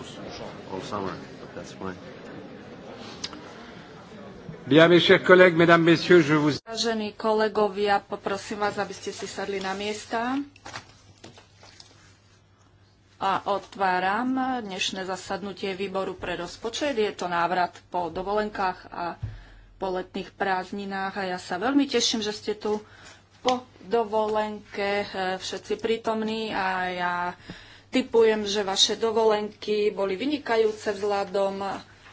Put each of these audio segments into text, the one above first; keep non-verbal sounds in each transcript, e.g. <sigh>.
house all summer, but that's fine. Bien, mes chers collègues, mesdames, messieurs, je vous... Vážení kolegovia, poprosím vás, aby ste si sadli na miesta. A otváram dnešné zasadnutie výboru pre rozpočet. Je to návrat po dovolenkách a po letných prázdninách a ja sa veľmi teším, že ste tu po dovolenke eh, všetci prítomní a ja Typujem, že vaše dovolenky boli vynikajúce vzhľadom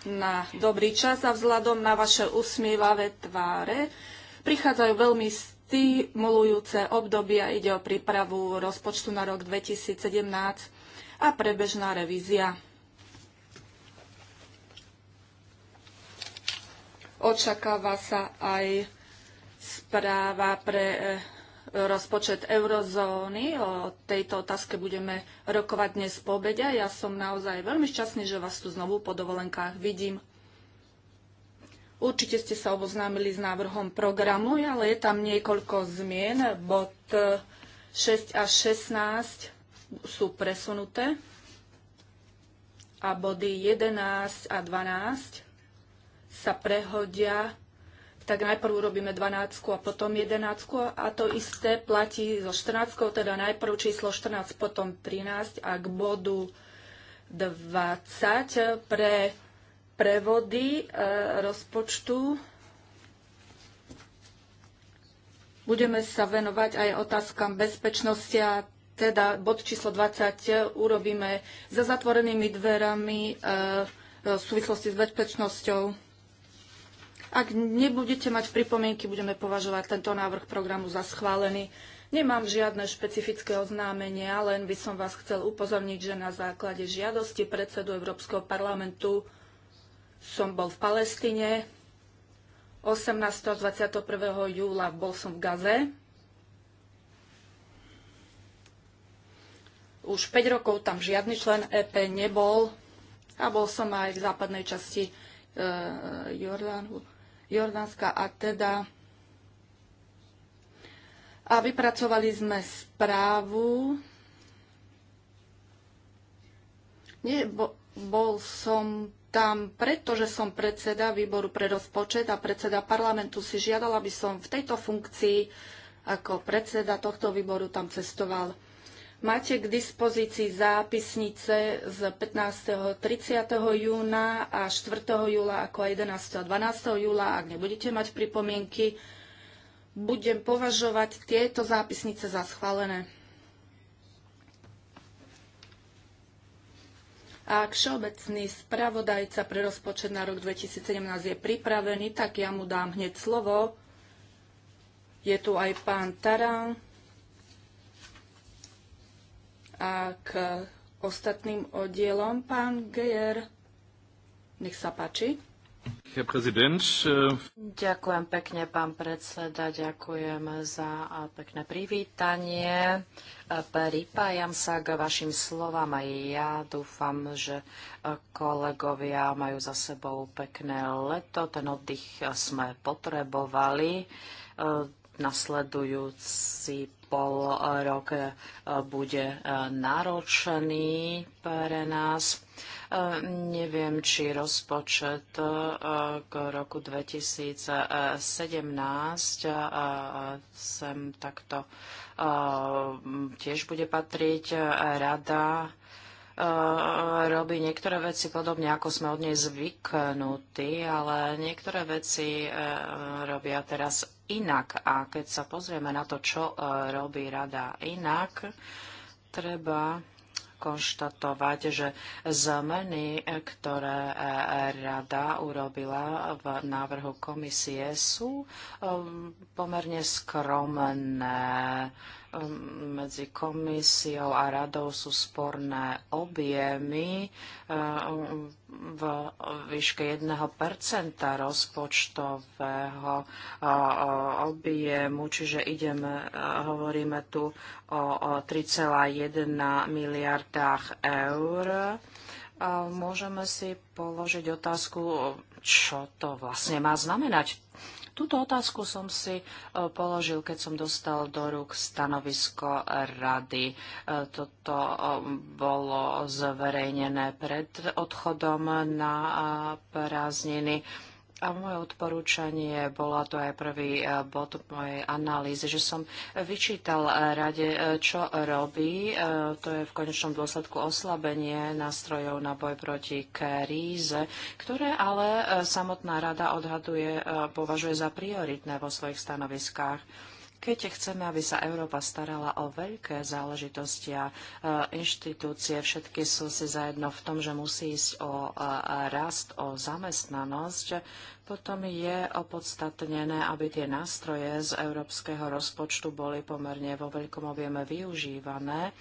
na dobrý čas a vzhľadom na vaše usmievavé tváre. Prichádzajú veľmi stimulujúce obdobia, ide o prípravu rozpočtu na rok 2017 a prebežná revízia. Očakáva sa aj správa pre eh, rozpočet eurozóny. O tejto otázke budeme rokovať dnes po obede. Ja som naozaj veľmi šťastný, že vás tu znovu po dovolenkách vidím. Určite ste sa oboznámili s návrhom programu, ale je tam niekoľko zmien. Bod 6 e, a 16 sú presunuté a body 11 a 12 sa prehodia tak najprv urobíme 12 a potom 11 a to isté platí so 14, teda najprv číslo 14, potom 13 a k bodu 20 pre prevody e, rozpočtu budeme sa venovať aj otázkam bezpečnosti a teda bod číslo 20 urobíme za zatvorenými dverami e, v súvislosti s bezpečnosťou. Ak nebudete mať pripomienky, budeme považovať tento návrh programu za schválený. Nemám žiadne špecifické oznámenia, len by som vás chcel upozorniť, že na základe žiadosti predsedu Európskeho parlamentu som bol v Palestíne 18. a 21. júla bol som v Gaze. Už 5 rokov tam žiadny člen EP nebol a bol som aj v západnej časti e, Jordánu Jordánska a teda a vypracovali sme správu. Nie, bo, bol som tam, pretože som predseda výboru pre rozpočet a predseda parlamentu si žiadala, aby som v tejto funkcii ako predseda tohto výboru tam cestoval. Máte k dispozícii zápisnice z 15. 30. júna a 4. júla, ako aj 11. a 12. júla. Ak nebudete mať pripomienky, budem považovať tieto zápisnice za schválené. A ak všeobecný spravodajca pre rozpočet na rok 2017 je pripravený, tak ja mu dám hneď slovo. Je tu aj pán Tarán a k ostatným oddielom. Pán Gejer, nech sa páči. Äh, ďakujem pekne, pán predseda. Ďakujem za pekné privítanie. E, pripájam sa k vašim slovám aj ja. Dúfam, že e, kolegovia majú za sebou pekné leto. Ten oddych sme potrebovali e, nasledujúci pol rok e, bude e, náročný pre nás. E, neviem, či rozpočet k roku 2017 sem takto tiež bude patriť rada robí niektoré veci podobne, ako sme od nej zvyknutí, ale niektoré veci e, robia teraz inak. A keď sa pozrieme na to, čo e, robí rada inak, treba konštatovať, že zmeny, e, ktoré rada urobila v návrhu komisie, sú pomerne skromné. Ehm, medzi komisiou a radou sú sporné objemy ehm, v výške 1 rozpočtového objemu, čiže ideme, hovoríme tu o 3,1 miliardách eur. Môžeme si položiť otázku, čo to vlastne má znamenať Túto otázku som si e, položil, keď som dostal do rúk stanovisko rady. E, toto e, bolo zverejnené pred odchodom na prázdniny. A moje odporúčanie, bola to aj prvý e, bod mojej analýzy, že som vyčítal e, rade, e, čo robí. To je v konečnom dôsledku oslabenie nástrojov na boj proti kríze, ktoré ale samotná rada odhaduje, považuje za prioritné vo svojich stanoviskách. Keď chceme, aby sa Európa starala o veľké záležitosti a e, inštitúcie, všetky sú si zajedno v tom, že musí ísť o e, e, rast, o zamestnanosť, potom je opodstatnené, aby tie nástroje z európskeho rozpočtu boli pomerne vo veľkom objeme využívané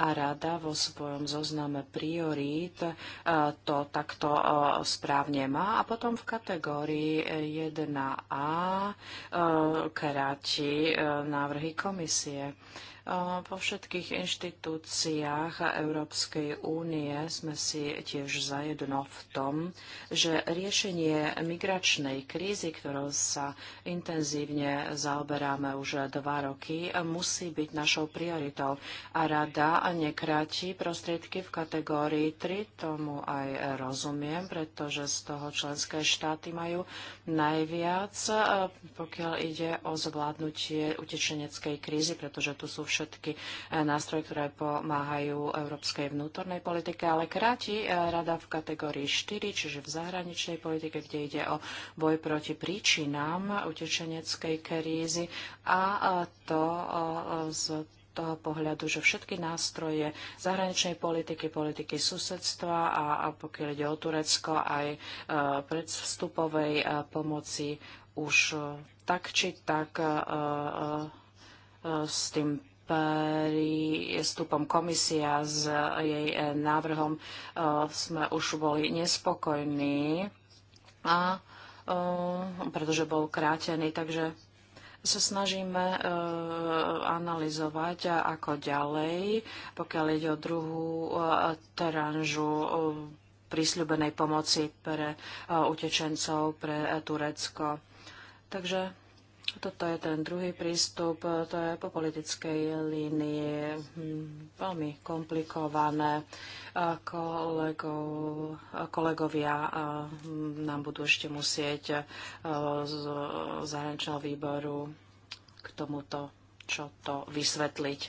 a rada vo svojom zozname priorít e, to takto e, správne má. A potom v kategórii 1a e, kráti návrhy komisie. Po všetkých inštitúciách Európskej únie sme si tiež zajedno v tom, že riešenie migračnej krízy, ktorou sa intenzívne zaoberáme už dva roky, musí byť našou prioritou. A rada nekráti prostriedky v kategórii 3, tomu aj rozumiem, pretože z toho členské štáty majú najviac, pokiaľ ide o zvládnutie utečeneckej krízy, pretože tu sú všetky všetky e, nástroje, ktoré pomáhajú európskej vnútornej politike, ale kráti e, rada v kategórii 4, čiže v zahraničnej politike, kde ide o boj proti príčinám utečeneckej krízy a e, to z toho pohľadu, že všetky nástroje zahraničnej politiky, politiky susedstva a, a pokiaľ ide o Turecko, aj e, predvstupovej e, pomoci už e, tak či tak e, e, s tým prístupom komisia s jej e, návrhom e, sme už boli nespokojní, a, e, pretože bol krátený. Takže sa snažíme analyzovať, ako ďalej, pokiaľ ide o druhú teranžu prísľubenej pomoci pre utečencov, pre Turecko. Takže toto je ten druhý prístup, to je po politickej línii hm, veľmi komplikované. Kolego, kolegovia hm, nám budú ešte musieť z zahraničného výboru k tomuto, čo to vysvetliť.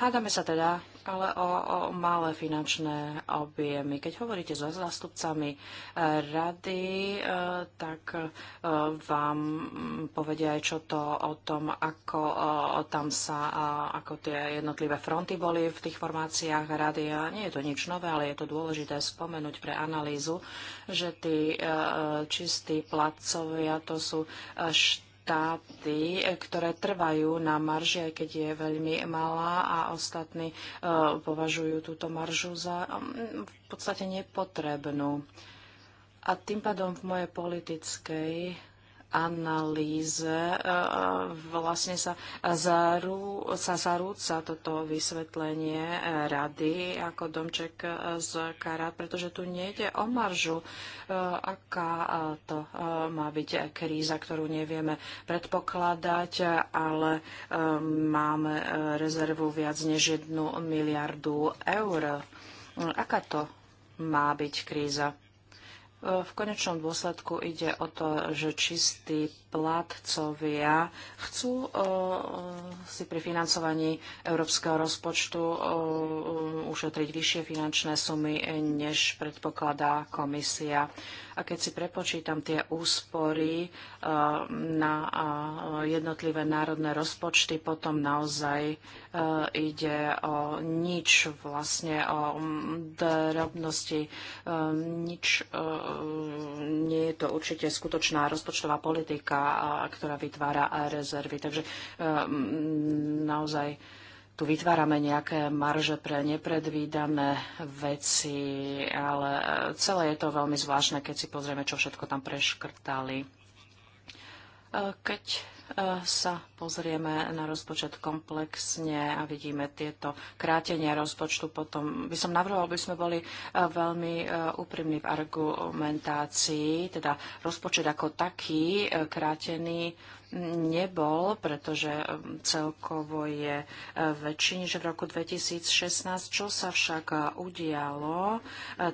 Hádame sa teda ale o, o malé finančné objemy. Keď hovoríte so zástupcami e, rady, e, tak e, vám povedia aj čo to o tom, ako tam sa, ako tie jednotlivé fronty boli v tých formáciách rady. A nie je to nič nové, ale je to dôležité spomenúť pre analýzu, že tí čistí placovia to sú št- štáty, ktoré trvajú na marži, aj keď je veľmi malá a ostatní e, považujú túto maržu za v podstate nepotrebnú. A tým pádom v mojej politickej analýze e, vlastne sa, zarú, sa zarúca toto vysvetlenie e, rady ako domček e, z karát, pretože tu nejde o maržu, aká to má byť kríza, ktorú nevieme predpokladať, ale máme rezervu viac než jednu miliardu eur. Aká to má byť kríza? V konečnom dôsledku ide o to, že čistý platcovia chcú si pri financovaní európskeho rozpočtu ušetriť vyššie finančné sumy, než predpokladá komisia. A keď si prepočítam tie úspory na jednotlivé národné rozpočty, potom naozaj ide o nič, vlastne o drobnosti. Nič nie je to určite skutočná rozpočtová politika ktorá, vytvára rezervy. Takže e, naozaj tu vytvárame nejaké marže pre nepredvídané veci, ale e, celé je to veľmi zvláštne, keď si pozrieme, čo všetko tam preškrtali. E, keď sa pozrieme na rozpočet komplexne a vidíme tieto krátenia rozpočtu, potom by som navrhoval, aby sme boli e, veľmi e, úprimní v argumentácii, teda rozpočet ako taký e, krátený nebol, pretože celkovo je väčší než v roku 2016. Čo sa však udialo,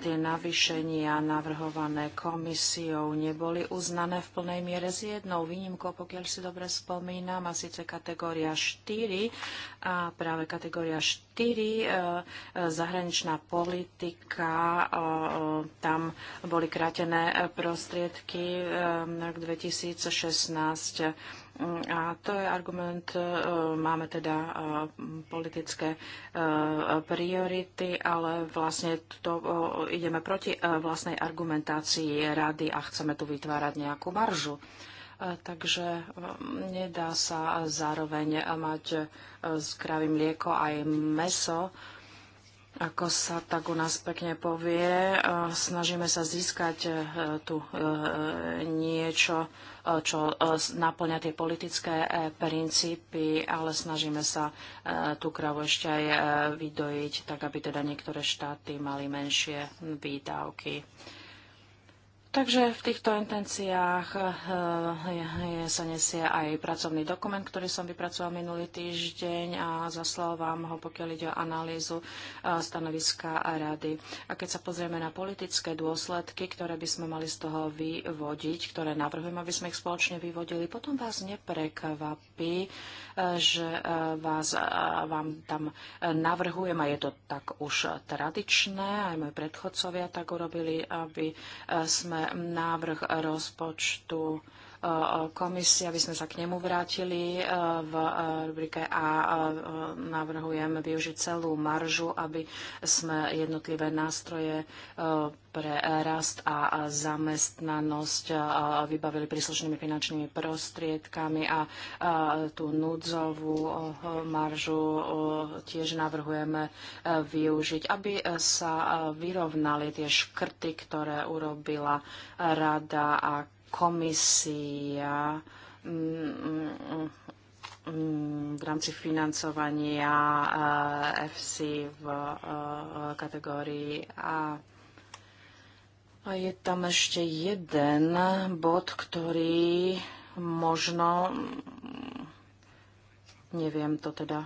tie navýšenia navrhované komisiou neboli uznané v plnej miere s jednou výnimkou, pokiaľ si dobre spomínam, a síce kategória 4 a práve kategória 4 e, e, zahraničná politika, e, tam boli krátené prostriedky na rok 2016 a to je argument, máme teda politické priority, ale vlastne to ideme proti vlastnej argumentácii rady a chceme tu vytvárať nejakú maržu takže um, nedá sa zároveň mať e, z kravy mlieko aj meso. Ako sa tak u nás pekne povie, e, snažíme sa získať e, tu niečo, čo naplňa tie politické princípy, ale snažíme sa tú kravu ešte aj vydojiť, tak aby teda niektoré štáty mali menšie výdavky. Takže v týchto intenciách eh, je, sa nesie aj pracovný dokument, ktorý som vypracoval minulý týždeň a zaslal vám ho, pokiaľ ide o analýzu eh, stanoviska a rady. A keď sa pozrieme na politické dôsledky, ktoré by sme mali z toho vyvodiť, ktoré navrhujem, aby sme ich spoločne vyvodili, potom vás neprekvapí, eh, že vás, vám tam navrhujem, a je to tak už tradičné, aj moji predchodcovia tak urobili, aby sme návrh rozpočtu komisie, aby sme sa k nemu vrátili. E, v e, rubrike A e, navrhujem využiť celú maržu, aby sme jednotlivé nástroje pre rast a zamestnanosť vybavili príslušnými finančnými prostriedkami a tú núdzovú maržu tiež navrhujeme využiť, aby sa vyrovnali tie škrty, ktoré urobila rada a komisia mm, mm, mm, v rámci financovania eh, FC v eh, kategórii A. Je tam ešte jeden bod, ktorý možno, neviem to teda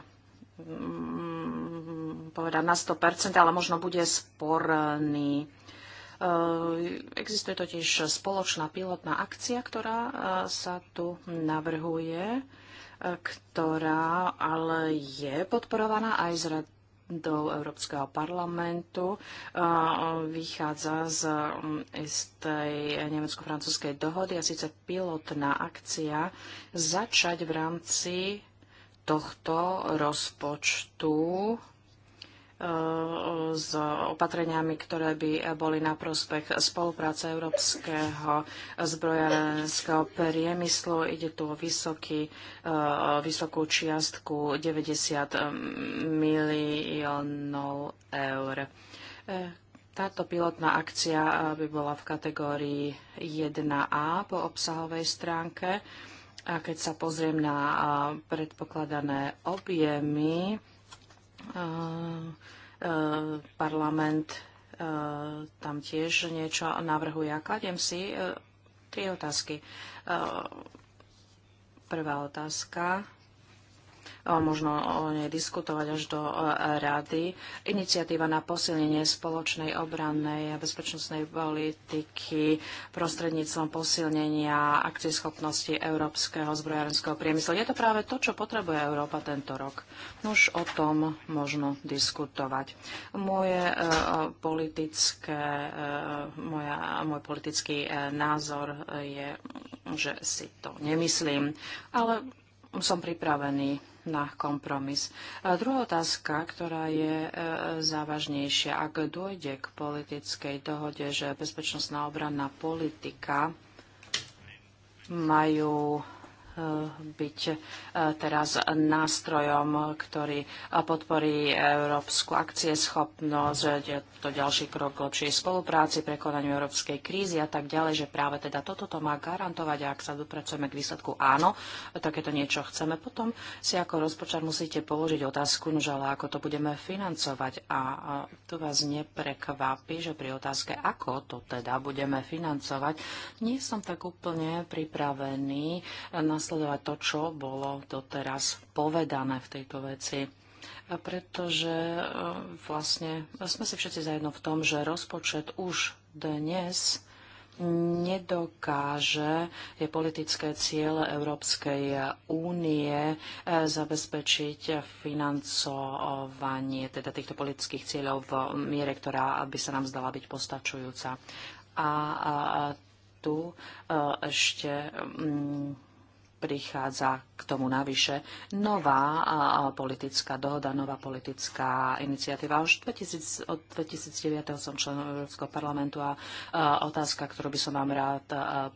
povedať na 100%, ale možno bude sporný Eh, existuje totiž spoločná pilotná akcia, ktorá eh, sa tu navrhuje, eh, ktorá ale je podporovaná aj z do Európskeho parlamentu. Vychádza z, z mm, tej nemecko-francúzskej dohody a síce pilotná akcia začať v rámci tohto rozpočtu s opatreniami, ktoré by boli na prospech spolupráce európskeho zbrojárenského priemyslu. Ide tu o vysoký, eh, vysokú čiastku 90 miliónov eur. Eh, táto pilotná akcia eh, by bola v kategórii 1A po obsahovej stránke. A keď sa pozriem na predpokladané objemy, Ehm, ehm, parlament ehm, tam tiež niečo navrhuje. A kladiem si tri otázky. Prvá otázka možno o nej diskutovať až do e, rady. Iniciatíva na posilnenie spoločnej obrannej a bezpečnostnej politiky prostredníctvom posilnenia schopnosti európskeho zbrojárenského priemyslu. Je to práve to, čo potrebuje Európa tento rok. Už o tom možno diskutovať. Moje e, politické, e, moja, môj politický názor je, že si to nemyslím, ale som pripravený na kompromis. A druhá otázka, ktorá je e, závažnejšia. Ak dojde k politickej dohode, že bezpečnostná obranná politika majú Eh, byť eh, teraz nástrojom, ktorý podporí európsku akcieschopnosť, to ďalší krok k lepšej spolupráci, prekonaniu európskej krízy a tak ďalej, že práve teda toto to má garantovať a ak sa dopracujeme k výsledku áno, takéto niečo chceme. Potom si ako rozpočet musíte položiť otázku, no ale ako to budeme financovať a tu vás neprekvapí, že pri otázke, ako to teda budeme financovať, nie som tak úplne pripravený na nasledovať to, čo bolo doteraz povedané v tejto veci. A pretože e, vlastne sme si všetci zajedno v tom, že rozpočet už dnes nedokáže je politické ciele Európskej únie e, zabezpečiť financovanie teda týchto politických cieľov v miere, ktorá by sa nám zdala byť postačujúca. A, a, a tu e, ešte mm, prichádza k tomu navyše nová politická dohoda, nová politická iniciatíva. Už 2000, od 2009. som členom Európskeho parlamentu a otázka, ktorú by som vám rád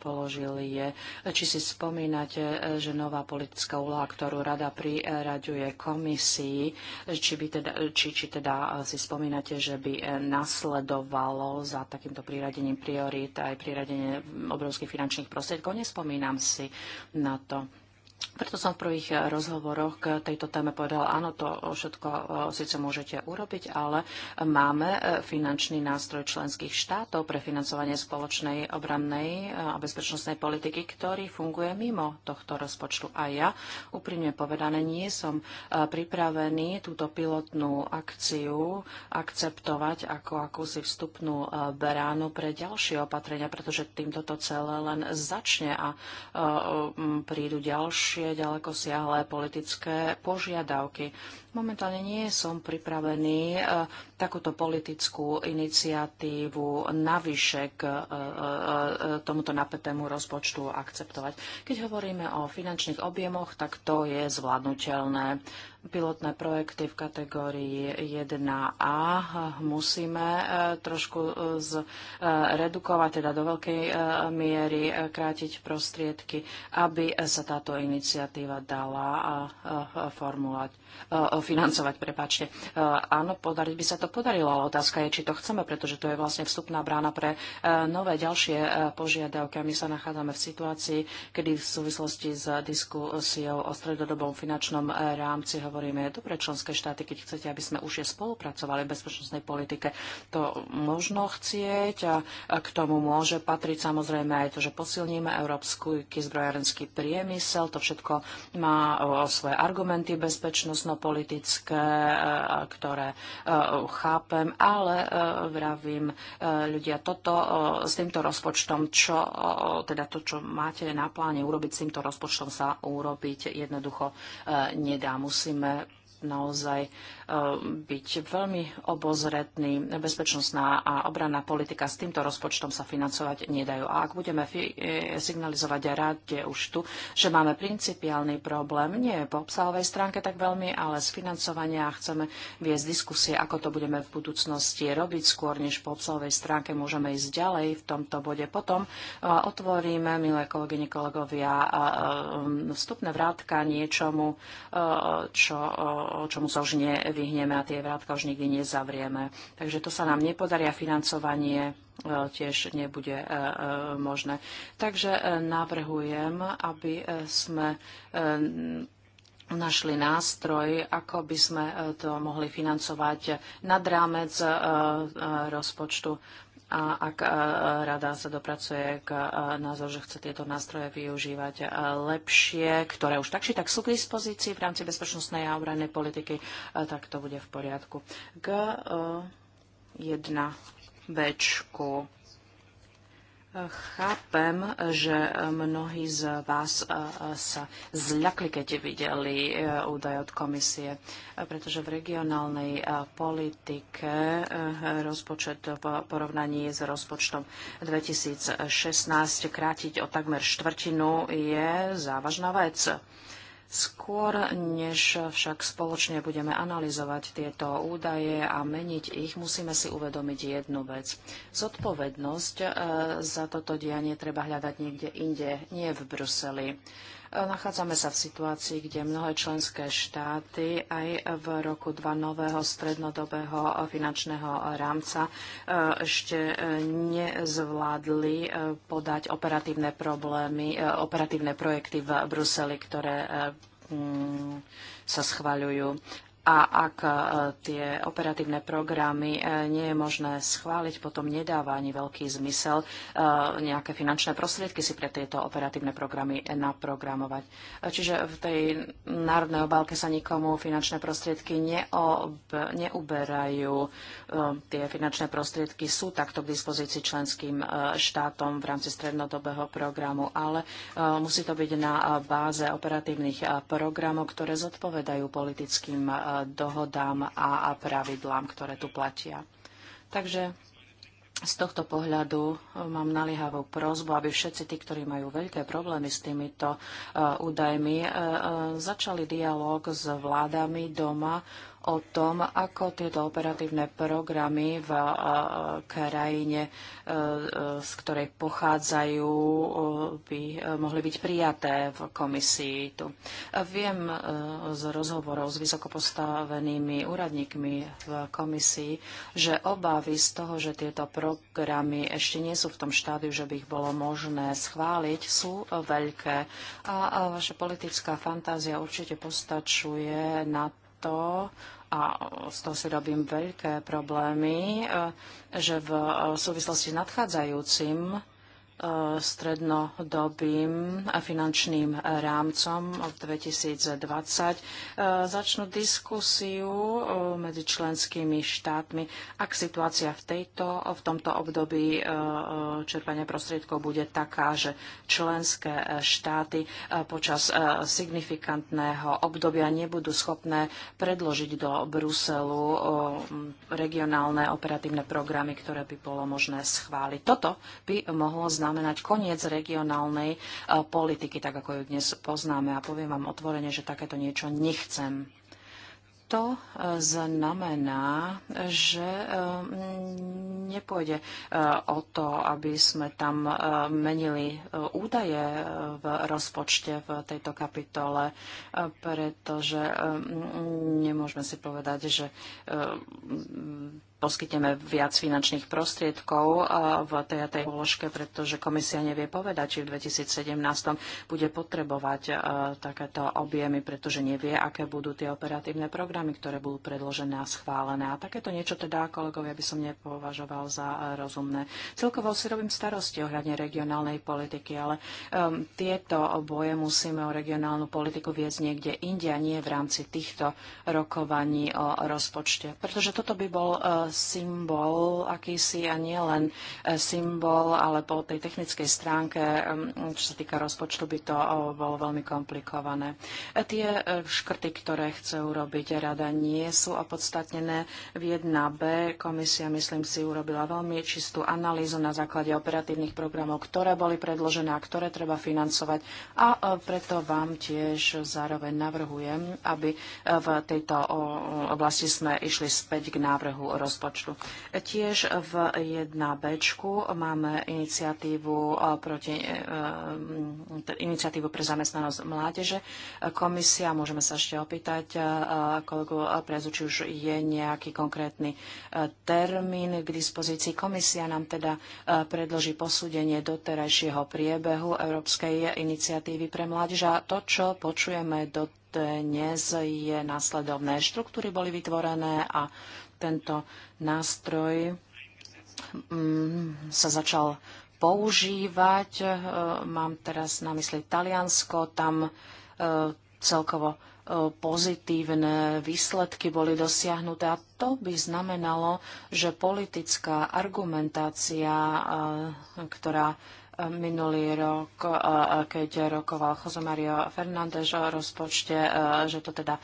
položil je, či si spomínate, že nová politická úloha, ktorú rada priraďuje komisii, či, by teda, či, či teda si spomínate, že by nasledovalo za takýmto priradením priorít aj priradenie obrovských finančných prostriedkov. Nespomínam si na to. Preto som v prvých eh, rozhovoroch k tejto téme povedal, áno, to všetko eh, síce môžete urobiť, ale máme eh, finančný nástroj členských štátov pre financovanie spoločnej obrannej a bezpečnostnej politiky, ktorý funguje mimo tohto rozpočtu. A ja, úprimne povedané, nie som pripravený túto pilotnú akciu akceptovať ako akúsi vstupnú beránu pre ďalšie opatrenia, pretože týmto to celé len začne a prídu ďalšie širšie, ďaleko siahle politické požiadavky. Momentálne nie som pripravený eh, takúto politickú iniciatívu navyše k eh, eh, tomuto napätému rozpočtu akceptovať. Keď hovoríme o finančných objemoch, tak to je zvládnutelné pilotné projekty v kategórii 1A musíme trošku zredukovať, teda do veľkej miery krátiť prostriedky, aby sa táto iniciatíva dala formulať, financovať, prepáčte. E, áno, podariť by sa to podarilo, ale otázka je, či to chceme, pretože to je vlastne vstupná brána pre e, nové ďalšie e, požiadavky. A my sa nachádzame v situácii, kedy v súvislosti s diskusiou o stredodobom finančnom rámci hovoríme, dobre členské štáty, keď chcete, aby sme už je spolupracovali v bezpečnostnej politike, to možno chcieť a k tomu môže patriť samozrejme aj to, že posilníme európsku zbrojárenský priemysel, to všetko má svoje argumenty bezpečnostno-politické politické, eh, ktoré eh, chápem, ale eh, vravím ľudia, toto s týmto rozpočtom, čo, teda to, čo máte na pláne urobiť s týmto rozpočtom sa urobiť jednoducho nedá. Musíme naozaj byť veľmi obozretný. Bezpečnostná a obranná politika s týmto rozpočtom sa financovať nedajú. A ak budeme eh, signalizovať ráde už tu, že máme principiálny problém, nie po obsahovej stránke tak veľmi, ale z financovania chceme viesť diskusie, ako to budeme v budúcnosti robiť skôr, než po obsahovej stránke môžeme ísť ďalej v tomto bode. Potom eh, otvoríme, milé kolegyne, kolegovia, eh, vstupné vrátka niečomu, čo, čomu sa už nevie nevyhneme a tie vrátka už nikdy nezavrieme. Takže to sa nám nepodaria financovanie e, tiež nebude e, e, možné. Takže navrhujem, aby sme našli nástroj, ako by sme to mohli financovať nad rámec rozpočtu. A ak e, rada sa dopracuje k e, názoru, že chce tieto nástroje využívať e, lepšie, ktoré už takši tak sú k dispozícii v rámci bezpečnostnej a obrannej politiky, tak to bude v poriadku. K 1 Bčku Chápem, že mnohí z vás e, e, sa zľakli, keď videli e, údaj od komisie, pretože v regionálnej politike rozpočet v porovnaní s rozpočtom 2016 krátiť o takmer štvrtinu je závažná vec. Skôr, než však spoločne budeme analyzovať tieto údaje a meniť ich, musíme si uvedomiť jednu vec. Zodpovednosť eh, za toto dianie treba hľadať niekde inde, nie v Bruseli. E, nachádzame sa v situácii, kde mnohé členské štáty aj v roku 2 nového strednodobého finančného rámca e, ešte e, nezvládli podať operatívne problémy, operatívne projekty v Bruseli, ktoré mm, sa schvaľujú a ak e, tie operatívne programy e, nie je možné schváliť, potom nedáva ani veľký zmysel e, nejaké finančné prostriedky si pre tieto operatívne programy naprogramovať. Čiže v tej národnej obálke sa nikomu finančné prostriedky neob, neuberajú. Tie finančné prostriedky sú takto k dispozícii členským štátom v rámci strednodobého programu, ale musí to byť na báze operatívnych programov, ktoré zodpovedajú politickým dohodám a pravidlám, ktoré tu platia. Takže z tohto pohľadu e, mám naliehavú prozbu, aby všetci tí, ktorí majú veľké problémy s týmito e, údajmi, e, začali dialog s vládami doma o tom, ako tieto operatívne programy v e, krajine, e, e, z ktorej pochádzajú, by mohli byť prijaté v komisii. Tu. Viem z rozhovorov s vysokopostavenými úradníkmi v komisii, že obavy z toho, že tieto programy ešte nie sú v tom štádiu, že by ich bolo možné schváliť, sú veľké. A vaša politická fantázia určite postačuje na to, a z toho si robím veľké problémy, e, že v e, súvislosti s nadchádzajúcim E, strednodobým finančným rámcom od 2020 e, začnú diskusiu e, medzi členskými štátmi, ak situácia v, tejto, v tomto období čerpania prostriedkov bude taká, že členské štáty počas signifikantného obdobia nebudú schopné predložiť do Bruselu regionálne operatívne programy, ktoré by bolo možné schváliť. Toto by mohlo znamenáť znamenať koniec regionálnej e, politiky, tak ako ju dnes poznáme. A poviem vám otvorene, že takéto niečo nechcem to e, znamená, že e, nepôjde o to, aby sme tam menili údaje v rozpočte v tejto kapitole, pretože nemôžeme si povedať, že poskytneme viac finančných prostriedkov eh, v tej a tej položke, pretože komisia nevie povedať, či v 2017 bude potrebovať eh, takéto objemy, pretože nevie, aké budú tie operatívne programy, ktoré budú predložené a schválené. A takéto niečo teda, kolegovia, by som nepovažoval za eh, rozumné. Celkovo si robím starosti ohľadne regionálnej politiky, ale um, tieto boje musíme o regionálnu politiku viesť niekde inde a nie v rámci týchto rokovaní o rozpočte. Pretože toto by bol uh, symbol akýsi a nie len e, symbol, ale po tej technickej stránke, čo sa týka rozpočtu, by to bolo veľmi komplikované. E, tie e, škrty, ktoré chce urobiť rada, nie sú opodstatnené. V 1B komisia, myslím si, urobila veľmi čistú analýzu na základe operatívnych programov, ktoré boli predložené a ktoré treba financovať. A preto vám tiež zároveň navrhujem, aby v tejto oblasti sme išli späť k návrhu rozpočtu rozpočtu. Tiež v 1B máme iniciatívu, eh, proti, eh, iniciatívu pre zamestnanosť mládeže. Komisia, môžeme sa ešte opýtať eh, kolegu Prezu, či už je nejaký konkrétny termín k dispozícii. Komisia nám teda predloží posúdenie doterajšieho priebehu Európskej iniciatívy pre mládež a to, čo počujeme do dnes je následovné. Štruktúry boli vytvorené a tento nástroj mm, sa začal používať. E, mám teraz na mysli Taliansko, tam e, celkovo e, pozitívne výsledky boli dosiahnuté a to by znamenalo, že politická argumentácia, ktorá minulý rok, keď rokoval Jose Mario Fernández o rozpočte, že to teda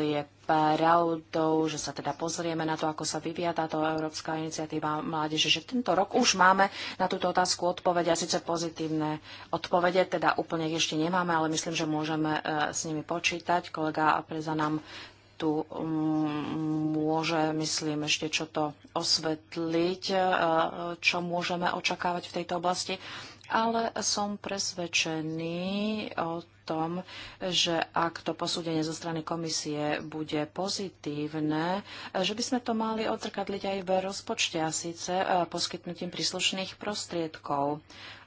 je pravdou, že sa teda pozrieme na to, ako sa vyvíja táto Európska iniciatíva mládeže, že tento rok už máme na túto otázku odpovede a síce pozitívne odpovede, teda úplne ešte nemáme, ale myslím, že môžeme e, s nimi počítať. Kolega Preza nám tu mm, môže, myslím, ešte čo to osvetliť, e, čo môžeme očakávať v tejto oblasti. Ale som presvedčený o tom, že ak to posúdenie zo strany komisie bude pozitívne, že by sme to mali odzrkadliť aj v rozpočte a síce e, poskytnutím príslušných prostriedkov.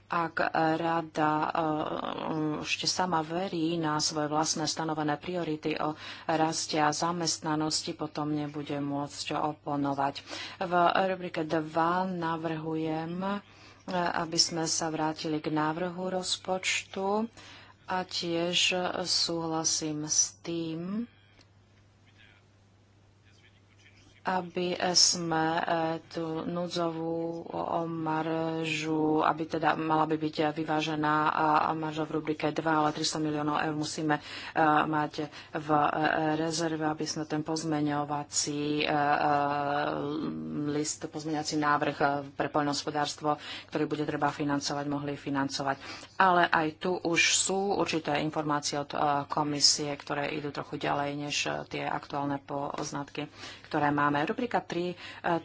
Ak rada eh, ešte sama verí na svoje vlastné stanovené priority o raste a zamestnanosti, potom nebude môcť oponovať. V rubrike 2 navrhujem, eh, aby sme sa vrátili k návrhu rozpočtu a tiež súhlasím s tým, aby sme e, tú núdzovú maržu, aby teda mala by byť vyvážená marža v rubrike 2, ale 300 miliónov eur musíme e, mať v e, rezerve, aby sme ten pozmeňovací list, pozmeňovací návrh pre poľnohospodárstvo, ktorý bude treba financovať, mohli financovať. Ale aj tu už sú určité informácie od komisie, ktoré idú trochu ďalej než tie aktuálne poznatky, ktoré máme. Rubrika 3 e,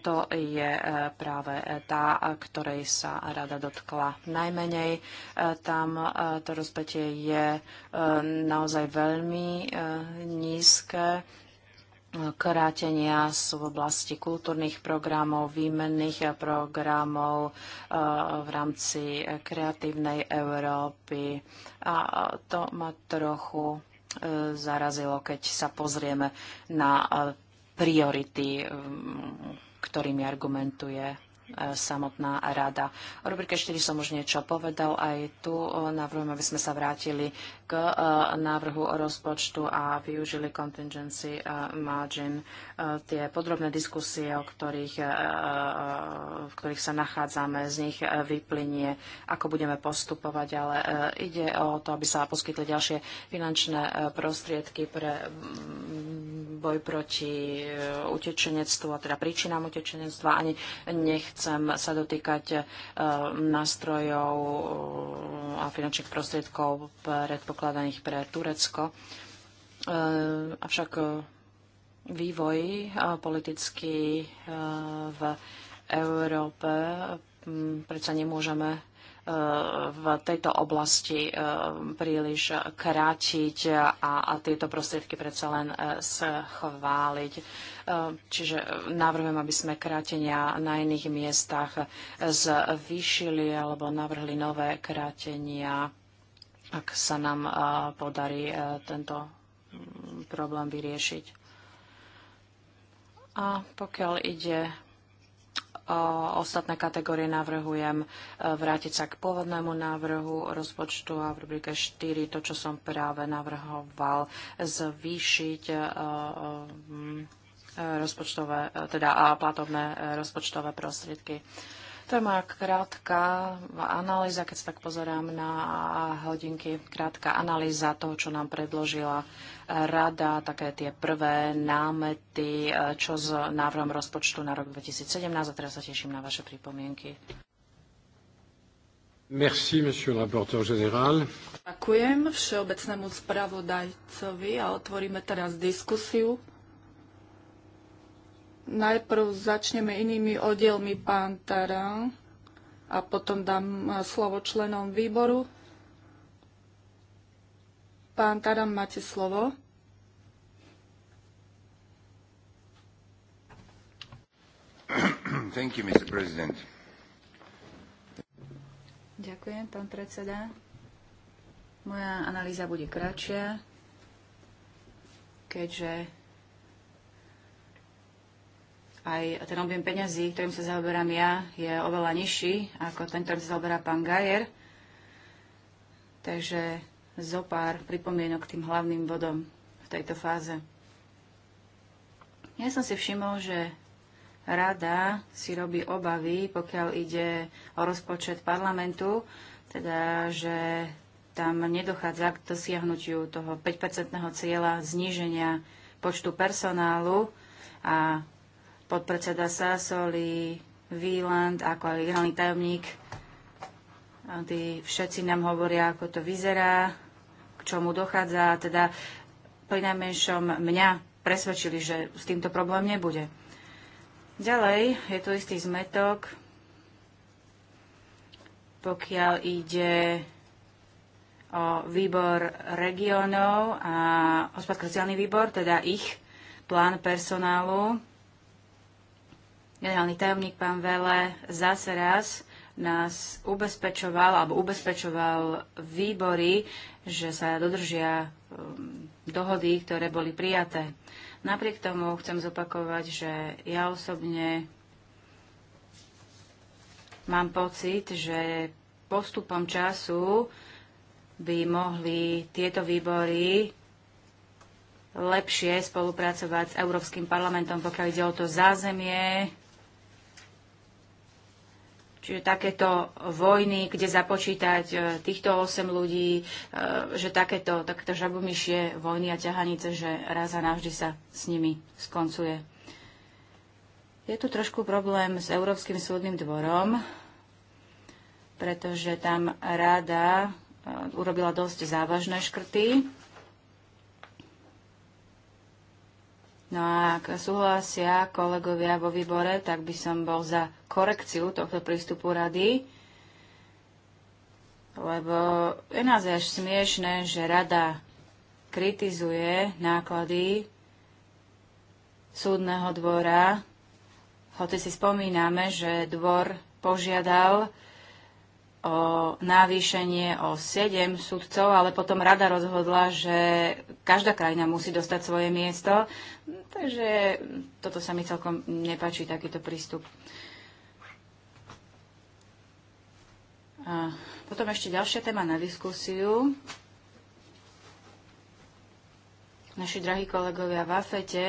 to je e, práve tá, ktorej sa rada dotkla najmenej. E, tam to rozpetie je naozaj veľmi nízke krátenia sú v oblasti kultúrnych programov, výmenných programov v rámci kreatívnej Európy. A to ma trochu zarazilo, keď sa pozrieme na priority, ktorými argumentuje e, samotná rada. O rubrike 4 som už niečo povedal, aj tu e, navrhujem, aby sme sa vrátili k e, návrhu rozpočtu a využili contingency e, margin. E, tie podrobné diskusie, o ktorých, v ktorých sa nachádzame, z nich vyplynie, ako budeme postupovať, ale ide o to, aby sa poskytli ďalšie finančné prostriedky pre mm, boj proti utečenectvu, a teda príčinám utečenectva. Ani nechcem sa dotýkať nástrojov a finančných prostriedkov predpokladu predpokladaných pre Turecko. E, avšak e, vývoj e, politický v Európe predsa nemôžeme v tejto oblasti príliš krátiť a, tieto prostriedky predsa len schváliť. Čiže navrhujem, aby sme krátenia na iných miestach zvýšili alebo navrhli nové krátenia ak sa nám podarí e, tento mm, problém vyriešiť. A pokiaľ ide o ostatné kategórie navrhujem e, vrátiť sa k pôvodnému návrhu rozpočtu a v rubrike 4 to, čo som práve navrhoval, zvýšiť e, mm, rozpočtové, teda platobné rozpočtové prostriedky. To je moja krátka analýza, keď sa tak pozerám na hodinky, krátka analýza toho, čo nám predložila rada, také tie prvé námety, čo s návrhom rozpočtu na rok 2017 a teraz sa teším na vaše pripomienky. Merci, monsieur le rapporteur général. Ďakujem všeobecnému spravodajcovi a otvoríme teraz diskusiu. Najprv začneme inými oddielmi pán Taran a potom dám e, slovo členom výboru. Pán Taran, máte slovo. <coughs> Thank you, Mr. President. Ďakujem, pán predseda. Moja analýza bude kratšia, keďže aj ten objem peňazí, ktorým sa zaoberám ja, je oveľa nižší ako ten, ktorým sa zaoberá pán Gajer. Takže zo pár pripomienok k tým hlavným bodom v tejto fáze. Ja som si všimol, že rada si robí obavy, pokiaľ ide o rozpočet parlamentu, teda že tam nedochádza k dosiahnutiu toho 5-percentného cieľa zníženia počtu personálu a podpredseda Sasoli, Wieland, ako aj generálny tajomník. Tí všetci nám hovoria, ako to vyzerá, k čomu dochádza. Teda pri najmenšom mňa presvedčili, že s týmto problém nebude. Ďalej je tu istý zmetok, pokiaľ ide o výbor regionov a hospodársko výbor, teda ich plán personálu generálny tajomník pán Vele zase raz nás ubezpečoval alebo ubezpečoval výbory, že sa dodržia um, dohody, ktoré boli prijaté. Napriek tomu chcem zopakovať, že ja osobne mám pocit, že postupom času by mohli tieto výbory lepšie spolupracovať s Európskym parlamentom, pokiaľ ide o to zázemie, Čiže takéto vojny, kde započítať e, týchto 8 ľudí, e, že takéto, takéto žabomyšie vojny a ťahanice, že raz a navždy sa s nimi skoncuje. Je tu trošku problém s Európskym súdnym dvorom, pretože tam rada e, urobila dosť závažné škrty No a ak súhlasia kolegovia vo výbore, tak by som bol za korekciu tohto prístupu rady, lebo je nás až smiešne, že rada kritizuje náklady súdneho dvora, hoci si spomíname, že dvor požiadal o navýšenie o 7 sudcov, ale potom rada rozhodla, že každá krajina musí dostať svoje miesto. Takže toto sa mi celkom nepáči, takýto prístup. A potom ešte ďalšia téma na diskusiu. Naši drahí kolegovia v AFETE,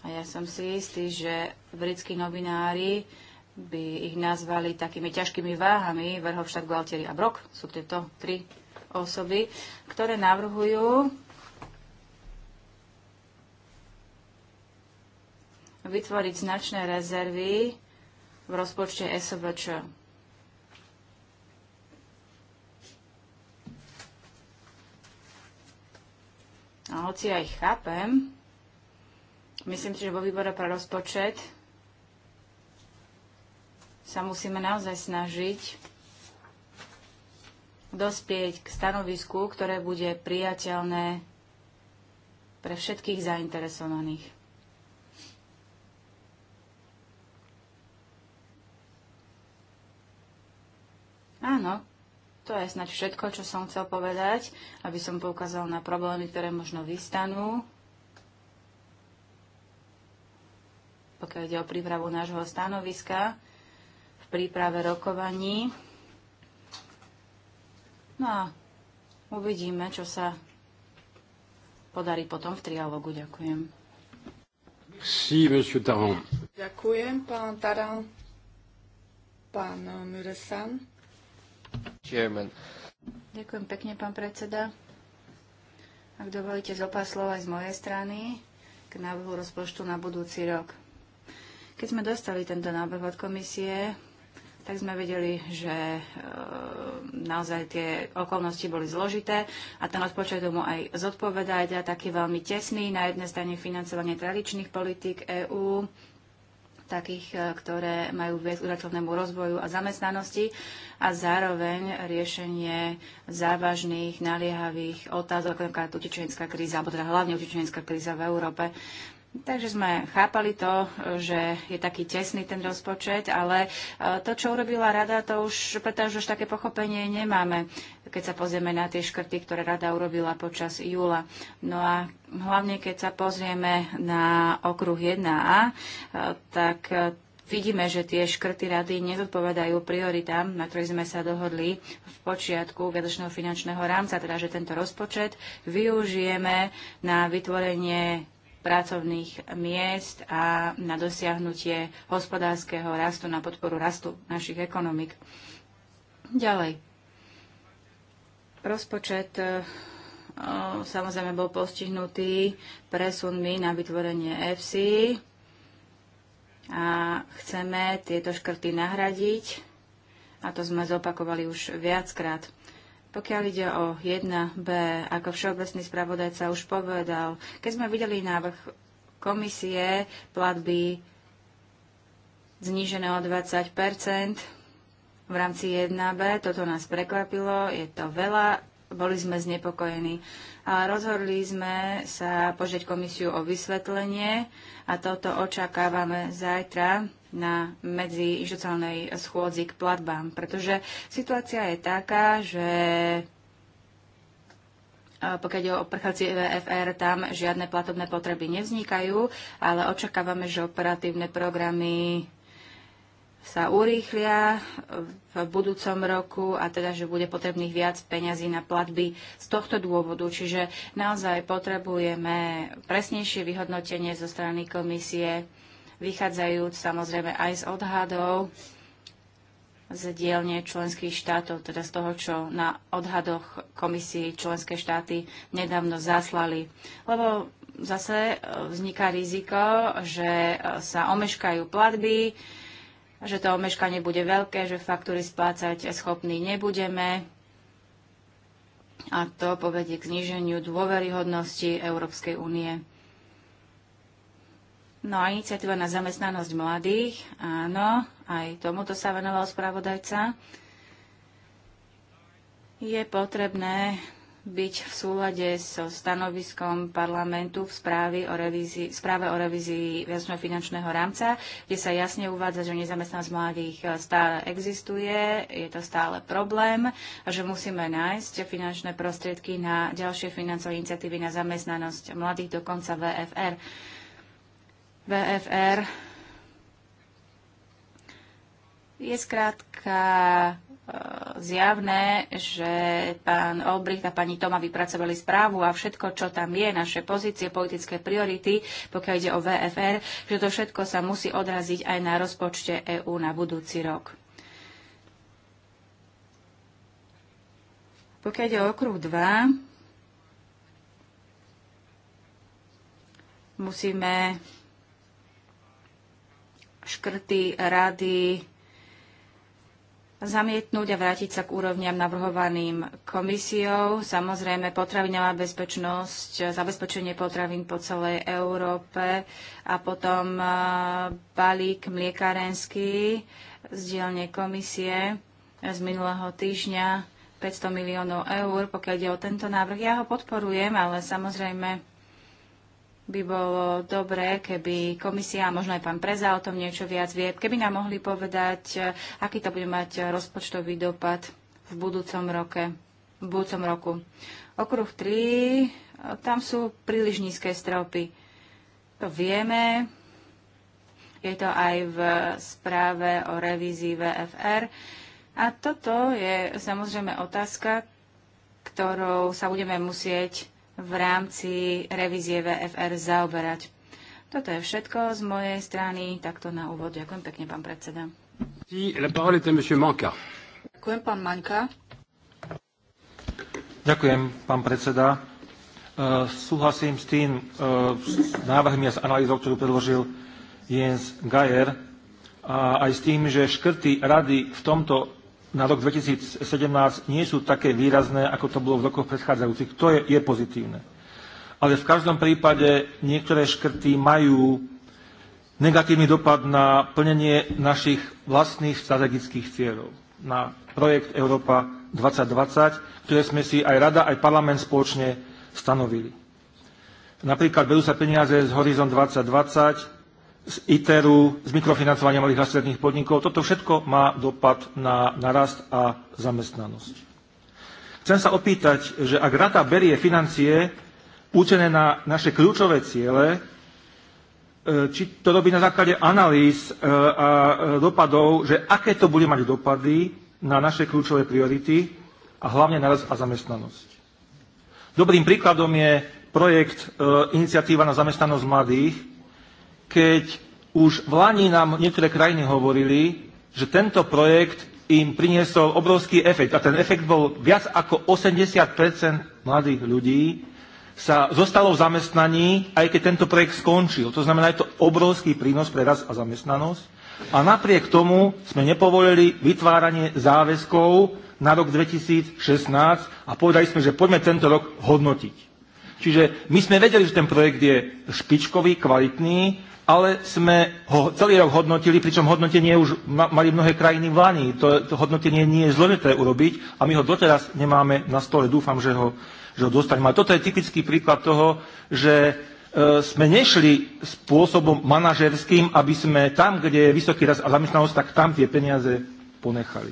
a ja som si istý, že britskí novinári by ich nazvali takými ťažkými váhami, Verhofstadt, Gualtieri a Brock, sú tieto tri osoby, ktoré navrhujú vytvoriť značné rezervy v rozpočte SVČ. A hoci aj chápem, myslím si, že vo výbore pre rozpočet sa musíme naozaj snažiť dospieť k stanovisku, ktoré bude priateľné pre všetkých zainteresovaných. Áno, to je snaď všetko, čo som chcel povedať, aby som poukázal na problémy, ktoré možno vystanú, pokiaľ ide o prípravu nášho stanoviska príprave rokovaní. No a uvidíme, čo sa podarí potom v trialogu. Ďakujem. Si, monsieur Taran. Ďakujem, pán Taran. Pán Muresan. Chairman. Ďakujem pekne, pán predseda. Ak dovolíte zopár aj z mojej strany k návrhu rozpočtu na budúci rok. Keď sme dostali tento návrh od komisie, tak sme vedeli, že e, naozaj tie okolnosti boli zložité a ten odpočet tomu aj zodpovedá, aj taký veľmi tesný, na jednej strane financovanie tradičných politík EÚ, takých, e, ktoré majú viesť k rozvoju a zamestnanosti a zároveň riešenie závažných, naliehavých otázok, ako napríklad utečenská kríza, alebo teda hlavne utečenská kríza v Európe. Takže sme chápali to, že je taký tesný ten rozpočet, ale e, to, čo urobila rada, to už, pretože už také pochopenie nemáme, keď sa pozrieme na tie škrty, ktoré rada urobila počas júla. No a hlavne, keď sa pozrieme na okruh 1a, e, tak e, vidíme, že tie škrty rady nezodpovedajú prioritám, na ktorých sme sa dohodli v počiatku viedočného finančného rámca, teda že tento rozpočet využijeme na vytvorenie pracovných miest a na dosiahnutie hospodárskeho rastu, na podporu rastu našich ekonomik. Ďalej. Rozpočet eh, eh, samozrejme bol postihnutý presunmi na vytvorenie FC a chceme tieto škrty nahradiť a to sme zopakovali už viackrát. Pokiaľ ide o 1B, ako všeobecný spravodajca už povedal, keď sme videli návrh komisie platby znížené o 20 v rámci 1B, toto nás prekvapilo, je to veľa, boli sme znepokojení. A rozhodli sme sa požiť komisiu o vysvetlenie a toto očakávame zajtra na medziinštitucionálnej schôdzi k platbám, pretože situácia je taká, že e, pokiaľ je o prchádzacie VFR, tam žiadne platobné potreby nevznikajú, ale očakávame, že operatívne programy sa urýchlia v budúcom roku a teda, že bude potrebných viac peňazí na platby z tohto dôvodu. Čiže naozaj potrebujeme presnejšie vyhodnotenie zo strany komisie vychádzajúc samozrejme aj z odhadov z dielne členských štátov, teda z toho, čo na odhadoch komisii členské štáty nedávno zaslali. Lebo zase e, vzniká riziko, že e, sa omeškajú platby, že to omeškanie bude veľké, že faktúry splácať schopní nebudeme a to povedie k zníženiu dôveryhodnosti Európskej únie. No a iniciatíva na zamestnanosť mladých, áno, aj tomuto sa venoval spravodajca. Je potrebné byť v súlade so stanoviskom parlamentu v správe o revízii, správe o revízii viacného finančného rámca, kde sa jasne uvádza, že nezamestnanosť mladých e, stále existuje, je to stále problém a že musíme nájsť finančné prostriedky na ďalšie financové iniciatívy na zamestnanosť mladých, dokonca VFR. VFR je skrátka e, zjavné, že pán Olbricht a pani Toma vypracovali správu a všetko, čo tam je, naše pozície, politické priority, pokiaľ ide o VFR, že to všetko sa musí odraziť aj na rozpočte EÚ na budúci rok. Pokiaľ ide o okruh 2, musíme škrty rady zamietnúť a vrátiť sa k úrovniam navrhovaným komisiou. Samozrejme, potravinová bezpečnosť, zabezpečenie potravín po celej Európe a potom e, balík mliekarenský z dielne komisie z minulého týždňa 500 miliónov eur, pokiaľ ide o tento návrh. Ja ho podporujem, ale samozrejme by bolo dobré, keby komisia, možno aj pán Preza o tom niečo viac vie, keby nám mohli povedať, e, aký to bude mať rozpočtový dopad v budúcom roke. V budúcom roku. Okruh 3, e, tam sú príliš nízke stropy. To vieme, je to aj v správe o revízii VFR. A toto je samozrejme otázka, ktorou sa budeme musieť v rámci revízie VFR zaoberať. Toto je všetko z mojej strany, takto na úvod. Ďakujem pekne, pán predseda. Ďakujem, pán Maňka. Ďakujem, pán predseda. E, súhlasím s tým e, s návrhmi a s analýzou, ktorú predložil Jens Geier, a aj s tým, že škrty rady v tomto na rok 2017 nie sú také výrazné, ako to bolo v rokoch predchádzajúcich. To je, je pozitívne. Ale v každom prípade niektoré škrty majú negatívny dopad na plnenie našich vlastných strategických cieľov, na projekt Európa 2020, ktoré sme si aj Rada, aj parlament spoločne stanovili. Napríklad vedú sa peniaze z Horizon 2020 z ITERu, z mikrofinancovania malých a stredných podnikov. Toto všetko má dopad na, narast a zamestnanosť. Chcem sa opýtať, že ak rada berie financie účené na naše kľúčové ciele, e, či to robí na základe analýz e, a e, dopadov, že aké to bude mať dopady na naše kľúčové priority a hlavne na a zamestnanosť. Dobrým príkladom je projekt Iniciatíva na zamestnanosť mladých, keď už v Lani nám niektoré krajiny hovorili, že tento projekt im priniesol obrovský efekt. A ten efekt bol viac ako 80 mladých ľudí sa zostalo v zamestnaní, aj keď tento projekt skončil. To znamená, je to obrovský prínos pre raz a zamestnanosť. A napriek tomu sme nepovolili vytváranie záväzkov na rok 2016 a povedali sme, že poďme tento rok hodnotiť. Čiže my sme vedeli, že ten projekt je špičkový, kvalitný, ale sme ho celý rok hodnotili, pričom hodnotenie už mali mnohé krajiny v Lani. To, to hodnotenie nie je zložité urobiť a my ho doteraz nemáme na stole. Dúfam, že ho, že ho dostaneme. A toto je typický príklad toho, že e, sme nešli spôsobom manažerským, aby sme tam, kde je vysoký raz a zamestnanosť, tak tam tie peniaze ponechali.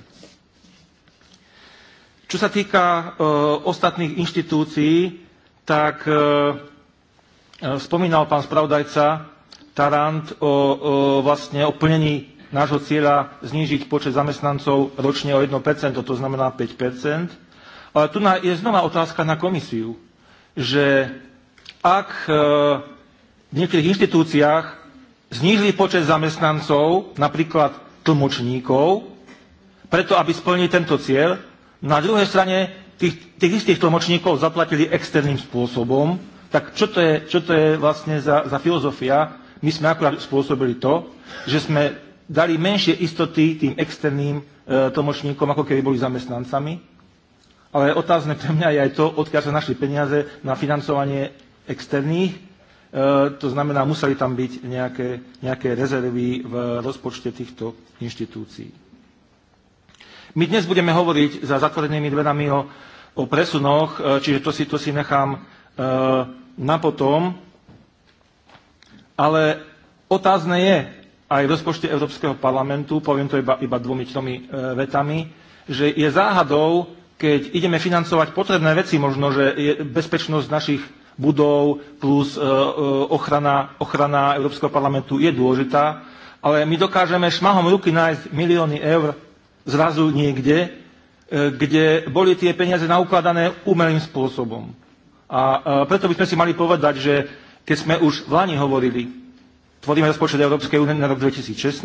Čo sa týka e, ostatných inštitúcií, tak e, spomínal pán spravodajca Tarant o, o, vlastne o plnení nášho cieľa znížiť počet zamestnancov ročne o 1%, to znamená 5%. Ale tu je znova otázka na komisiu, že ak e, v niektorých inštitúciách znížili počet zamestnancov, napríklad tlmočníkov, preto aby splnili tento cieľ, na druhej strane tých, tých istých tlmočníkov zaplatili externým spôsobom, tak čo to je, čo to je vlastne za, za filozofia? my sme akurát spôsobili to, že sme dali menšie istoty tým externým e, tlmočníkom, ako keby boli zamestnancami. Ale otázne pre mňa je aj to, odkiaľ sa našli peniaze na financovanie externých. E, to znamená, museli tam byť nejaké, nejaké rezervy v rozpočte týchto inštitúcií. My dnes budeme hovoriť za zatvorenými dverami o, o presunoch, e, čiže to si, to si nechám e, na potom ale otázne je aj v rozpočte Európskeho parlamentu, poviem to iba, iba dvomi, tromi e, vetami, že je záhadou, keď ideme financovať potrebné veci, možno, že je bezpečnosť našich budov plus e, e, ochrana, ochrana Európskeho parlamentu je dôležitá, ale my dokážeme šmahom ruky nájsť milióny eur zrazu niekde, kde boli tie peniaze naukladané umelým spôsobom. A preto by sme si mali povedať, že keď sme už v Lani hovorili, tvoríme rozpočet Európskej únie na rok 2016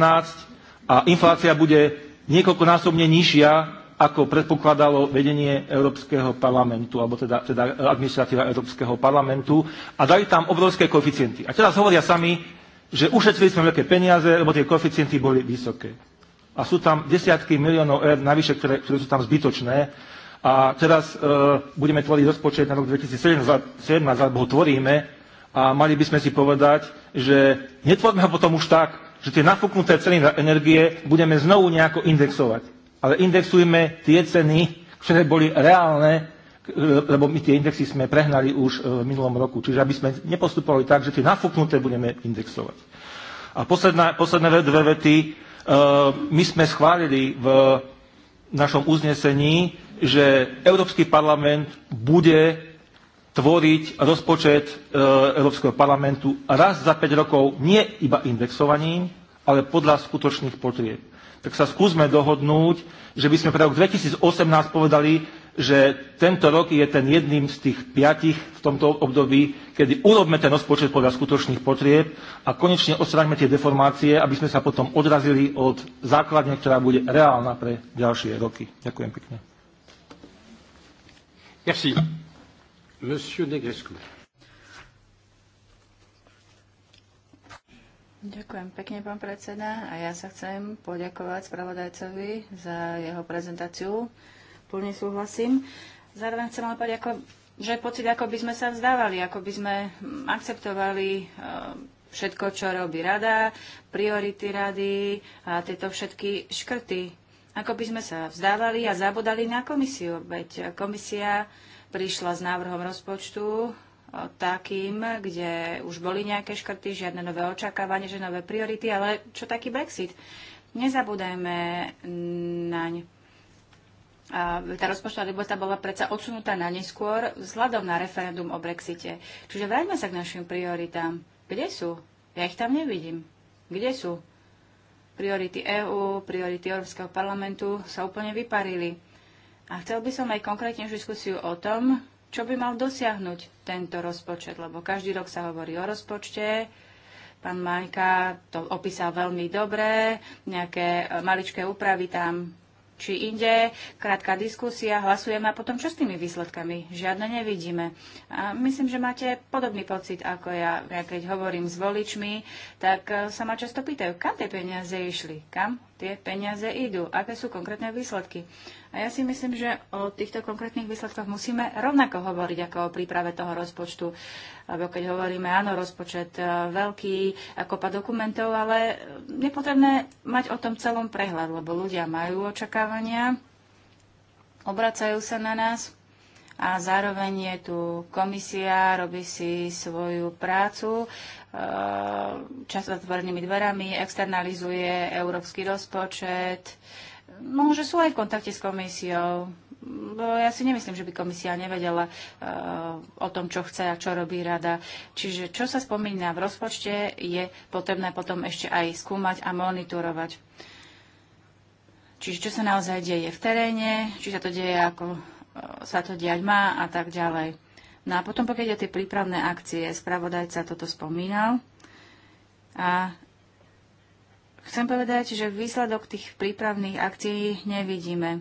a inflácia bude niekoľkonásobne nižšia, ako predpokladalo vedenie Európskeho parlamentu, alebo teda, teda administratíva Európskeho parlamentu a dali tam obrovské koeficienty. A teraz hovoria sami, že ušetrili sme veľké peniaze, lebo tie koeficienty boli vysoké. A sú tam desiatky miliónov eur navyše, ktoré, ktoré sú tam zbytočné. A teraz e, budeme tvoriť rozpočet na rok 2017, alebo ho tvoríme a mali by sme si povedať, že netvorme ho potom už tak, že tie nafúknuté ceny na energie budeme znovu nejako indexovať. Ale indexujme tie ceny, ktoré boli reálne, lebo my tie indexy sme prehnali už e, v minulom roku. Čiže aby sme nepostupovali tak, že tie nafúknuté budeme indexovať. A posledná, posledné dve vety. E, my sme schválili v našom uznesení, že Európsky parlament bude tvoriť rozpočet e, Európskeho parlamentu raz za 5 rokov nie iba indexovaním, ale podľa skutočných potrieb. Tak sa skúsme dohodnúť, že by sme pre rok 2018 povedali, že tento rok je ten jedným z tých piatich v tomto období, kedy urobme ten rozpočet podľa skutočných potrieb a konečne odstraňme tie deformácie, aby sme sa potom odrazili od základne, ktorá bude reálna pre ďalšie roky. Ďakujem pekne. Ďakujem. Monsieur Negrescu. Ďakujem pekne, pán predseda. A ja sa chcem poďakovať spravodajcovi za jeho prezentáciu. Plne súhlasím. Zároveň chcem ale poďakovať, že pocit, ako by sme sa vzdávali, ako by sme akceptovali e, všetko, čo robí rada, priority rady a tieto všetky škrty. Ako by sme sa vzdávali a zabudali na komisiu, veď komisia prišla s návrhom rozpočtu e, takým, kde už boli nejaké škrty, žiadne nové očakávanie, že nové priority, ale čo taký Brexit? Nezabúdajme naň. A tá rozpočtová debata bola predsa odsunutá na neskôr vzhľadom na referendum o Brexite. Čiže vráťme sa k našim prioritám. Kde sú? Ja ich tam nevidím. Kde sú? Priority EÚ, priority Európskeho parlamentu sa úplne vyparili. A chcel by som aj konkrétnejšiu diskusiu o tom, čo by mal dosiahnuť tento rozpočet, lebo každý rok sa hovorí o rozpočte, pán Majka to opísal veľmi dobre, nejaké e, maličké úpravy tam či inde, krátka diskusia, hlasujeme a potom čo s tými výsledkami? Žiadne nevidíme. A myslím, že máte podobný pocit ako ja. Ja keď hovorím s voličmi, tak e, sa ma často pýtajú, kam tie peniaze išli, kam tie peniaze idú, aké sú konkrétne výsledky. A ja si myslím, že o týchto konkrétnych výsledkoch musíme rovnako hovoriť ako o príprave toho rozpočtu. Lebo keď hovoríme, áno, rozpočet e, veľký, kopa dokumentov, ale je potrebné mať o tom celom prehľad, lebo ľudia majú očakávania, obracajú sa na nás a zároveň je tu komisia, robí si svoju prácu, e, často zatvorenými dverami, externalizuje európsky rozpočet, že sú aj v kontakte s komisiou. Ja si nemyslím, že by komisia nevedela e, o tom, čo chce a čo robí rada. Čiže čo sa spomína v rozpočte, je potrebné potom ešte aj skúmať a monitorovať. Čiže čo sa naozaj deje v teréne, či sa to deje, ako e, sa to diať má a tak ďalej. No a potom, pokiaľ ide tie prípravné akcie, spravodajca toto spomínal. A Chcem povedať, že výsledok tých prípravných akcií nevidíme.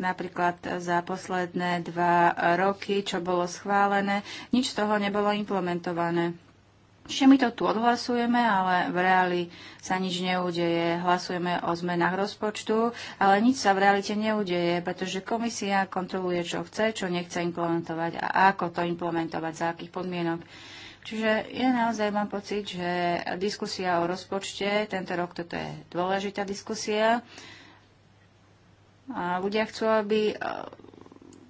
Napríklad za posledné dva roky, čo bolo schválené, nič z toho nebolo implementované. Ešte my to tu odhlasujeme, ale v reáli sa nič neudeje. Hlasujeme o zmenách rozpočtu, ale nič sa v realite neudeje, pretože komisia kontroluje, čo chce, čo nechce implementovať a ako to implementovať, za akých podmienok. Čiže ja naozaj mám pocit, že diskusia o rozpočte, tento rok toto je dôležitá diskusia. A ľudia chcú, aby e,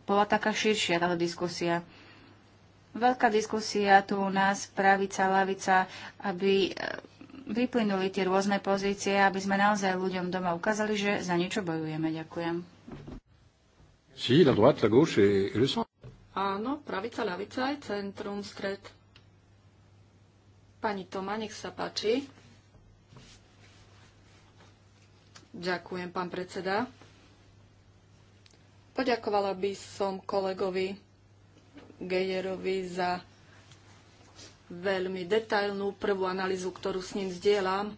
bola taká širšia táto diskusia. Veľká diskusia tu u nás, pravica, lavica, aby e, vyplynuli tie rôzne pozície, aby sme naozaj ľuďom doma ukázali, že za niečo bojujeme. Ďakujem. la droite, la gauche et le centre. Áno, pravica, ľavica aj centrum, stred. Pani Toma, nech sa páči. Ďakujem, pán predseda. Poďakovala by som kolegovi Gejerovi za veľmi detailnú prvú analýzu, ktorú s ním zdieľam,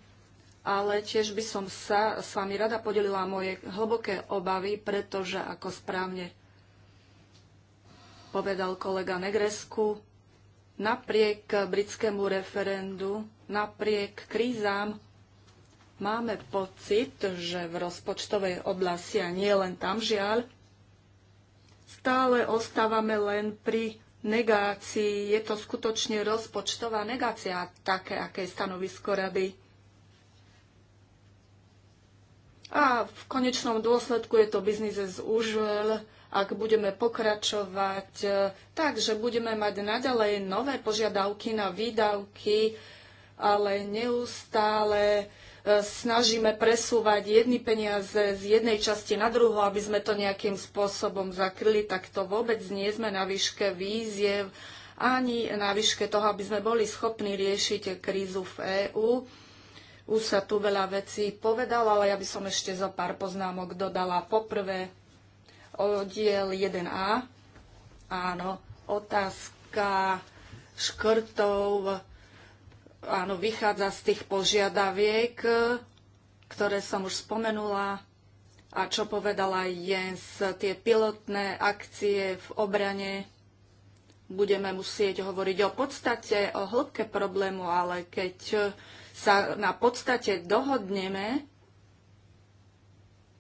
ale tiež by som sa s vami rada podelila moje hlboké obavy, pretože, ako správne povedal kolega Negresku, napriek britskému referendu, napriek krízám, máme pocit, že v rozpočtovej oblasti, a nie len tam žiaľ, stále ostávame len pri negácii. Je to skutočne rozpočtová negácia, také, aké je stanovisko rady. A v konečnom dôsledku je to business as usual, ak budeme pokračovať e, tak, že budeme mať naďalej nové požiadavky na výdavky, ale neustále e, snažíme presúvať jedny peniaze z jednej časti na druhú, aby sme to nejakým spôsobom zakryli, tak to vôbec nie sme na výške víziev ani na výške toho, aby sme boli schopní riešiť krízu v EÚ. Už sa tu veľa vecí povedala, ale ja by som ešte zo pár poznámok dodala. Poprvé, oddiel 1a. Áno, otázka škrtov áno, vychádza z tých požiadaviek, ktoré som už spomenula a čo povedala Jens, tie pilotné akcie v obrane. Budeme musieť hovoriť o podstate, o hĺbke problému, ale keď sa na podstate dohodneme,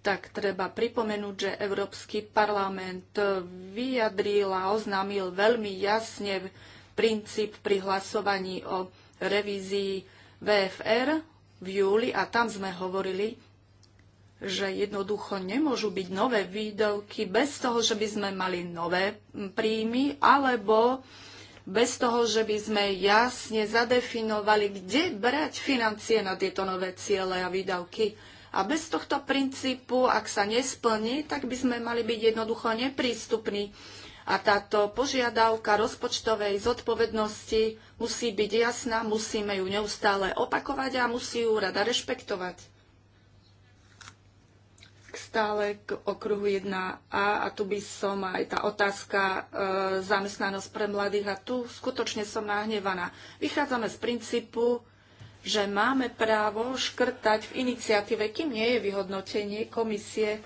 tak treba pripomenúť, že Európsky parlament vyjadril a oznámil veľmi jasne princíp pri hlasovaní o revízii VFR v júli a tam sme hovorili, že jednoducho nemôžu byť nové výdavky bez toho, že by sme mali nové príjmy alebo bez toho, že by sme jasne zadefinovali, kde brať financie na tieto nové ciele a výdavky. A bez tohto princípu, ak sa nesplní, tak by sme mali byť jednoducho neprístupní. A táto požiadavka rozpočtovej zodpovednosti musí byť jasná, musíme ju neustále opakovať a musí ju rada rešpektovať. K stále k okruhu 1a a tu by som aj tá otázka e, zamestnanosť pre mladých a tu skutočne som nahnevaná. Vychádzame z princípu, že máme právo škrtať v iniciatíve, kým nie je vyhodnotenie komisie.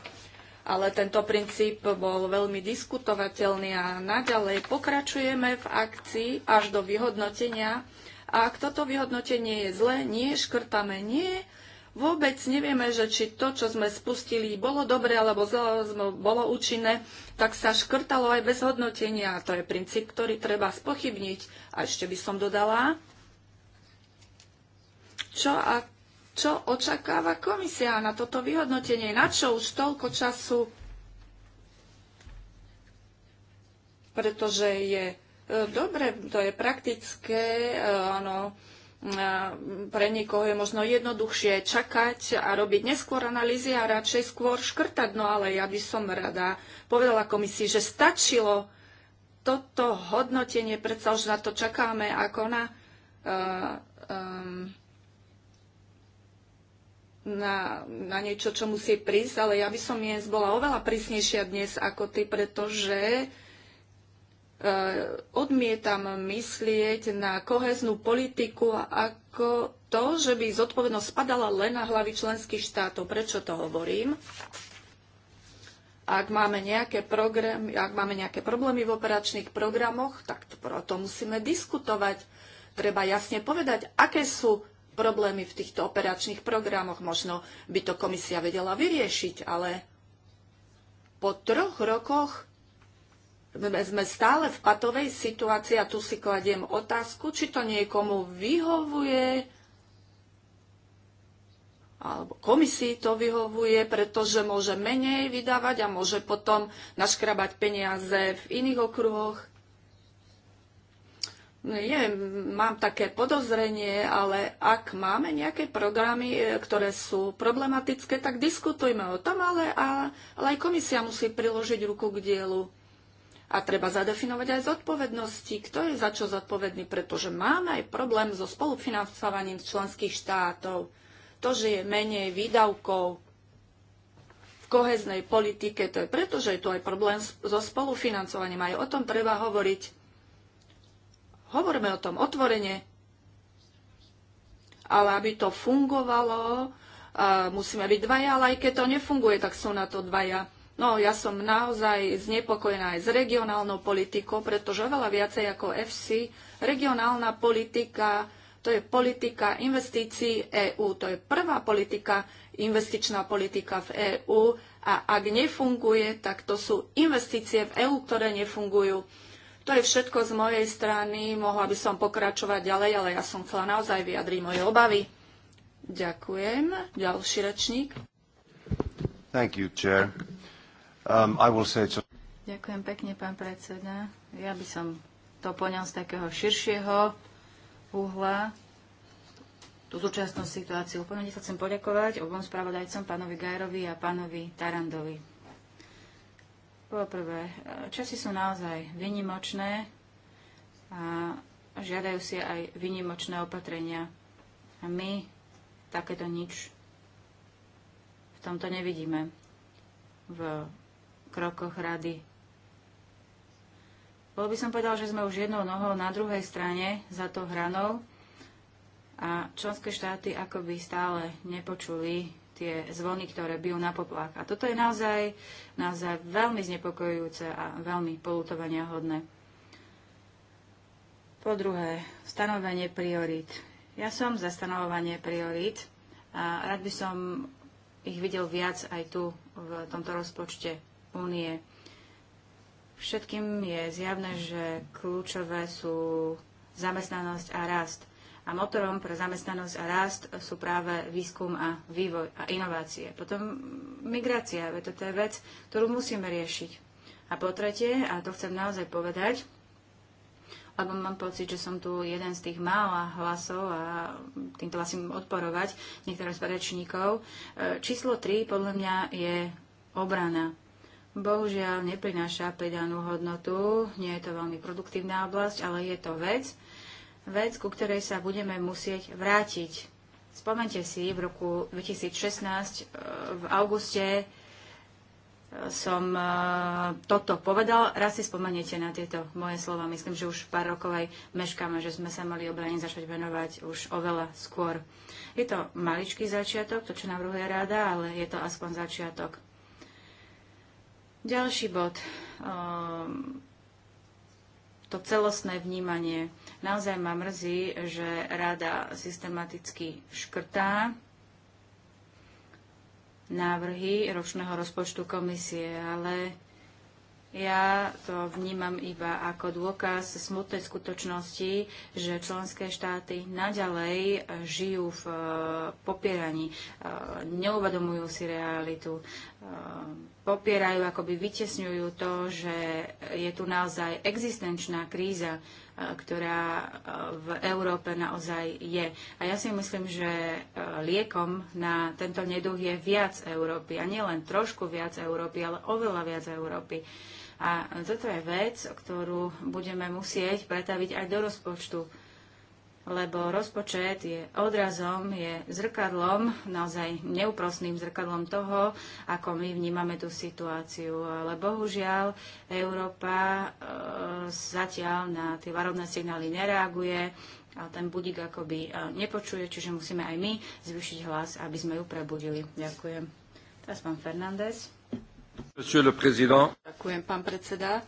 Ale tento princíp bol veľmi diskutovateľný a naďalej pokračujeme v akcii až do vyhodnotenia. A ak toto vyhodnotenie je zlé, nie, škrtame nie. Vôbec nevieme, že či to, čo sme spustili, bolo dobre alebo zle, bolo účinné, tak sa škrtalo aj bez hodnotenia. A to je princíp, ktorý treba spochybniť. A ešte by som dodala, čo, a, čo očakáva komisia na toto vyhodnotenie? Na čo už toľko času? Pretože je e, dobre, to je praktické, e, áno, e, pre niekoho je možno jednoduchšie čakať a robiť neskôr analýzy a radšej skôr škrtať. No ale ja by som rada povedala komisii, že stačilo toto hodnotenie, predsa už na to čakáme ako na uh, um, na, na niečo, čo musí prísť, ale ja by som dnes bola oveľa prísnejšia dnes ako ty, pretože e, odmietam myslieť na koheznú politiku ako to, že by zodpovednosť spadala len na hlavy členských štátov. Prečo to hovorím? Ak máme nejaké, programy, ak máme nejaké problémy v operačných programoch, tak to musíme diskutovať. Treba jasne povedať, aké sú problémy v týchto operačných programoch. Možno by to komisia vedela vyriešiť, ale po troch rokoch sme stále v patovej situácii a tu si kladiem otázku, či to niekomu vyhovuje, alebo komisii to vyhovuje, pretože môže menej vydávať a môže potom naškrabať peniaze v iných okruhoch. Nie, no, mám také podozrenie, ale ak máme nejaké programy, e, ktoré sú problematické, tak diskutujme o tom, ale, ale aj komisia musí priložiť ruku k dielu. A treba zadefinovať aj zodpovednosti, kto je za čo zodpovedný, pretože máme aj problém so spolufinancovaním členských štátov. To, že je menej výdavkov v koheznej politike, to je preto, že je tu aj problém so spolufinancovaním. Aj o tom treba hovoriť Hovoríme o tom otvorene. Ale aby to fungovalo, musíme byť dvaja, ale aj keď to nefunguje, tak sú na to dvaja. No, ja som naozaj znepokojená aj s regionálnou politikou, pretože oveľa viacej ako FC, regionálna politika, to je politika investícií EÚ, to je prvá politika, investičná politika v EÚ a ak nefunguje, tak to sú investície v EÚ, ktoré nefungujú. To je všetko z mojej strany. Mohla by som pokračovať ďalej, ale ja som chcela naozaj vyjadriť moje obavy. Ďakujem. Ďalší rečník. Thank you, chair. Um, I will say to... Ďakujem pekne, pán predseda. Ja by som to poňal z takého širšieho uhla, tú súčasnú situáciu. Úplne sa chcem poďakovať obom spravodajcom, pánovi Gajrovi a pánovi Tarandovi. Poprvé, časy sú naozaj vynimočné a žiadajú si aj vynimočné opatrenia. A my takéto nič v tomto nevidíme v krokoch rady. Bol by som povedal, že sme už jednou nohou na druhej strane za to hranou a členské štáty akoby stále nepočuli tie zvony, ktoré bijú na poplach. A toto je naozaj, naozaj veľmi znepokojujúce a veľmi polutovania hodné. Po druhé, stanovenie priorít. Ja som za stanovovanie priorít a rád by som ich videl viac aj tu v tomto rozpočte únie. Všetkým je zjavné, že kľúčové sú zamestnanosť a rast – a motorom pre zamestnanosť a rast sú práve výskum a vývoj a inovácie. Potom migrácia, veď toto je vec, ktorú musíme riešiť. A po tretie, a to chcem naozaj povedať, lebo mám pocit, že som tu jeden z tých mála hlasov a týmto vlastne odporovať niektorým z predečníkov. E, číslo 3 podľa mňa je obrana. Bohužiaľ neprináša pridanú hodnotu, nie je to veľmi produktívna oblasť, ale je to vec, vec, ku ktorej sa budeme musieť vrátiť. Spomente si, v roku 2016 e, v auguste e, som e, toto povedal. Raz si spomeniete na tieto moje slova. Myslím, že už pár rokov aj meškáme, že sme sa mali obrane začať venovať už oveľa skôr. Je to maličký začiatok, to, čo navrhuje ráda, ale je to aspoň začiatok. Ďalší bod. Ehm, to celostné vnímanie. Naozaj ma mrzí, že rada systematicky škrtá návrhy ročného rozpočtu komisie, ale ja to vnímam iba ako dôkaz smutnej skutočnosti, že členské štáty naďalej e, žijú v e, popieraní, e, neuvedomujú si realitu, popierajú, akoby vytesňujú to, že je tu naozaj existenčná kríza, ktorá v Európe naozaj je. A ja si myslím, že liekom na tento neduch je viac Európy. A nielen trošku viac Európy, ale oveľa viac Európy. A toto je vec, ktorú budeme musieť pretaviť aj do rozpočtu, lebo rozpočet je odrazom, je zrkadlom, naozaj neúprosným zrkadlom toho, ako my vnímame tú situáciu. Ale bohužiaľ Európa e, zatiaľ na tie varovné signály nereaguje, ale ten budík akoby e, nepočuje, čiže musíme aj my zvýšiť hlas, aby sme ju prebudili. Ďakujem. Teraz pán Fernández. Ďakujem, pán predseda.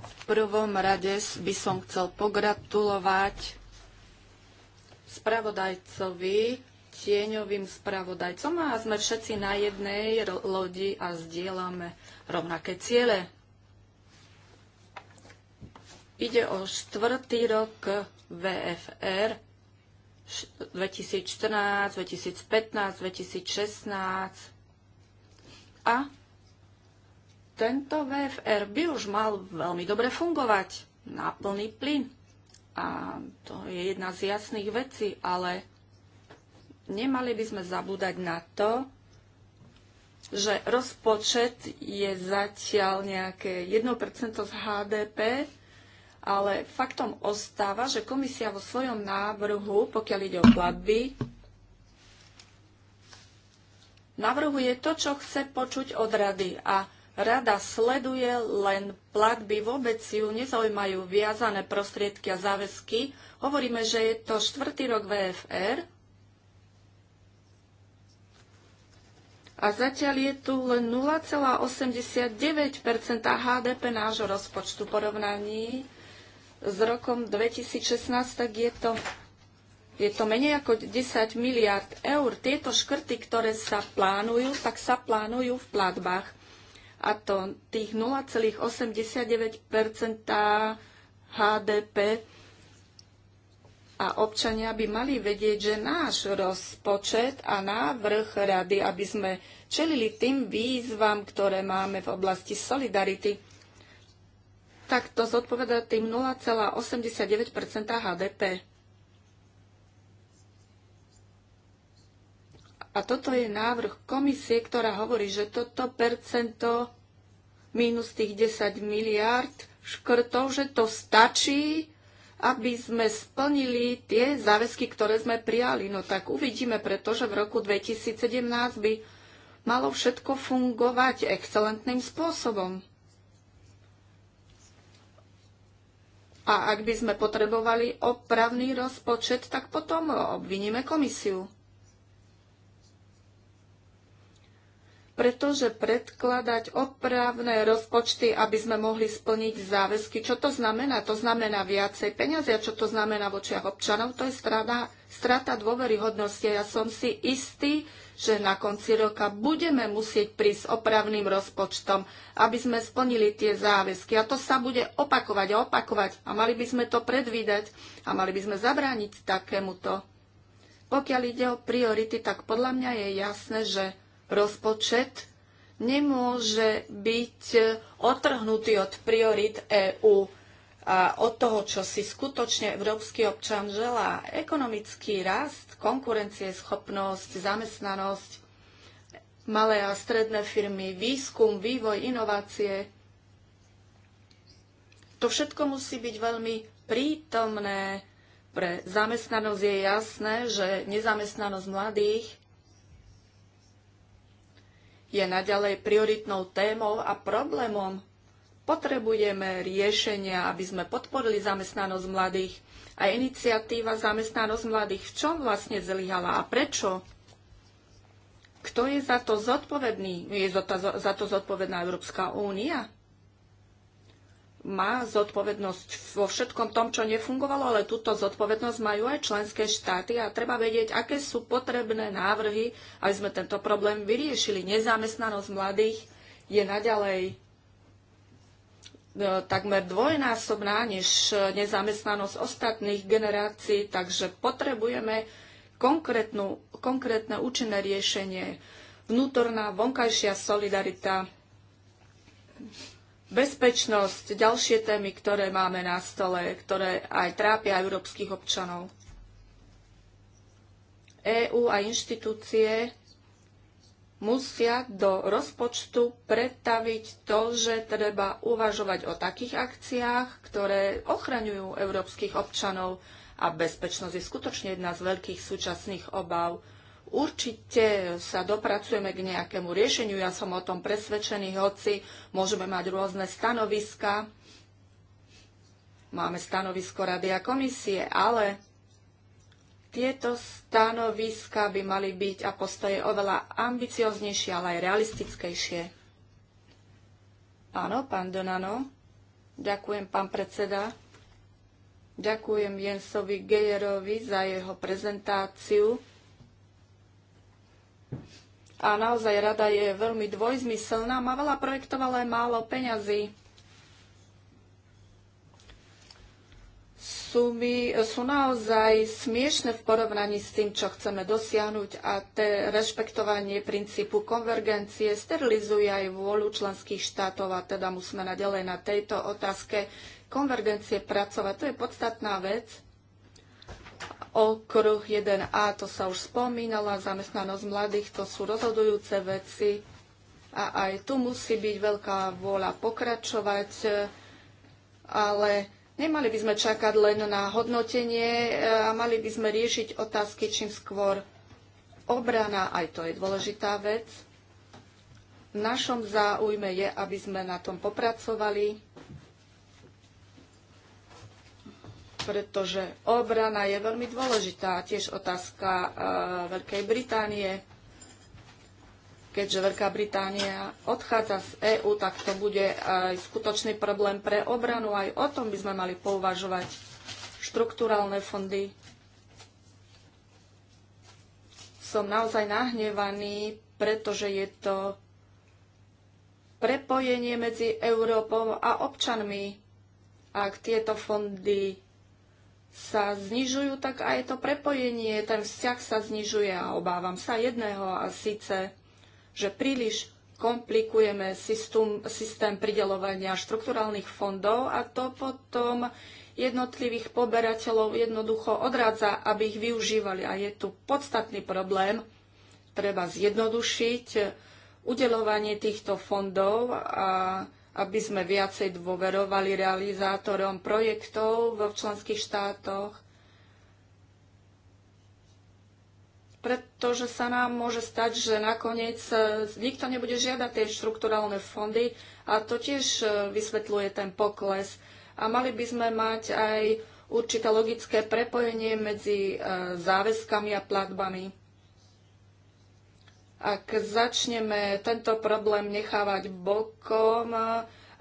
V prvom rade by som chcel pogratulovať spravodajcovi, tieňovým spravodajcom a sme všetci na jednej lodi a zdieľame rovnaké ciele. Ide o štvrtý rok VFR 2014, 2015, 2016 a tento VFR by už mal veľmi dobre fungovať na plný plyn. A to je jedna z jasných vecí, ale nemali by sme zabúdať na to, že rozpočet je zatiaľ nejaké 1% z HDP, ale faktom ostáva, že komisia vo svojom návrhu, pokiaľ ide o platby, navrhuje to, čo chce počuť od rady a rada sleduje len platby, vôbec ju nezaujímajú viazané prostriedky a záväzky. Hovoríme, že je to štvrtý rok VFR a zatiaľ je tu len 0,89 HDP nášho rozpočtu v porovnaní s rokom 2016, tak je to je to menej ako 10 miliard eur. Tieto škrty, ktoré sa plánujú, tak sa plánujú v platbách. A to tých 0,89 HDP. A občania by mali vedieť, že náš rozpočet a návrh rady, aby sme čelili tým výzvam, ktoré máme v oblasti solidarity, tak to zodpoveda tým 0,89 HDP. A toto je návrh komisie, ktorá hovorí, že toto percento minus tých 10 miliárd škrtov, že to stačí, aby sme splnili tie záväzky, ktoré sme prijali. No tak uvidíme, pretože v roku 2017 by malo všetko fungovať excelentným spôsobom. A ak by sme potrebovali opravný rozpočet, tak potom obviníme komisiu. pretože predkladať opravné rozpočty, aby sme mohli splniť záväzky. Čo to znamená? To znamená viacej peniazy a čo to znamená v očiach občanov? To je strada, strata dôveryhodnosti. Ja som si istý, že na konci roka budeme musieť prísť opravným rozpočtom, aby sme splnili tie záväzky. A to sa bude opakovať a opakovať. A mali by sme to predvídať a mali by sme zabrániť takémuto. Pokiaľ ide o priority, tak podľa mňa je jasné, že rozpočet nemôže byť otrhnutý od priorit EÚ a od toho, čo si skutočne európsky občan želá. Ekonomický rast, konkurencieschopnosť, zamestnanosť, malé a stredné firmy, výskum, vývoj, inovácie. To všetko musí byť veľmi prítomné. Pre zamestnanosť je jasné, že nezamestnanosť mladých je naďalej prioritnou témou a problémom. Potrebujeme riešenia, aby sme podporili zamestnanosť mladých a iniciatíva zamestnanosť mladých. V čom vlastne zlyhala a prečo? Kto je za to zodpovedný? Je za to zodpovedná Európska únia? má zodpovednosť vo všetkom tom, čo nefungovalo, ale túto zodpovednosť majú aj členské štáty a treba vedieť, aké sú potrebné návrhy, aby sme tento problém vyriešili. Nezamestnanosť mladých je naďalej e, takmer dvojnásobná než nezamestnanosť ostatných generácií, takže potrebujeme konkrétne účinné riešenie. Vnútorná, vonkajšia solidarita bezpečnosť, ďalšie témy, ktoré máme na stole, ktoré aj trápia európskych občanov. EÚ a inštitúcie musia do rozpočtu predtaviť to, že treba uvažovať o takých akciách, ktoré ochraňujú európskych občanov a bezpečnosť je skutočne jedna z veľkých súčasných obav Určite sa dopracujeme k nejakému riešeniu, ja som o tom presvedčený, hoci môžeme mať rôzne stanoviska, máme stanovisko Rady a komisie, ale tieto stanoviska by mali byť a postoje oveľa ambicioznejšie, ale aj realistickejšie. Áno, pán Donano. Ďakujem, pán predseda. Ďakujem Jensovi Gejerovi za jeho prezentáciu a naozaj rada je veľmi dvojzmyselná. Má veľa projektov, ale málo peňazí. Sumy sú naozaj smiešne v porovnaní s tým, čo chceme dosiahnuť a te rešpektovanie princípu konvergencie sterilizuje aj vôľu členských štátov a teda musíme naďalej na tejto otázke konvergencie pracovať. To je podstatná vec Okruh 1A, to sa už spomínala, zamestnanosť mladých, to sú rozhodujúce veci a aj tu musí byť veľká vôľa pokračovať, ale nemali by sme čakať len na hodnotenie e, a mali by sme riešiť otázky čím skôr. Obrana, aj to je dôležitá vec. V našom záujme je, aby sme na tom popracovali pretože obrana je veľmi dôležitá. Tiež otázka e, Veľkej Británie. Keďže Veľká Británia odchádza z EÚ, tak to bude aj e, skutočný problém pre obranu. Aj o tom by sme mali pouvažovať. Štruktúralné fondy. Som naozaj nahnevaný, pretože je to prepojenie medzi Európou a občanmi. Ak tieto fondy sa znižujú, tak aj to prepojenie, ten vzťah sa znižuje a obávam sa jedného a síce, že príliš komplikujeme systém, systém pridelovania štrukturálnych fondov a to potom jednotlivých poberateľov jednoducho odrádza, aby ich využívali. A je tu podstatný problém, treba zjednodušiť udelovanie týchto fondov a aby sme viacej dôverovali realizátorom projektov vo členských štátoch, pretože sa nám môže stať, že nakoniec e, nikto nebude žiadať tie štrukturálne fondy a to tiež e, vysvetľuje ten pokles. A mali by sme mať aj určité logické prepojenie medzi e, záväzkami a platbami ak začneme tento problém nechávať bokom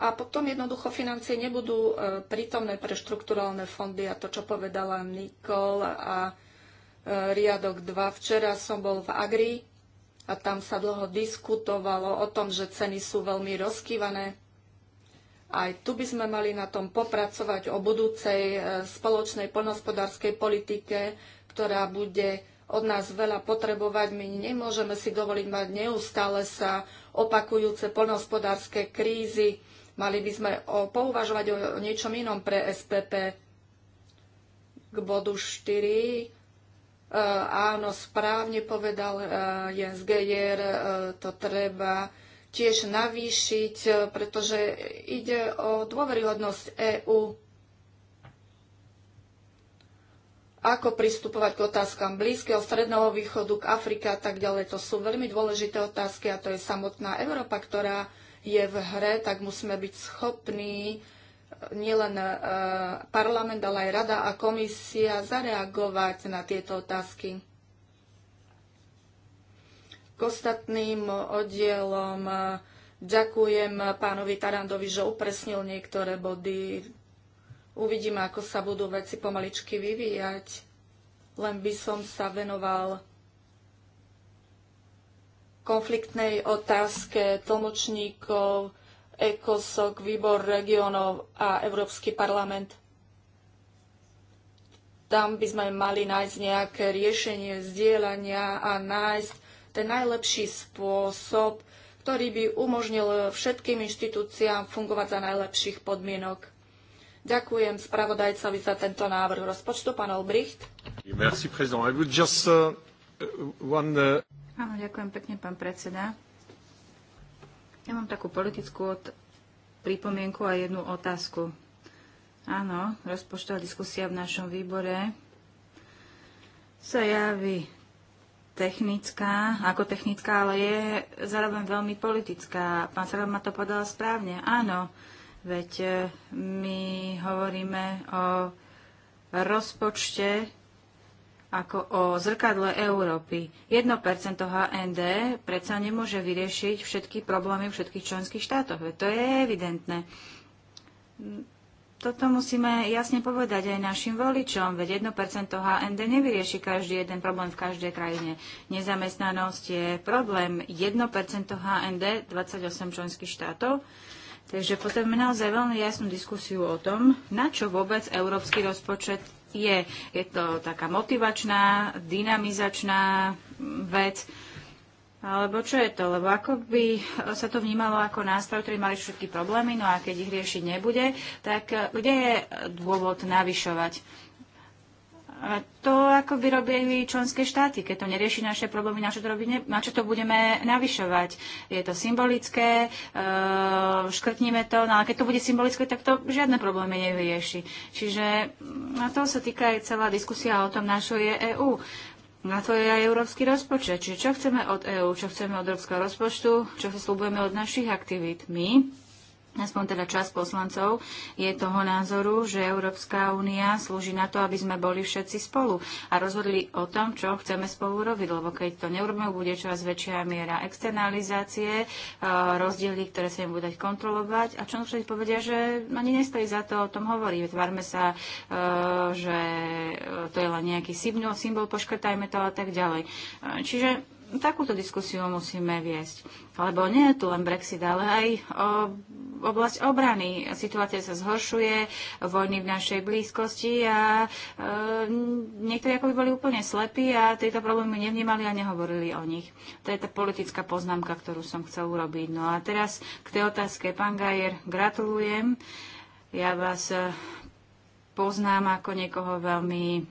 a potom jednoducho financie nebudú e, prítomné pre štrukturálne fondy a to, čo povedala Nikol a e, riadok 2. Včera som bol v Agri a tam sa dlho diskutovalo o tom, že ceny sú veľmi rozkývané. Aj tu by sme mali na tom popracovať o budúcej e, spoločnej poľnohospodárskej politike, ktorá bude od nás veľa potrebovať. My nemôžeme si dovoliť mať neustále sa opakujúce poľnohospodárske krízy. Mali by sme o, pouvažovať o, o niečom inom pre SPP. K bodu 4. E, áno, správne povedal e, Jens Geier, e, to treba tiež navýšiť, e, pretože ide o dôveryhodnosť EÚ ako pristupovať k otázkam Blízkeho, Stredného východu, k Afrike a tak ďalej. To sú veľmi dôležité otázky a to je samotná Európa, ktorá je v hre, tak musíme byť schopní eh, nielen eh, parlament, ale aj rada a komisia zareagovať na tieto otázky. K ostatným oddielom eh, ďakujem pánovi Tarandovi, že upresnil niektoré body Uvidíme, ako sa budú veci pomaličky vyvíjať. Len by som sa venoval konfliktnej otázke tlmočníkov, ECOSOC, výbor regionov a Európsky parlament. Tam by sme mali nájsť nejaké riešenie zdieľania a nájsť ten najlepší spôsob, ktorý by umožnil všetkým inštitúciám fungovať za najlepších podmienok. Ďakujem spravodajcovi za tento návrh rozpočtu, pán Olbricht. Merci, prezident. I would just, uh, one, uh... Áno, ďakujem pekne, pán predseda. Ja mám takú politickú od... pripomienku a jednu otázku. Áno, rozpočtová diskusia v našom výbore sa javí technická, ako technická, ale je zároveň veľmi politická. Pán Sarab ma to povedal správne. Áno, Veď e, my hovoríme o rozpočte ako o zrkadle Európy. 1% HND predsa nemôže vyriešiť všetky problémy v všetkých členských štátoch. Veď to je evidentné. Toto musíme jasne povedať aj našim voličom, veď 1% HND nevyrieši každý jeden problém v každej krajine. Nezamestnanosť je problém 1% HND 28 členských štátov. Takže potrebujeme naozaj veľmi jasnú diskusiu o tom, na čo vôbec európsky rozpočet je. Je to taká motivačná, dynamizačná vec, alebo čo je to? Lebo ako by sa to vnímalo ako nástroj, ktorý mali všetky problémy, no a keď ich riešiť nebude, tak kde je dôvod navyšovať? to ako by robili členské štáty. Keď to nerieši naše problémy, na čo to, robí, na čo to budeme navyšovať? Je to symbolické, e, škrtníme to, no ale keď to bude symbolické, tak to žiadne problémy nevyrieši. Čiže na mm, to sa týka aj celá diskusia o tom, na čo je EÚ. Na to je aj európsky rozpočet. Čiže čo chceme od EÚ, čo chceme od európskeho rozpočtu, čo sa slúbujeme od našich aktivít my aspoň teda čas poslancov, je toho názoru, že Európska únia slúži na to, aby sme boli všetci spolu a rozhodli o tom, čo chceme spolu robiť, lebo keď to neurobíme, bude čoraz väčšia miera externalizácie, e, rozdiely, ktoré sa im budú dať kontrolovať a čo všetci povedia, že ani nestojí za to o tom hovorí. Tvárme sa, e, že e, to je len nejaký symbol, symbol poškrtajme to a tak ďalej. Čiže takúto diskusiu musíme viesť. Lebo nie je tu len Brexit, ale aj o oblasť obrany. Situácia sa zhoršuje, vojny v našej blízkosti a e, niektorí ako by boli úplne slepí a tieto problémy nevnímali a nehovorili o nich. To je tá politická poznámka, ktorú som chcel urobiť. No a teraz k tej otázke. Pán Gajer, gratulujem. Ja vás e, poznám ako niekoho veľmi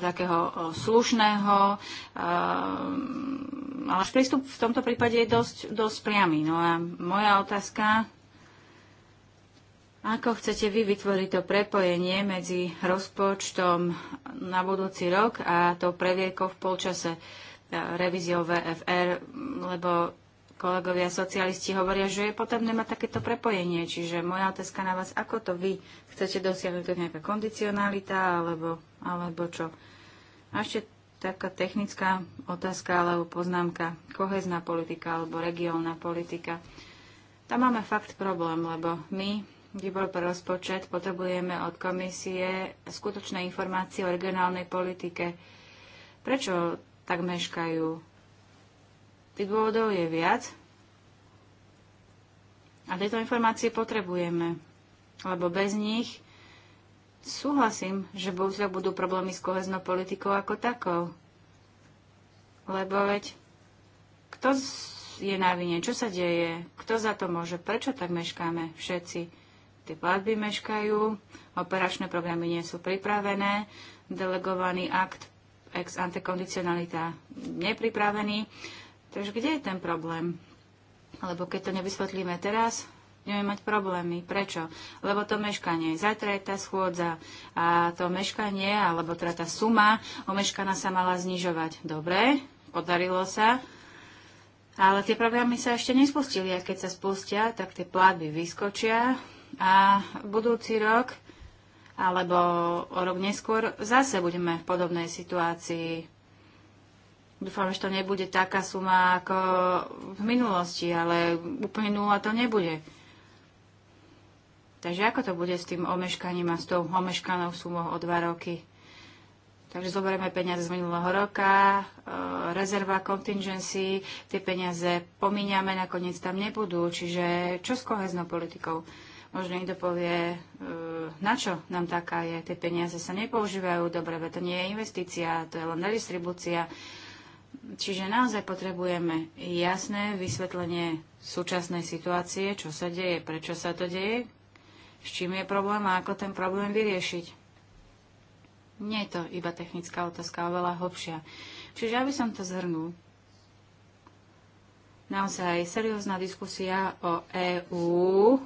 takého slušného, ale prístup v tomto prípade je dosť, dosť priamy. No a moja otázka, ako chcete vy vytvoriť to prepojenie medzi rozpočtom na budúci rok a tou previekou v polčase e, revíziou VFR, lebo Kolegovia socialisti hovoria, že je potrebné mať takéto prepojenie. Čiže moja otázka na vás, ako to vy chcete dosiahnuť? To nejaká kondicionalita alebo, alebo čo? A ešte taká technická otázka alebo poznámka. Kohezná politika alebo regionálna politika. Tam máme fakt problém, lebo my výbor pre rozpočet potrebujeme od komisie skutočné informácie o regionálnej politike. Prečo tak meškajú Tých dôvodov je viac. A tieto informácie potrebujeme, lebo bez nich súhlasím, že bohužiaľ budú problémy s koheznou politikou ako takou. Lebo veď kto je na vine, čo sa deje, kto za to môže, prečo tak meškáme všetci. Tie platby meškajú, operačné programy nie sú pripravené, delegovaný akt ex ante kondicionalita nepripravený. Takže kde je ten problém? Lebo keď to nevysvetlíme teraz, budeme mať problémy. Prečo? Lebo to meškanie. Zajtra je tá schôdza a to meškanie, alebo teda tá suma omeškaná sa mala znižovať. Dobre, podarilo sa. Ale tie programy sa ešte nespustili a keď sa spustia, tak tie platby vyskočia a budúci rok alebo o rok neskôr zase budeme v podobnej situácii Dúfam, že to nebude taká suma ako v minulosti, ale úplne nula to nebude. Takže ako to bude s tým omeškaním a s tou omeškanou sumou o dva roky? Takže zoberieme peniaze z minulého roka, e, rezerva, contingency, tie peniaze pomíňame, nakoniec tam nebudú. Čiže čo s koheznou politikou? Možno niekto povie, e, na čo nám taká je, tie peniaze sa nepoužívajú, dobre, to nie je investícia, to je len redistribúcia. Čiže naozaj potrebujeme jasné vysvetlenie súčasnej situácie, čo sa deje, prečo sa to deje, s čím je problém a ako ten problém vyriešiť. Nie je to iba technická otázka, oveľa hlbšia. Čiže aby som to zhrnul, naozaj seriózna diskusia o EÚ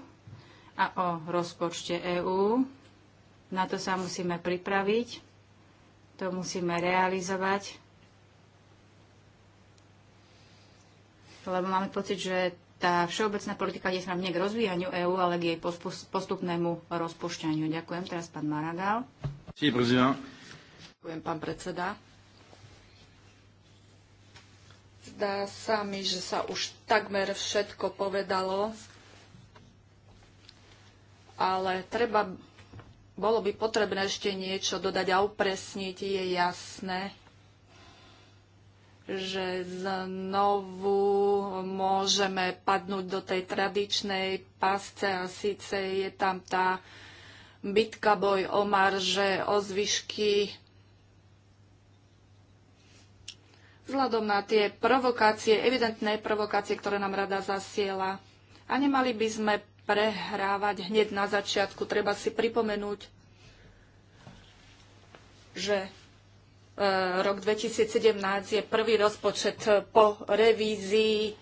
a o rozpočte EÚ. Na to sa musíme pripraviť, to musíme realizovať lebo máme pocit, že tá všeobecná politika je smerom nie k rozvíjaniu EÚ, ale k jej postupnému rozpošťaniu. Ďakujem. Teraz pán Maragal. Sí, prezident. Ďakujem, pán predseda. Zdá sa mi, že sa už takmer všetko povedalo, ale treba, bolo by potrebné ešte niečo dodať a upresniť. Je jasné, že znovu môžeme padnúť do tej tradičnej pásce a síce je tam tá bitka, boj o marže, o zvyšky. Vzhľadom na tie provokácie, evidentné provokácie, ktoré nám rada zasiela. A nemali by sme prehrávať hneď na začiatku. Treba si pripomenúť, že Eh, rok 2017 je prvý rozpočet po revízii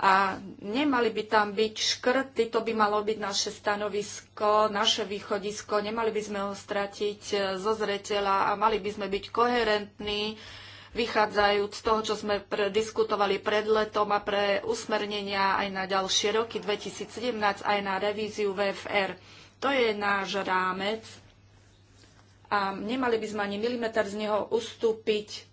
a nemali by tam byť škrty, to by malo byť naše stanovisko, naše východisko, nemali by sme ho stratiť eh, zo zreteľa a mali by sme byť koherentní, vychádzajúc z toho, čo sme diskutovali pred letom a pre usmernenia aj na ďalšie roky 2017, aj na revíziu VFR. To je náš rámec a nemali by sme ani milimeter z neho ustúpiť.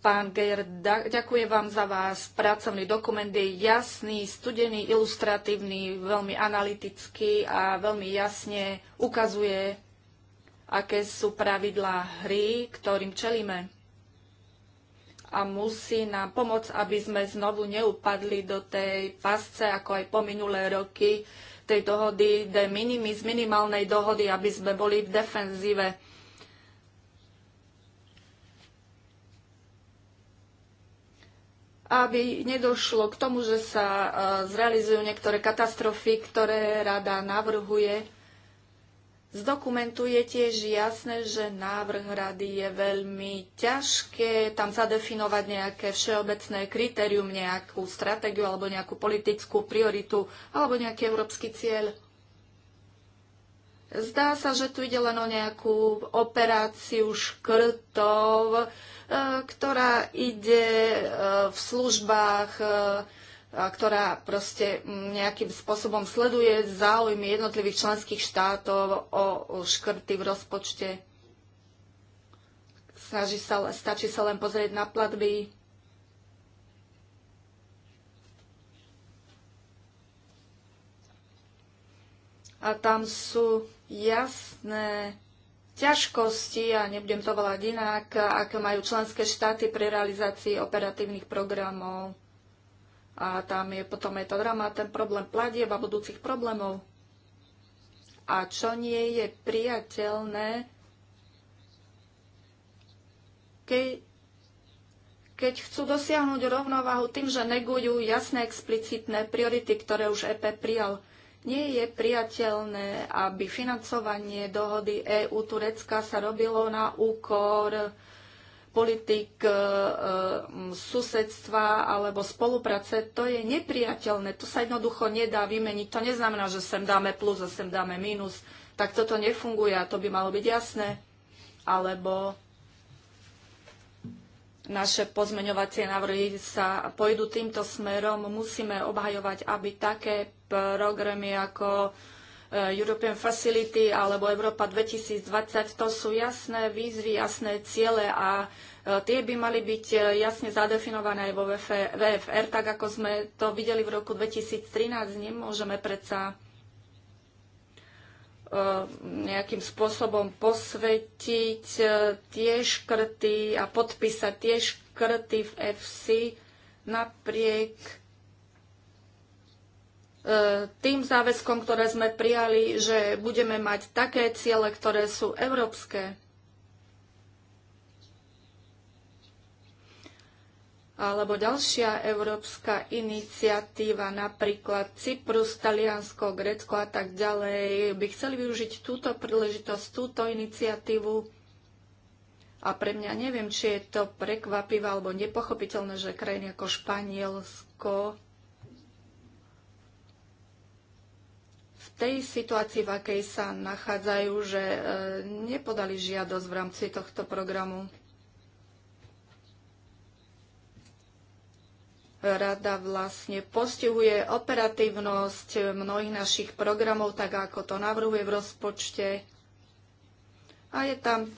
Pán Geir, ďakujem vám za vás. Pracovný dokument je jasný, studený, ilustratívny, veľmi analytický a veľmi jasne ukazuje, aké sú pravidlá hry, ktorým čelíme. A musí nám pomôcť, aby sme znovu neupadli do tej pasce, ako aj po minulé roky, tej dohody de minimis, minimálnej dohody, aby sme boli v defenzíve. aby nedošlo k tomu, že sa e, zrealizujú niektoré katastrofy, ktoré rada navrhuje z dokumentu je tiež jasné, že návrh rady je veľmi ťažké tam zadefinovať nejaké všeobecné kritérium, nejakú stratégiu alebo nejakú politickú prioritu alebo nejaký európsky cieľ. Zdá sa, že tu ide len o nejakú operáciu škrtov, e, ktorá ide e, v službách e, ktorá proste nejakým spôsobom sleduje záujmy jednotlivých členských štátov o škrty v rozpočte. Snaží sa, stačí sa len pozrieť na platby. A tam sú jasné ťažkosti, a nebudem to volať inak, aké majú členské štáty pri realizácii operatívnych programov a tam je potom aj to drama, ten problém platieb a budúcich problémov. A čo nie je priateľné, keď, keď chcú dosiahnuť rovnováhu tým, že negujú jasné explicitné priority, ktoré už EP prijal. Nie je priateľné, aby financovanie dohody EU-Turecka sa robilo na úkor politik e, susedstva alebo spolupráce, to je nepriateľné. To sa jednoducho nedá vymeniť. To neznamená, že sem dáme plus a sem dáme minus. Tak toto nefunguje a to by malo byť jasné. Alebo naše pozmeňovacie návrhy sa pôjdu týmto smerom. Musíme obhajovať, aby také programy ako Eh, European Facility alebo Európa 2020, to sú jasné výzvy, jasné ciele a eh, tie by mali byť eh, jasne zadefinované aj vo VFR, tak ako sme to videli v roku 2013. Nemôžeme predsa nejakým spôsobom posvetiť tie škrty a podpísať tie škrty v FC napriek E, tým záväzkom, ktoré sme prijali, že budeme mať také ciele, ktoré sú európske. Alebo ďalšia európska iniciatíva, napríklad Cyprus, Taliansko, Grécko a tak ďalej, by chceli využiť túto príležitosť, túto iniciatívu. A pre mňa neviem, či je to prekvapivé alebo nepochopiteľné, že krajiny ako Španielsko, tej situácii, v akej sa nachádzajú, že e, nepodali žiadosť v rámci tohto programu. Rada vlastne postihuje operatívnosť mnohých našich programov, tak ako to navrhuje v rozpočte. A je tam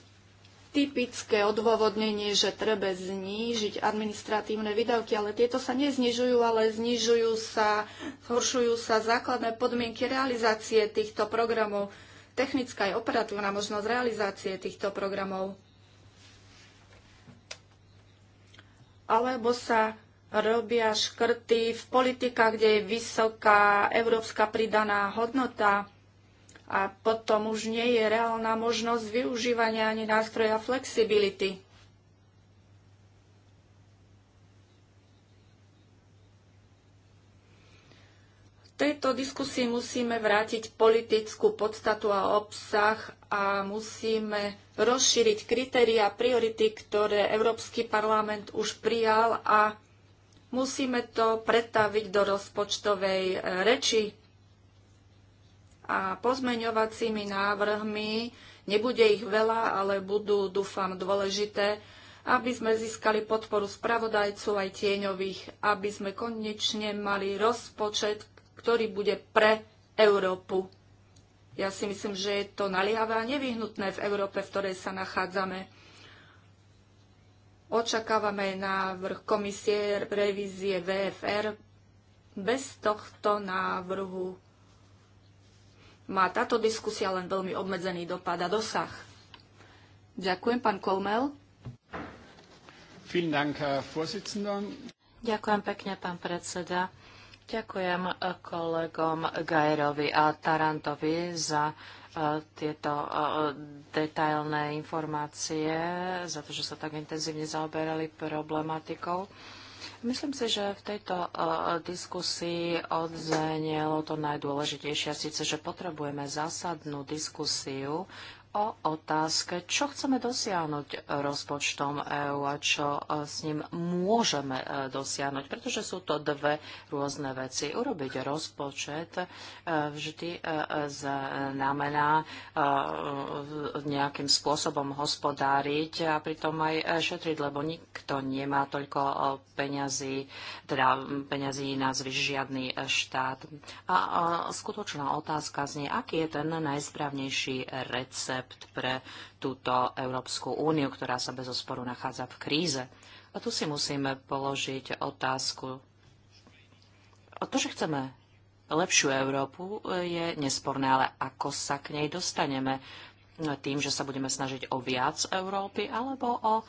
typické odôvodnenie, že treba znížiť administratívne výdavky, ale tieto sa neznižujú, ale znižujú sa, zhoršujú sa základné podmienky realizácie týchto programov, technická aj operatívna možnosť realizácie týchto programov. Alebo sa robia škrty v politikách, kde je vysoká európska pridaná hodnota a potom už nie je reálna možnosť využívania ani nástroja flexibility. V tejto diskusii musíme vrátiť politickú podstatu a obsah a musíme rozšíriť kritéria a priority, ktoré Európsky parlament už prijal a musíme to pretaviť do rozpočtovej reči a pozmeňovacími návrhmi. Nebude ich veľa, ale budú, dúfam, dôležité, aby sme získali podporu spravodajcov aj tieňových, aby sme konečne mali rozpočet, ktorý bude pre Európu. Ja si myslím, že je to naliavé a nevyhnutné v Európe, v ktorej sa nachádzame. Očakávame návrh komisie revízie VFR. Bez tohto návrhu má táto diskusia len veľmi obmedzený dopad a dosah. Ďakujem, pán Kolmel. Ďakujem pekne, pán predseda. Ďakujem eh, kolegom Gajerovi a Tarantovi za eh, tieto eh, detailné informácie, za to, že sa tak intenzívne zaoberali problematikou. Myslím si, že v tejto eh, diskusii odzenielo to najdôležitejšie, síce, že potrebujeme zásadnú diskusiu o otázke, čo chceme dosiahnuť rozpočtom EÚ a čo e, s ním môžeme e, dosiahnuť, pretože sú to dve rôzne veci. Urobiť rozpočet e, vždy znamená nejakým spôsobom hospodáriť a pritom aj šetriť, lebo nikto nemá toľko peňazí, teda peňazí na zvyš žiadny štát. A skutočná otázka znie, aký je ten najsprávnejší recept recept pre túto Európsku úniu, ktorá sa bez osporu nachádza v kríze. A tu si musíme položiť otázku. O to, že chceme lepšiu Európu, je nesporné, ale ako sa k nej dostaneme? Tým, že sa budeme snažiť o viac Európy alebo o e,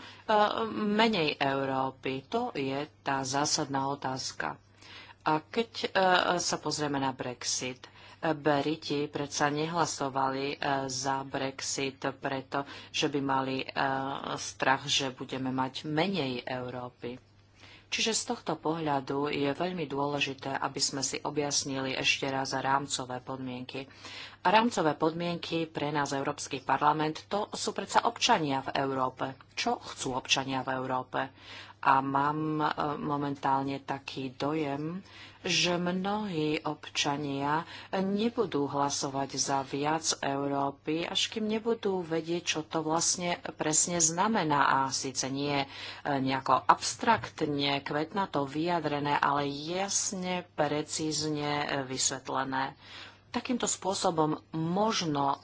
menej Európy? To je tá zásadná otázka. A keď e, sa pozrieme na Brexit, Briti predsa nehlasovali e, za Brexit, preto, že by mali e, strach, že budeme mať menej Európy. Čiže z tohto pohľadu je veľmi dôležité, aby sme si objasnili ešte raz rámcové podmienky. A rámcové podmienky pre nás Európsky parlament to sú predsa občania v Európe. Čo chcú občania v Európe? a mám e, momentálne taký dojem, že mnohí občania nebudú hlasovať za viac Európy, až kým nebudú vedieť, čo to vlastne presne znamená. A síce nie e, nejako abstraktne, kvetnato vyjadrené, ale jasne, precízne e, vysvetlené. Takýmto spôsobom možno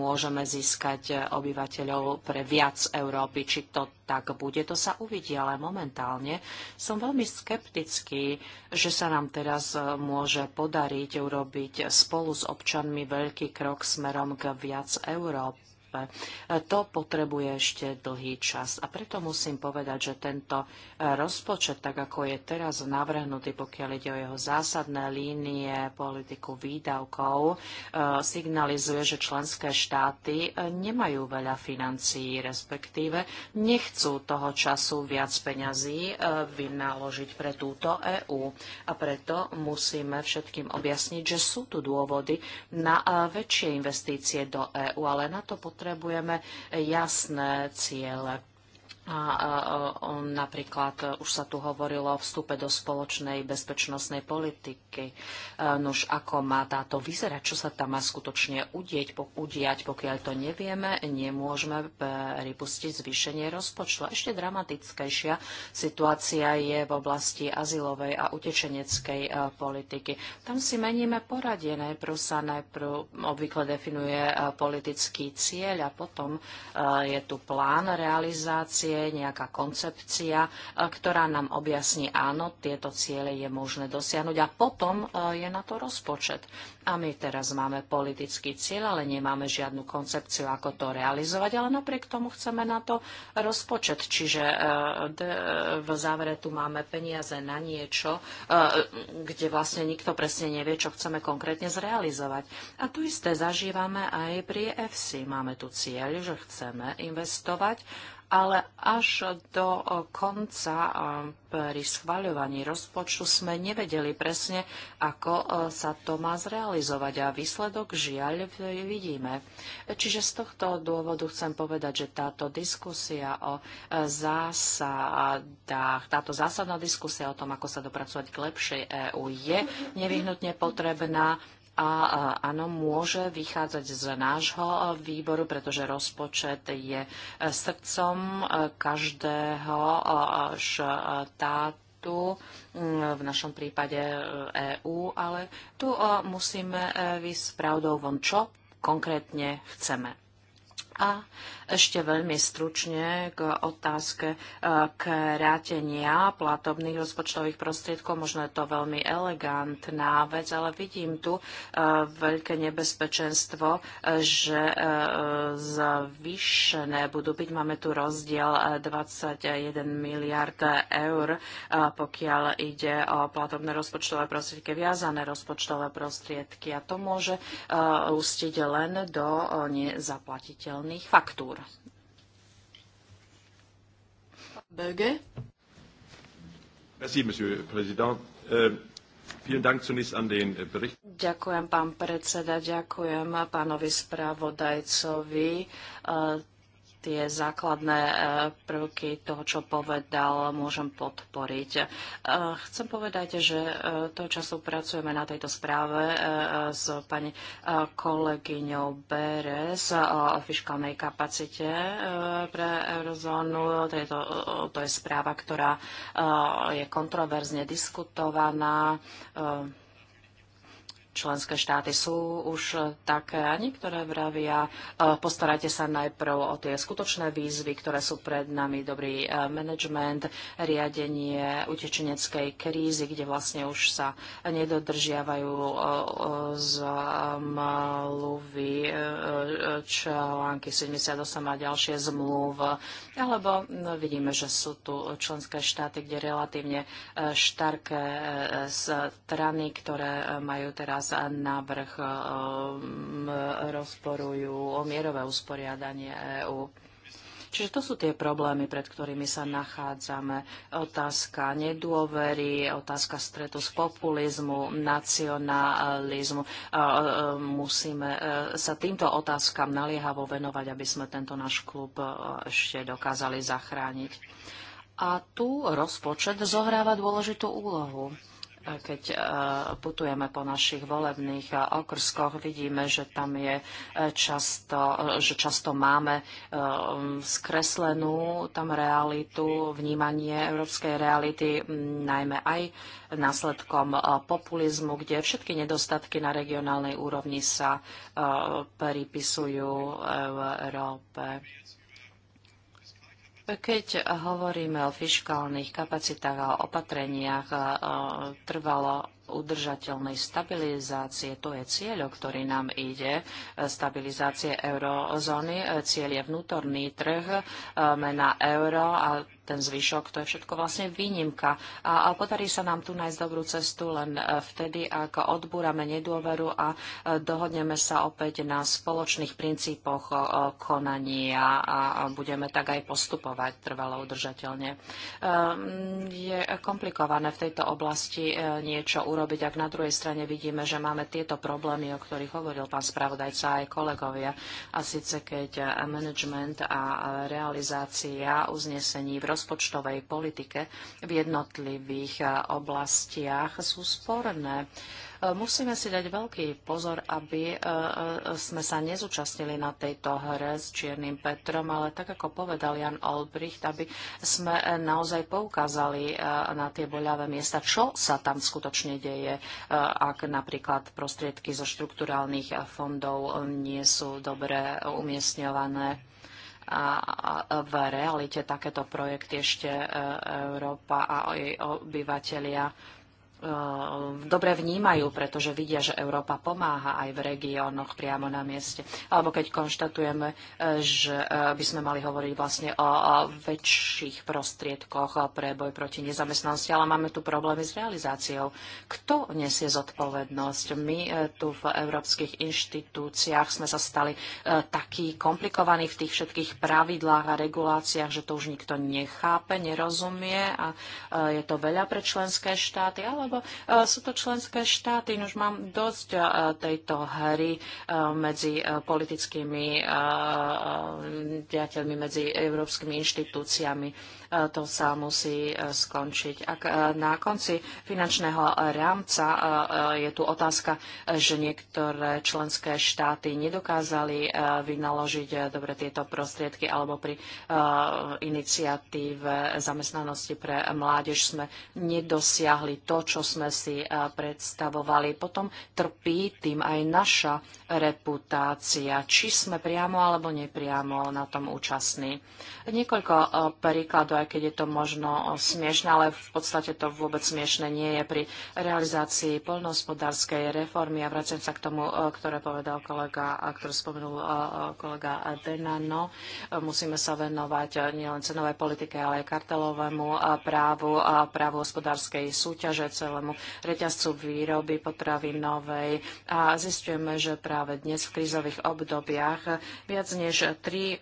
môžeme získať e, obyvateľov pre viac Európy. Či to tak bude, to sa uvidí, ale momentálne som veľmi skeptický, že sa nám teraz e, môže podariť urobiť spolu s občanmi veľký krok smerom k viac Európy. Európe. To potrebuje ešte dlhý čas. A preto musím povedať, že tento e, rozpočet, tak ako je teraz navrhnutý, pokiaľ ide o jeho zásadné línie, politiku výdavkov, e, signalizuje, že členské štáty e, nemajú veľa financií, respektíve nechcú toho času viac peňazí vynaložiť pre túto EÚ. A preto musíme všetkým objasniť, že sú tu dôvody na väčšie investície do EÚ, ale na to potrebujeme potrebujeme jasné ciele. A on napríklad, už sa tu hovorilo o vstupe do spoločnej bezpečnostnej politiky. E, Nož ako má táto vyzerať, čo sa tam má skutočne udieť, udiať, pokiaľ to nevieme, nemôžeme e, pripustiť zvýšenie rozpočtu. ešte dramatickejšia situácia je v oblasti azylovej a utečeneckej e, politiky. Tam si meníme poradie. Najprv sa najprv obvykle definuje politický cieľ a potom je tu plán realizácie nejaká koncepcia, e, ktorá nám objasní, áno, tieto ciele je možné dosiahnuť a potom e, je na to rozpočet. A my teraz máme politický cieľ, ale nemáme žiadnu koncepciu, ako to realizovať, ale napriek tomu chceme na to rozpočet. Čiže e, v závere tu máme peniaze na niečo, kde vlastne nikto presne nevie, čo chceme konkrétne zrealizovať. A tu isté zažívame aj pri EFSI. Máme tu cieľ, že chceme investovať ale až do konca pri schvaľovaní rozpočtu sme nevedeli presne, ako e, sa to má zrealizovať a výsledok žiaľ vidíme. Čiže z tohto dôvodu chcem povedať, že táto diskusia o e, zásadách, táto zásadná diskusia o tom, ako sa dopracovať k lepšej EÚ je nevyhnutne potrebná a áno, môže vychádzať z nášho e, výboru, pretože rozpočet je e, srdcom e, každého štátu tu, mm, v našom prípade EÚ, ale tu musíme vysť pravdou von, čo konkrétne chceme. A ešte veľmi stručne k otázke e, krátenia platobných rozpočtových prostriedkov. Možno je to veľmi elegantná vec, ale vidím tu e, veľké nebezpečenstvo, e, že zvýšené budú byť. Máme tu rozdiel 21 miliard eur, pokiaľ ide o platobné rozpočtové prostriedky, viazané rozpočtové prostriedky. A to môže ustiť len do nezaplatiteľných platobných faktúr. Böge. Merci, monsieur président. Euh, äh, ďakujem, pán predseda, ďakujem pánovi správodajcovi. Äh, tie základné e, prvky toho, čo povedal, môžem podporiť. E, chcem povedať, že e, toho času pracujeme na tejto správe s pani kolegyňou Beres o fiskálnej kapacite pre eurozónu. Tejto, to je správa, ktorá je kontroverzne diskutovaná členské štáty sú už také a niektoré vravia, e, postarajte sa najprv o tie skutočné výzvy, ktoré sú pred nami, dobrý e, management, riadenie utečeneckej krízy, kde vlastne už sa nedodržiavajú e, mluvy články 78 a ďalšie zmluv, alebo no, vidíme, že sú tu členské štáty, kde relatívne štarké strany, ktoré majú teraz teraz návrh e, rozporujú o mierové usporiadanie EÚ. Čiže to sú tie problémy, pred ktorými sa nachádzame. Otázka nedôvery, otázka stretu z populizmu, nacionalizmu. E, e, musíme sa týmto otázkam naliehavo venovať, aby sme tento náš klub ešte dokázali zachrániť. A tu rozpočet zohráva dôležitú úlohu. Keď e, putujeme po našich volebných e, okrskoch, vidíme, že tam je e, často, že často máme skreslenú tam realitu, vnímanie európskej reality, najmä aj následkom populizmu, kde všetky nedostatky na regionálnej úrovni sa pripisujú v Európe. Keď hovoríme o fiškálnych kapacitách a opatreniach trvalo udržateľnej stabilizácie. To je cieľ, o ktorý nám ide, stabilizácie eurozóny. Cieľ je vnútorný trh, e, mena euro a ten zvyšok, to je všetko vlastne výnimka. A, a podarí sa nám tu nájsť dobrú cestu len e, vtedy, ak odbúrame nedôveru a e, dohodneme sa opäť na spoločných princípoch konania a budeme tak aj postupovať trvalo udržateľne. Je komplikované v tejto oblasti niečo urobiť urobiť, ak na druhej strane vidíme, že máme tieto problémy, o ktorých hovoril pán spravodajca aj kolegovia. A síce keď management a realizácia uznesení v rozpočtovej politike v jednotlivých oblastiach sú sporné. Musíme si dať veľký pozor, aby e, e, sme sa nezúčastnili na tejto hre s Čiernym Petrom, ale tak ako povedal Jan Olbricht, aby sme e, naozaj poukázali na tie boľavé miesta, čo sa tam skutočne deje, ak napríklad prostriedky zo štrukturálnych fondov nie sú dobre umiestňované a v realite takéto projekty ešte Európa a jej obyvateľia Eh, dobre vnímajú, pretože vidia, že Európa pomáha aj v regiónoch priamo na mieste. Alebo keď konštatujeme, eh, že eh, by sme mali hovoriť vlastne o väčších prostriedkoch pre boj proti nezamestnanosti, ale máme tu problémy s realizáciou. Kto nesie zodpovednosť? My tu v európskych inštitúciách sme sa stali takí komplikovaní v tých všetkých pravidlách a reguláciách, že to už nikto nechápe, nerozumie a je to veľa pre členské štáty, ale uh, sú to členské štáty. Už mám dosť e, tejto hry e, medzi politickými diateľmi, medzi európskymi inštitúciami. To sa musí e, skončiť. Ak e, na konci finančného rámca e, je tu otázka, že niektoré členské štáty nedokázali vynaložiť dobre tieto prostriedky alebo pri iniciatíve zamestnanosti pre mládež sme nedosiahli to, čo sme si predstavovali. Potom trpí tým aj naša reputácia, či sme priamo alebo nepriamo na tom účastní. Niekoľko príkladov aj keď je to možno smiešne, ale v podstate to vôbec smiešne nie je pri realizácii poľnohospodárskej reformy. A vracem sa k tomu, e, ktoré povedal kolega, ktorý spomenul e, e, kolega Denano. Musíme sa venovať nielen cenovej politike, ale aj kartelovému právu a právu hospodárskej súťaže, celému reťazcu výroby novej A zistujeme, že práve dnes v krízových obdobiach viac než tri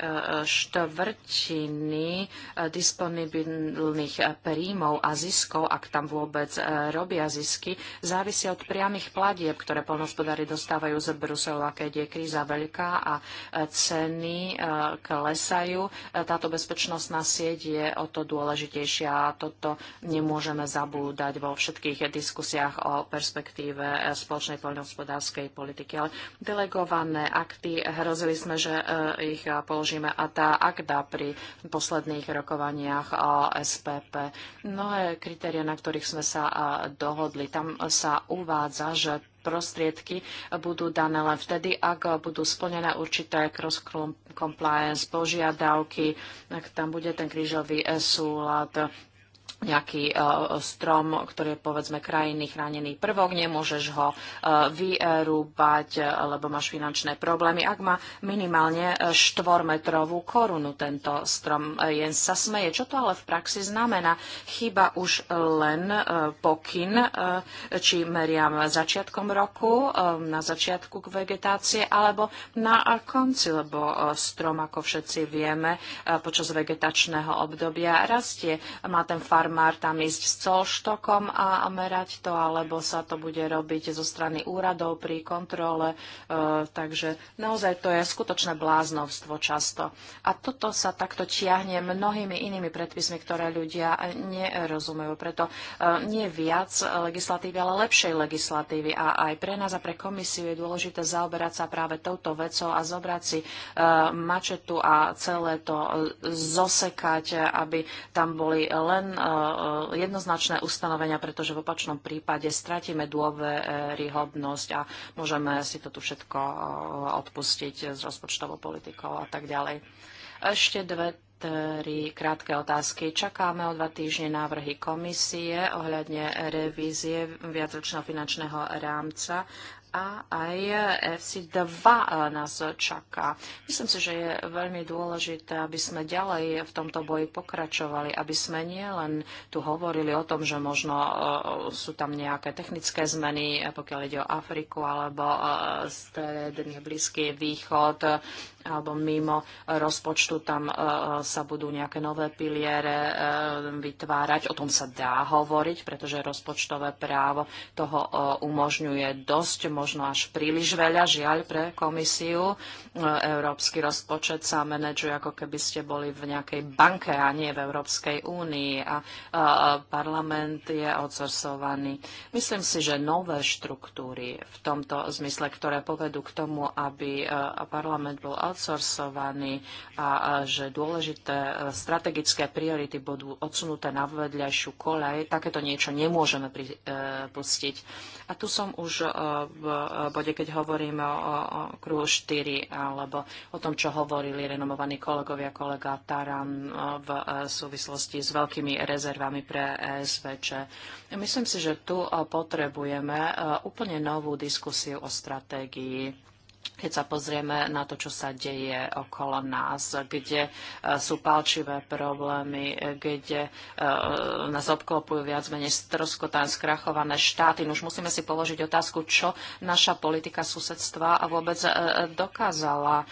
štvrtiny disponujú disponibilných eh, príjmov a ziskov, ak tam vôbec eh, robia zisky, závisia od priamých platieb, ktoré polnospodári dostávajú z Bruselu. A keď je kríza veľká a eh, ceny klesajú, táto bezpečnostná sieť je o to dôležitejšia a toto nemôžeme zabúdať vo všetkých diskusiách o perspektíve spoločnej poľnohospodárskej politiky. Ale delegované akty, hrozili sme, že ich položíme a tá akda pri posledných rokovania stranách SPP. Mnohé kritéria, na ktorých sme sa dohodli, tam sa uvádza, že prostriedky budú dané len vtedy, ak budú splnené určité cross-compliance požiadavky, ak tam bude ten krížový e, súlad nejaký e, strom, ktorý je povedzme krajiny chránený prvok, nemôžeš ho e, vyrúbať, e, lebo máš finančné problémy. Ak má minimálne štvormetrovú korunu tento strom, jen sa smeje. Čo to ale v praxi znamená? Chyba už len pokyn, či meriam začiatkom roku, na začiatku k vegetácie, alebo na konci, lebo strom, ako všetci vieme, počas vegetačného obdobia rastie. Má ten farm farmár tam ísť s colštokom a merať to, alebo sa to bude robiť zo strany úradov pri kontrole. E, takže naozaj to je skutočné bláznovstvo často. A toto sa takto ťahne mnohými inými predpismi, ktoré ľudia nerozumejú. Preto e, nie viac legislatívy, ale lepšej legislatívy. A aj pre nás a pre komisiu je dôležité zaoberať sa práve touto vecou a zobrať si e, mačetu a celé to e, zosekať, aby tam boli len e, Eh, jednoznačné ustanovenia, pretože v opačnom prípade stratíme dôveryhodnosť a môžeme si to tu všetko eh, odpustiť s rozpočtovou politikou a tak ďalej. Ešte dve tri krátke otázky. Čakáme o dva týždne návrhy komisie ohľadne revízie viacročného finančného rámca a aj FC2 eh, nás čaká. Myslím si, že je veľmi dôležité, aby sme ďalej v tomto boji pokračovali, aby sme nielen tu hovorili o tom, že možno eh, sú tam nejaké technické zmeny, eh, pokiaľ ide o Afriku alebo stredný Blízky východ, alebo mimo rozpočtu tam e, sa budú nejaké nové piliere e, vytvárať. O tom sa dá hovoriť, pretože rozpočtové právo toho e, umožňuje dosť, možno až príliš veľa, žiaľ pre komisiu. Európsky rozpočet sa manažuje, ako keby ste boli v nejakej banke a nie v Európskej únii a parlament je odsorsovaný. Myslím si, že nové štruktúry v tomto zmysle, ktoré povedú k tomu, aby parlament bol outsourcovaní a že dôležité e, strategické priority budú odsunuté na vedľajšiu kolej, takéto niečo nemôžeme pripustiť. E, a tu som už e, v bode, keď hovoríme o kruhu 4 alebo o tom, čo hovorili renomovaní kolegovia, kolega Taran v súvislosti s veľkými rezervami pre ESVČ. Myslím si, že tu potrebujeme úplne novú diskusiu o stratégii keď sa pozrieme na to, čo sa deje okolo nás, kde e, sú palčivé problémy, kde e, nás obklopujú viac menej stroskotan, skrachované štáty. No už musíme si položiť otázku, čo naša politika susedstva vôbec e, dokázala,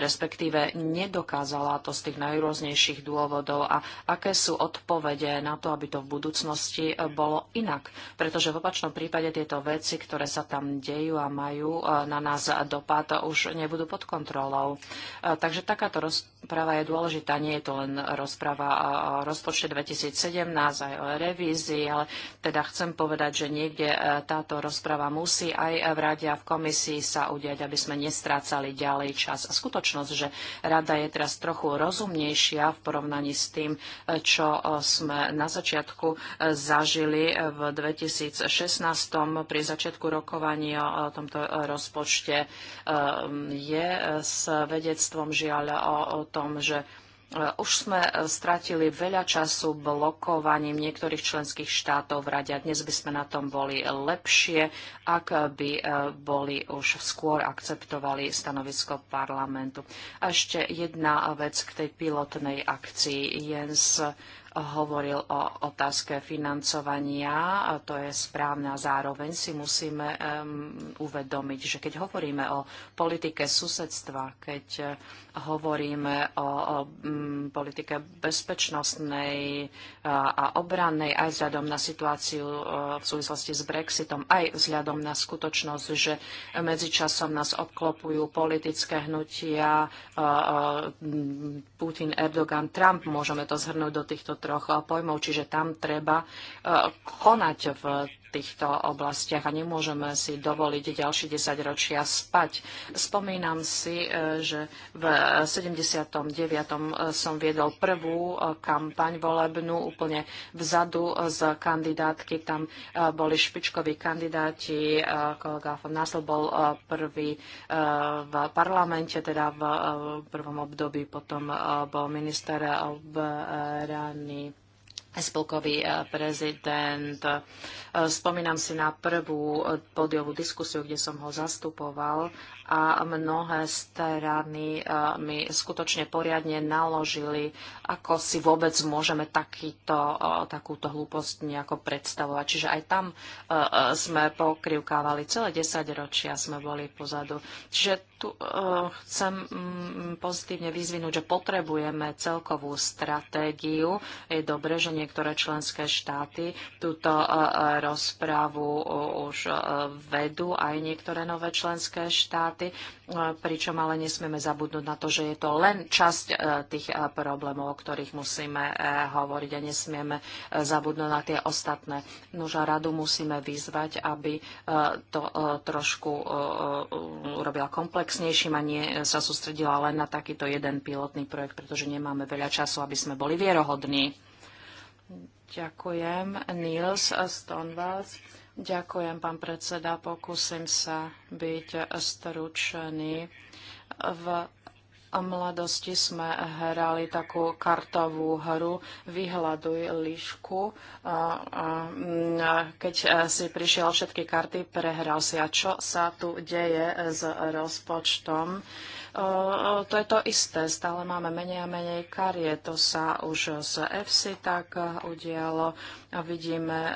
respektíve nedokázala to z tých najrôznejších dôvodov a aké sú odpovede na to, aby to v budúcnosti bolo inak. Pretože v opačnom prípade tieto veci, ktoré sa tam dejú a majú na nás dopad, to už nebudú pod kontrolou. E, takže takáto roz práva je dôležitá. Nie je to len rozpráva o rozpočte 2017, aj o revízii, ale teda chcem povedať, že niekde e, táto rozpráva musí aj v rade a v komisii sa udiať, aby sme nestrácali ďalej čas. A skutočnosť, že rada je teraz trochu rozumnejšia v porovnaní s tým, e, čo e, sme na začiatku zažili v 2016 pri začiatku rokovania o tomto rozpočte, je s vedectvom žiaľ o tom, že e, už sme e, stratili veľa času blokovaním niektorých členských štátov v rade a dnes by sme na tom boli lepšie, ak by e, boli už skôr akceptovali stanovisko parlamentu. A ešte jedna vec k tej pilotnej akcii. Jens hovoril o otázke financovania. A to je správne a zároveň si musíme uvedomiť, že keď hovoríme o politike susedstva, keď e, hovoríme o politike bezpečnostnej e, a obrannej aj vzhľadom na situáciu e, v súvislosti s Brexitom, aj vzhľadom na skutočnosť, že medzičasom nás obklopujú politické hnutia Putin, Erdogan, Trump, môžeme to zhrnúť do týchto troch pojmov, čiže tam treba eh, konať v týchto oblastiach a nemôžeme si dovoliť ďalšie 10 ročia spať. Spomínam si, e, že v 79. E, som viedol prvú e, kampaň volebnú úplne vzadu z kandidátky. Tam boli špičkoví kandidáti. Kolega von Nassel bol prvý v parlamente, teda v prvom období potom bol minister obrany spolkový e, prezident. E, spomínam si na prvú podiovú diskusiu, kde som ho zastupoval a mnohé strany e, mi skutočne poriadne naložili, ako si vôbec môžeme takýto, takúto hlúposť nejako predstavovať. Čiže aj tam sme pokrivkávali celé desaťročia, sme boli pozadu. Čiže tu e, chcem mm, pozitívne vyzvinúť, že potrebujeme celkovú stratégiu. Je dobré, že niektoré členské štáty túto e, e, rozprávu už vedú, aj niektoré nové členské štáty pričom ale nesmieme zabudnúť na to, že je to len časť e, tých e, problémov, o ktorých musíme e, hovoriť a nesmieme zabudnúť na tie ostatné. Nož a radu musíme vyzvať, aby to trošku urobila komplexnejším a nie sa sústredila len na takýto jeden pilotný projekt, pretože nemáme veľa času, aby sme boli vierohodní. Ďakujem. Niels Stonewalls. Ďakujem, pán predseda. Pokúsim sa byť stručný. V mladosti sme hrali takú kartovú hru Vyhľaduj lišku. Mm, keď si prišiel všetky karty, prehral si. A čo sa tu deje s rozpočtom? to je to isté. Stále máme menej a menej karie. To sa už z EFSI tak udialo a vidíme, e,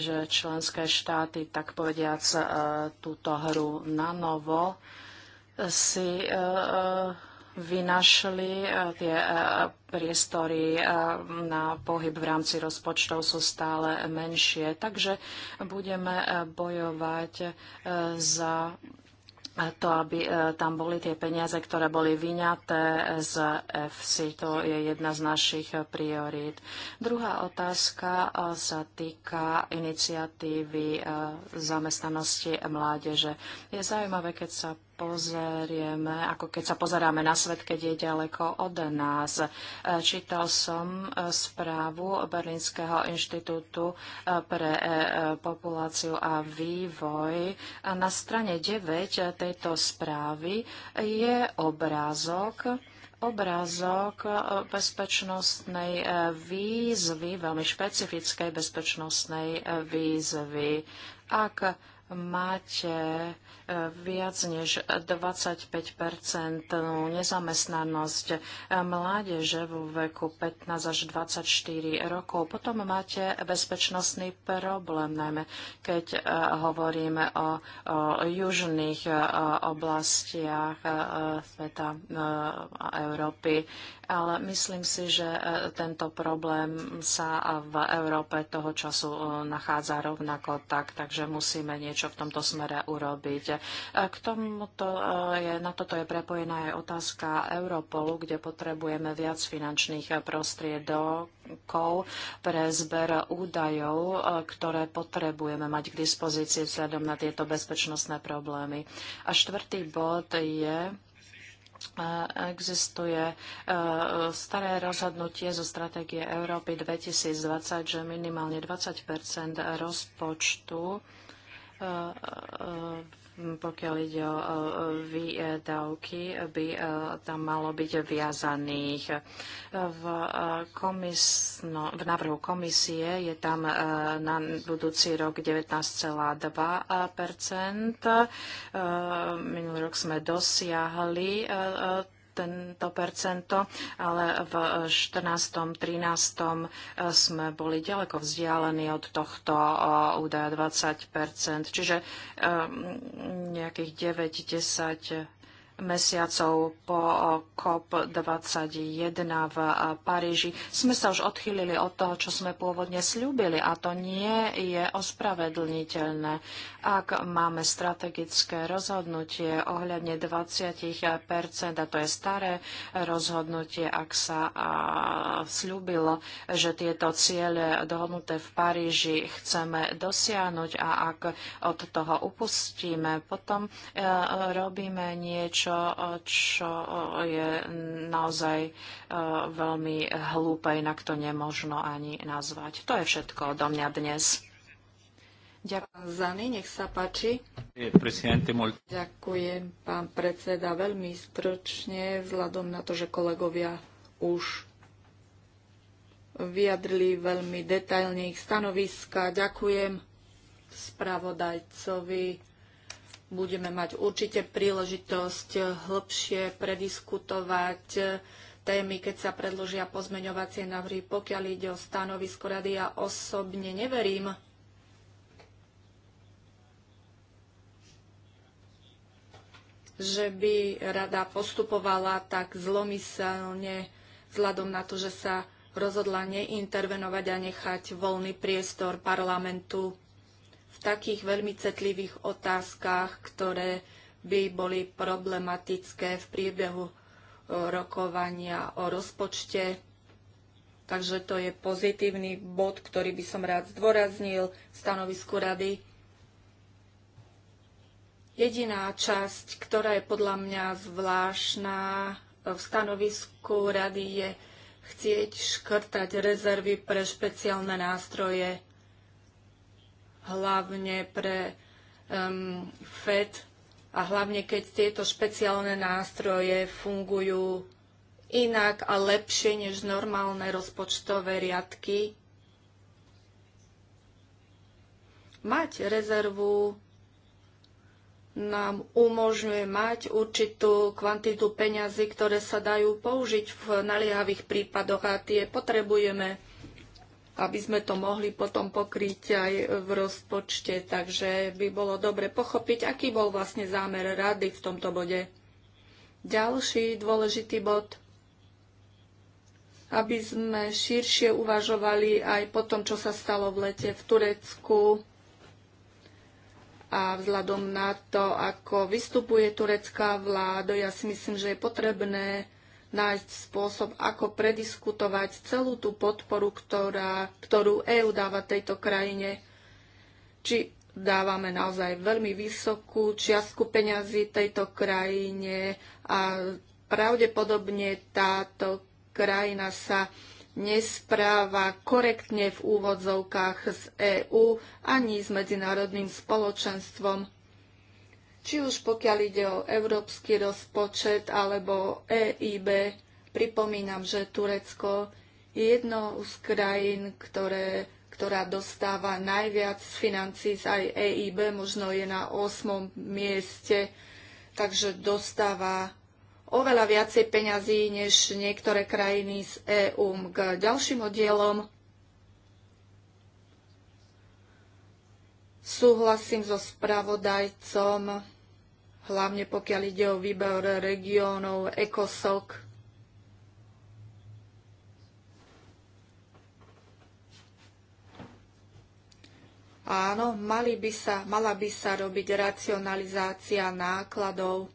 že členské štáty, tak povediac, e, túto hru na novo si e, vynašli tie priestory na pohyb v rámci rozpočtov sú stále menšie. Takže budeme bojovať za to, aby e, tam boli tie peniaze, ktoré boli vyňaté z FC. To je jedna z našich priorít. Druhá otázka e, sa týka iniciatívy e, zamestnanosti mládeže. Je zaujímavé, keď sa pozrieme, ako keď sa pozeráme na svet, keď je ďaleko od nás. E, čítal som e, správu Berlínskeho inštitútu e, pre populáciu a vývoj. Na strane 9 tejto správy je obrázok, obrázok bezpečnostnej výzvy, veľmi špecifickej bezpečnostnej výzvy. Ak máte viac než 25 no, nezamestnanosť mládeže vo veku 15 až 24 rokov. Potom máte bezpečnostný problém, najmä keď e, hovoríme o, o južných e, oblastiach e, sveta Európy ale myslím si, že e, tento problém sa v Európe toho času e, nachádza rovnako tak, takže musíme niečo v tomto smere urobiť. E, k tomuto je, na toto je prepojená aj otázka Europolu, kde potrebujeme viac finančných prostriedokov pre zber údajov, ktoré potrebujeme mať k dispozícii vzhľadom na tieto bezpečnostné problémy. A štvrtý bod je, existuje e, staré rozhodnutie zo stratégie Európy 2020, že minimálne 20 rozpočtu v e, e, pokiaľ ide o výdavky, by e, tam malo byť viazaných. E, v, e, komisno, v návrhu komisie je tam na budúci rok 19,2 Minulý rok sme dosiahli tento percento, ale v 14. 13. Eh, sme boli ďaleko vzdialení od tohto eh, údaja 20 Čiže eh, nejakých 9-10 mesiacov po COP21 v eh, Paríži sme sa už odchýlili od toho, čo sme pôvodne slúbili a to nie je ospravedlniteľné. Ak máme strategické rozhodnutie ohľadne 20 a to je staré rozhodnutie, ak sa eh, slúbilo, že tieto ciele dohodnuté v Paríži chceme dosiahnuť a ak od toho upustíme, potom eh, robíme niečo, niečo, čo je naozaj e, veľmi hlúpe, inak to nemožno ani nazvať. To je všetko do mňa dnes. Ďakujem. Zany, nech sa páči. E, ďakujem, pán predseda, veľmi stručne, vzhľadom na to, že kolegovia už vyjadrili veľmi detailne ich stanoviska. Ďakujem spravodajcovi budeme mať určite príležitosť hlbšie prediskutovať témy, keď sa predložia pozmeňovacie návrhy. Pokiaľ ide o stanovisko rady, ja osobne neverím, že by rada postupovala tak zlomyselne vzhľadom na to, že sa rozhodla neintervenovať a nechať voľný priestor parlamentu takých veľmi citlivých otázkach, ktoré by boli problematické v priebehu e, rokovania o rozpočte. Takže to je pozitívny bod, ktorý by som rád zdôraznil v stanovisku rady. Jediná časť, ktorá je podľa mňa zvláštna e, v stanovisku rady, je chcieť škrtať rezervy pre špeciálne nástroje hlavne pre um, FED a hlavne keď tieto špeciálne nástroje fungujú inak a lepšie než normálne rozpočtové riadky. Mať rezervu nám umožňuje mať určitú kvantitu peňazí, ktoré sa dajú použiť v naliehavých prípadoch a tie potrebujeme aby sme to mohli potom pokryť aj v rozpočte. Takže by bolo dobre pochopiť, aký bol vlastne zámer rady v tomto bode. Ďalší dôležitý bod, aby sme širšie uvažovali aj po tom, čo sa stalo v lete v Turecku a vzhľadom na to, ako vystupuje turecká vláda, ja si myslím, že je potrebné nájsť spôsob, ako prediskutovať celú tú podporu, ktorá, ktorú EÚ dáva tejto krajine. Či dávame naozaj veľmi vysokú čiastku peňazí tejto krajine a pravdepodobne táto krajina sa nespráva korektne v úvodzovkách z EÚ ani s medzinárodným spoločenstvom či už pokiaľ ide o európsky rozpočet alebo EIB. Pripomínam, že Turecko je jednou z krajín, ktoré, ktorá dostáva najviac financí z aj EIB, možno je na 8. mieste, takže dostáva oveľa viacej peňazí než niektoré krajiny z EÚ. K ďalším oddielom súhlasím so spravodajcom hlavne pokiaľ ide o výber regiónov ECOSOC. Áno, mali by sa, mala by sa robiť racionalizácia nákladov,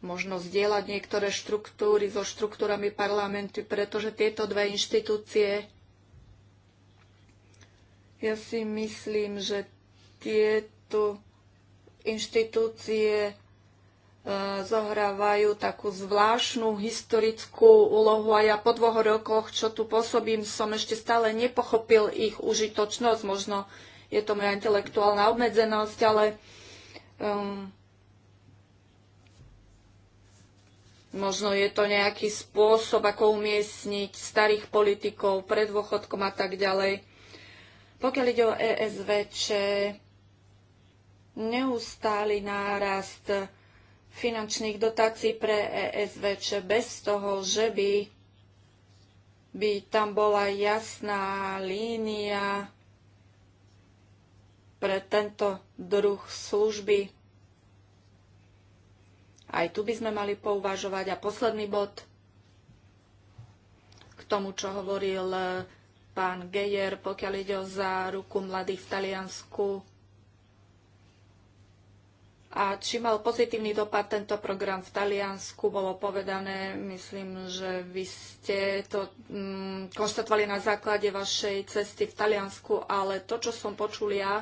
možno zdieľať niektoré štruktúry so štruktúrami parlamentu, pretože tieto dve inštitúcie, ja si myslím, že tieto tu inštitúcie e, zohrávajú takú zvláštnu historickú úlohu a ja po dvoch rokoch, čo tu pôsobím, som ešte stále nepochopil ich užitočnosť. Možno je to moja intelektuálna obmedzenosť, ale um, možno je to nejaký spôsob, ako umiestniť starých politikov pred dôchodkom a tak ďalej. Pokiaľ ide o ESVČ, neustály nárast finančných dotácií pre ESVČ bez toho, že by, by tam bola jasná línia pre tento druh služby. Aj tu by sme mali pouvažovať. A posledný bod k tomu, čo hovoril eh, pán Gejer, pokiaľ ide o záruku mladých v Taliansku a či mal pozitívny dopad tento program v Taliansku, bolo povedané, myslím, že vy ste to mm, konštatovali na základe vašej cesty v Taliansku, ale to, čo som počul ja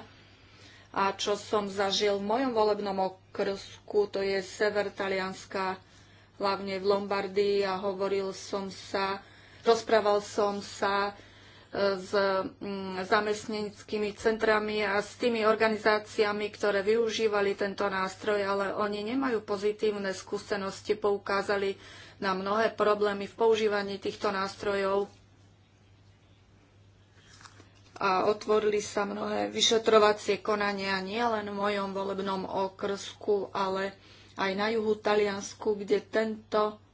a čo som zažil v mojom volebnom okrsku, to je sever Talianska, hlavne v Lombardii a hovoril som sa, rozprával som sa s mm, zamestneneckými centrami a s tými organizáciami, ktoré využívali tento nástroj, ale oni nemajú pozitívne skúsenosti, poukázali na mnohé problémy v používaní týchto nástrojov a otvorili sa mnohé vyšetrovacie konania nielen v mojom volebnom okrsku, ale aj na juhu Taliansku, kde tento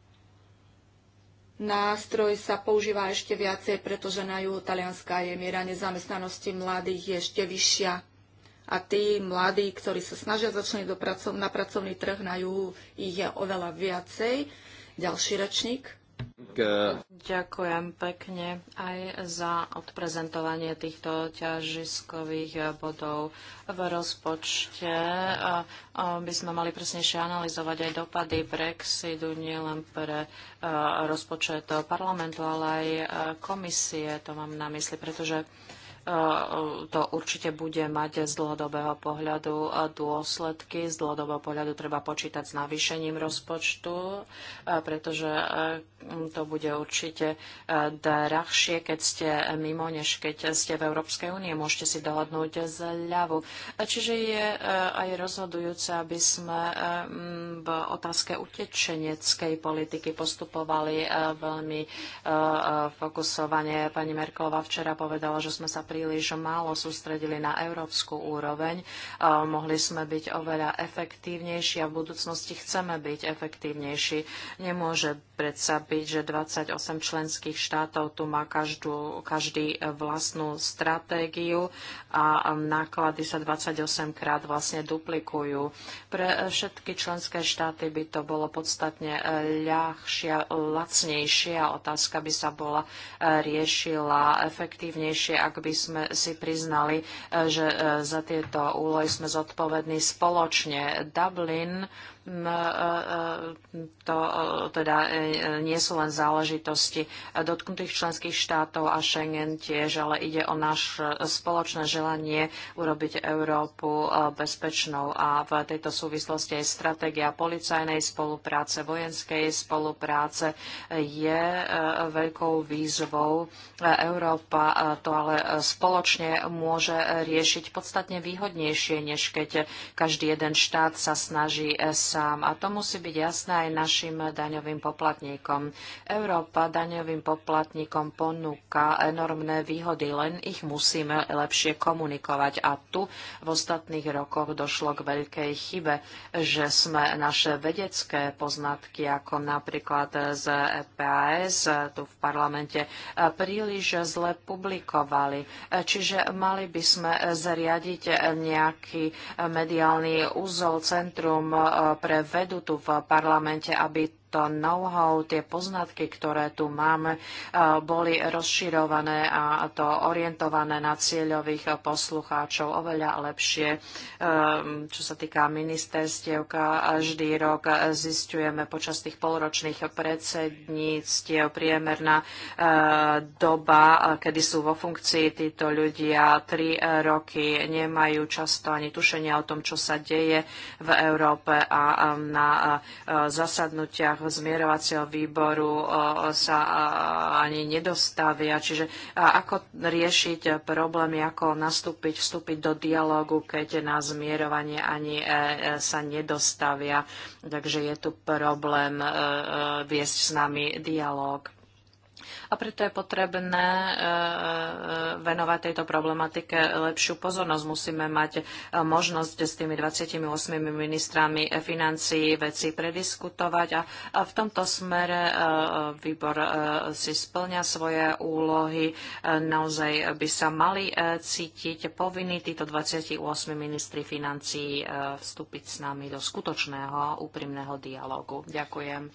nástroj sa používa ešte viacej, pretože na juhu Talianska je miera nezamestnanosti mladých je ešte vyššia. A tí mladí, ktorí sa snažia začať do pracov- na pracovný trh na juhu, ich je oveľa viacej. Ďalší rečník. Ďakujem pekne aj za odprezentovanie týchto ťažiskových bodov v rozpočte. By sme mali presnejšie analyzovať aj dopady Brexitu nielen pre rozpočet parlamentu, ale aj komisie, to mám na mysli, pretože Eh, to určite bude mať z dlhodobého pohľadu eh, dôsledky. Z dlhodobého pohľadu treba počítať s navýšením rozpočtu, eh, pretože to bude určite drahšie, keď ste mimo, než keď ste v Európskej únie. Môžete si dohodnúť zľavu. Čiže je aj rozhodujúce, aby sme v otázke utečeneckej politiky postupovali veľmi fokusovane. Pani Merkelová včera povedala, že sme sa príliš málo sústredili na európsku úroveň. E, mohli sme byť oveľa efektívnejší a v budúcnosti chceme byť efektívnejší. Nemôže predsa byť, že 28 členských štátov tu má každú, každý vlastnú stratégiu a náklady sa 28 krát vlastne duplikujú. Pre všetky členské štáty by to bolo podstatne e, ľahšie, lacnejšie a otázka by sa bola e, riešila efektívnejšie, ak by sme si priznali, e, že e, za tieto úlohy sme zodpovední spoločne. Dublin E, e, to e, teda nie sú len záležitosti dotknutých členských štátov a Schengen tiež, ale ide o náš spoločné želanie urobiť Európu bezpečnou a v tejto súvislosti aj stratégia policajnej spolupráce, vojenskej spolupráce je veľkou výzvou. Európa to ale spoločne môže riešiť podstatne výhodnejšie, než keď každý jeden štát sa snaží sám. A to musí byť jasné aj našim daňovým poplatníkom. Európa daňovým poplatníkom ponúka enormné výhody, len ich musíme lepšie komunikovať. A tu v ostatných rokoch došlo k veľkej chybe, že sme naše vedecké poznatky, ako napríklad z EPAS tu v parlamente, príliš zle publikovali. Čiže mali by sme zriadiť nejaký mediálny úzol, centrum pre vedu tu v parlamente, aby to know-how, tie poznatky, ktoré tu máme, eh, boli rozširované a to orientované na cieľových eh, poslucháčov oveľa lepšie. Eh, čo sa týka ministerstiev, každý rok zistujeme počas tých polročných predsedníctiev priemerná doba, kedy sú vo funkcii títo ľudia tri roky, nemajú často ani tušenia o tom, čo sa deje v Európe a na zasadnutiach zmierovacieho výboru sa ani nedostavia. Čiže ako riešiť problémy, ako nastúpiť, vstúpiť do dialogu, keď na zmierovanie ani e, e, sa nedostavia. Takže je tu problém e, viesť s nami dialog a preto je potrebné e, e, venovať tejto problematike lepšiu pozornosť. Musíme mať e, možnosť s tými 28 ministrami financí veci prediskutovať a v tomto smere výbor si splňa svoje úlohy. Naozaj by sa mali cítiť povinní títo 28 ministri financí vstúpiť s nami do skutočného úprimného dialogu. Ďakujem.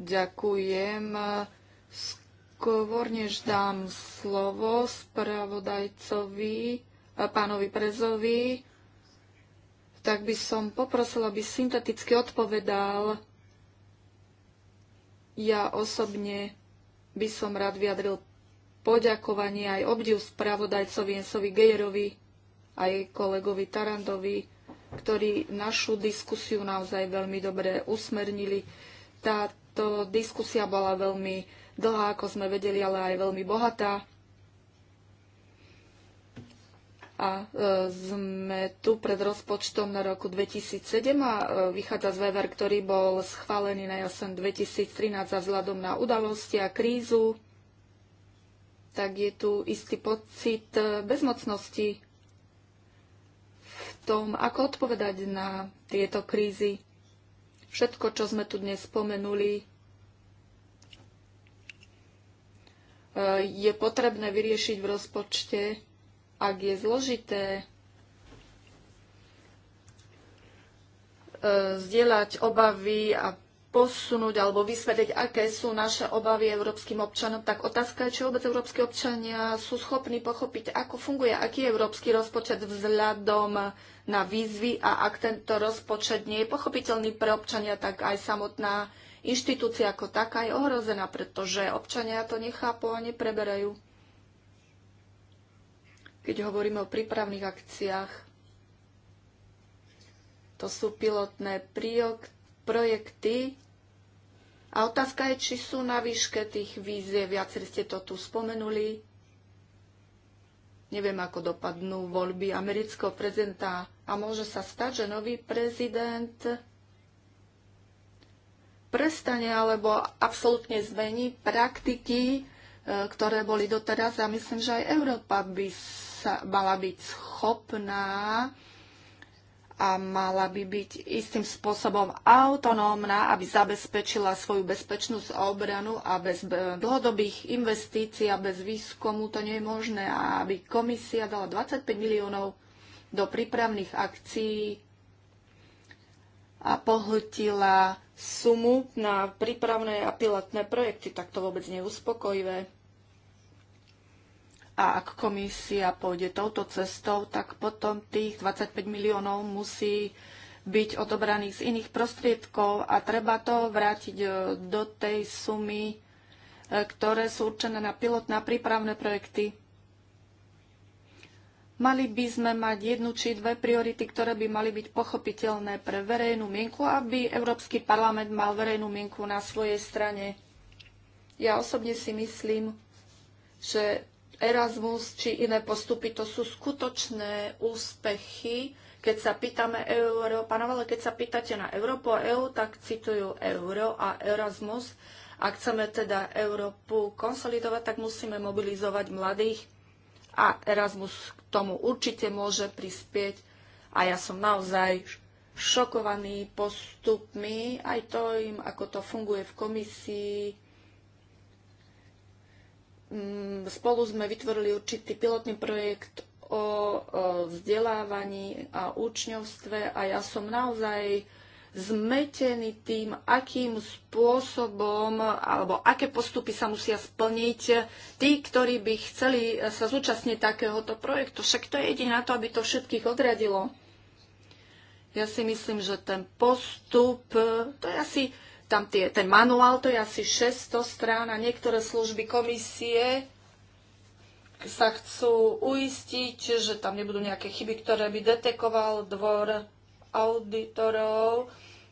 Ďakujem. Skôr než dám slovo spravodajcovi, pánovi Prezovi, tak by som poprosila, aby synteticky odpovedal. Ja osobne by som rád vyjadril poďakovanie aj obdiv spravodajcovi Jensovi Gejerovi a jej kolegovi Tarandovi, ktorí našu diskusiu naozaj veľmi dobre usmernili. Táto diskusia bola veľmi dlhá, ako sme vedeli, ale aj veľmi bohatá. A e, sme tu pred rozpočtom na roku 2007 a e, vychádza z VVR, ktorý bol schválený na jasen 2013 a vzhľadom na udalosti a krízu, tak je tu istý pocit e, bezmocnosti v tom, ako odpovedať na tieto krízy. Všetko, čo sme tu dnes spomenuli, je potrebné vyriešiť v rozpočte, ak je zložité e, zdieľať obavy a posunúť alebo vysvetliť, aké sú naše obavy európskym občanom, tak otázka je, či vôbec európsky občania sú schopní pochopiť, ako funguje, aký je európsky rozpočet vzhľadom na výzvy a ak tento rozpočet nie je pochopiteľný pre občania, tak aj samotná inštitúcia ako taká je ohrozená, pretože občania to nechápu a nepreberajú. Keď hovoríme o prípravných akciách, to sú pilotné projekty a otázka je, či sú na výške tých vízie, viacerí ste to tu spomenuli. Neviem, ako dopadnú voľby amerického prezidenta a môže sa stať, že nový prezident prestane alebo absolútne zmení praktiky, e, ktoré boli doteraz a myslím, že aj Európa by sa mala byť schopná a mala by byť istým spôsobom autonómna, aby zabezpečila svoju bezpečnosť a obranu a bez e, dlhodobých investícií a bez výskumu to nie je možné. A aby komisia dala 25 miliónov do prípravných akcií a pohltila sumu na prípravné a pilotné projekty, tak to vôbec neuspokojivé. A ak komisia pôjde touto cestou, tak potom tých 25 miliónov musí byť odobraných z iných prostriedkov a treba to vrátiť e, do tej sumy, e, ktoré sú určené na pilotné a prípravné projekty. Mali by sme mať jednu či dve priority, ktoré by mali byť pochopiteľné pre verejnú mienku, aby Európsky parlament mal verejnú mienku na svojej strane. Ja osobne si myslím, že Erasmus či iné postupy to sú skutočné úspechy, keď sa pýtame Európanov, ale keď sa pýtate na Európu a EU, tak citujú euro a Erasmus. Ak chceme teda Európu konsolidovať, tak musíme mobilizovať mladých a Erasmus tomu určite môže prispieť a ja som naozaj šokovaný postupmi, aj to im, ako to funguje v komisii. Mm, spolu sme vytvorili určitý pilotný projekt o vzdelávaní a učňovstve a ja som naozaj zmetený tým, akým spôsobom alebo aké postupy sa musia splniť tí, ktorí by chceli sa zúčastniť takéhoto projektu. Však to je jediné na to, aby to všetkých odradilo. Ja si myslím, že ten postup, to je asi, tam tie, ten manuál, to je asi 600 strán a niektoré služby komisie sa chcú uistiť, že tam nebudú nejaké chyby, ktoré by detekoval dvor auditorov,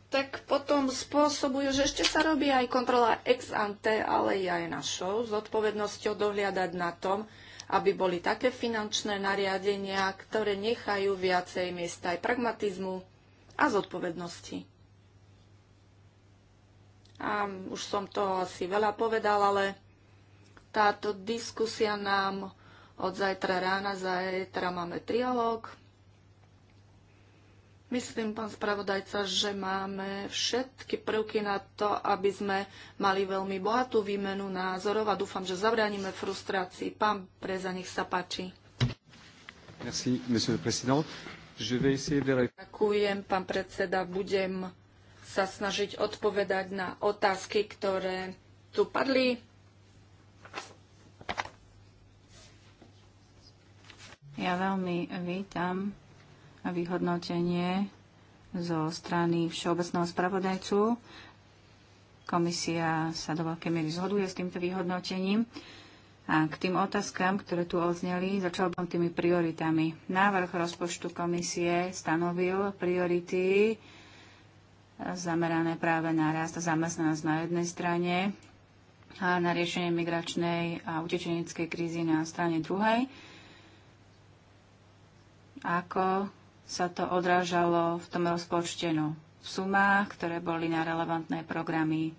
tak potom spôsobujú, že ešte sa robí aj kontrola ex ante, ale je aj našou zodpovednosťou dohliadať na tom, aby boli také finančné nariadenia, ktoré nechajú viacej miesta aj pragmatizmu a zodpovednosti. A už som toho asi veľa povedal, ale táto diskusia nám od zajtra rána, zajtra máme trialóg Myslím, pán spravodajca, že máme všetky prvky na to, aby sme mali veľmi bohatú výmenu názorov a dúfam, že zabránime frustrácii. Pán Preza, nech sa páči. Merci, monsieur le président. Je vais essayer de... Ďakujem, pán predseda. Budem sa snažiť odpovedať na otázky, ktoré tu padli. Ja veľmi vítam vyhodnotenie zo strany všeobecného spravodajcu. Komisia sa do veľkej miery zhoduje s týmto vyhodnotením. A k tým otázkam, ktoré tu odzneli, začal bym tými prioritami. Návrh rozpočtu komisie stanovil priority zamerané práve na rast a zamestnanosť na jednej strane a na riešenie migračnej a utečeneckej krízy na strane druhej, ako sa to odrážalo v tom rozpočte, no, v sumách, ktoré boli na relevantné programy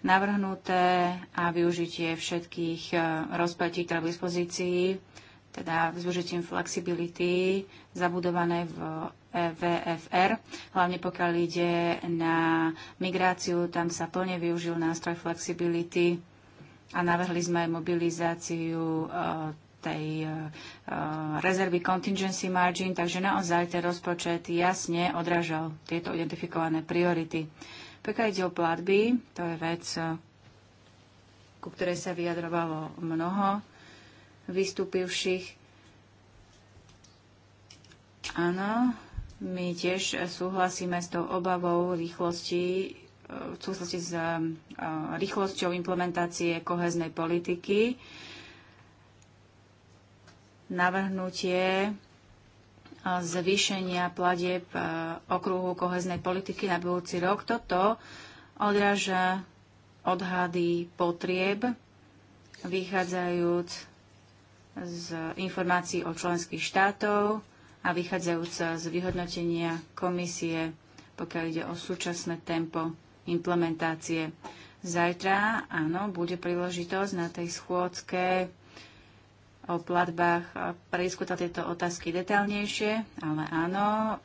navrhnuté a využitie všetkých e, rozpletí, ktoré v dispozícii, teda s využitím flexibility zabudované v e VFR, hlavne pokiaľ ide na migráciu, tam sa plne využil nástroj flexibility a navrhli sme mobilizáciu e, tej e, e, rezervy contingency margin, takže naozaj ten rozpočet jasne odrážal tieto identifikované priority. Pokiaľ ide o platby, to je vec, e, ku ktorej sa vyjadrovalo mnoho vystúpivších. Áno, my tiež súhlasíme s tou obavou rýchlosti v súvislosti s rýchlosťou implementácie koheznej politiky navrhnutie e, zvýšenia pladeb e, okruhu koheznej politiky na budúci rok. Toto odráža odhady potrieb, vychádzajúc z informácií o členských štátov a vychádzajúc z vyhodnotenia komisie, pokiaľ ide o súčasné tempo implementácie. Zajtra, áno, bude príležitosť na tej schôdke o platbách prediskutovať tieto otázky detailnejšie, ale áno,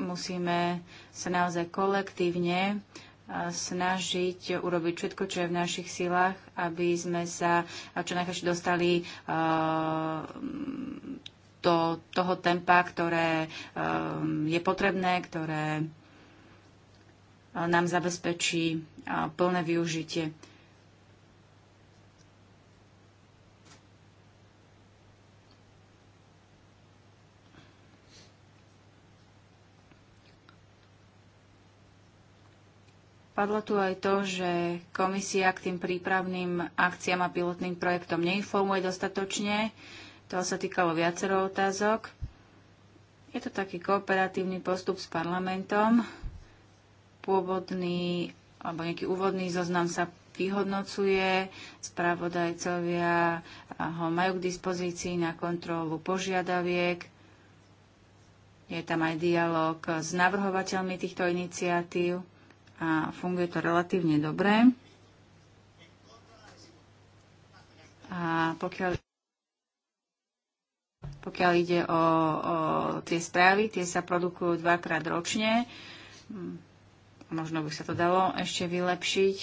musíme sa naozaj kolektívne snažiť urobiť všetko, čo je v našich silách, aby sme sa čo najkrajšie dostali do toho tempa, ktoré je potrebné, ktoré nám zabezpečí plné využitie. Padlo tu aj to, že komisia k tým prípravným akciám a pilotným projektom neinformuje dostatočne. To sa týkalo viacero otázok. Je to taký kooperatívny postup s parlamentom. Pôvodný alebo nejaký úvodný zoznam sa vyhodnocuje, spravodajcovia ho majú k dispozícii na kontrolu požiadaviek. Je tam aj dialog s navrhovateľmi týchto iniciatív a funguje to relatívne dobre. A pokiaľ, pokiaľ ide o, o tie správy, tie sa produkujú dvakrát ročne. Hm. Možno by sa to dalo ešte vylepšiť.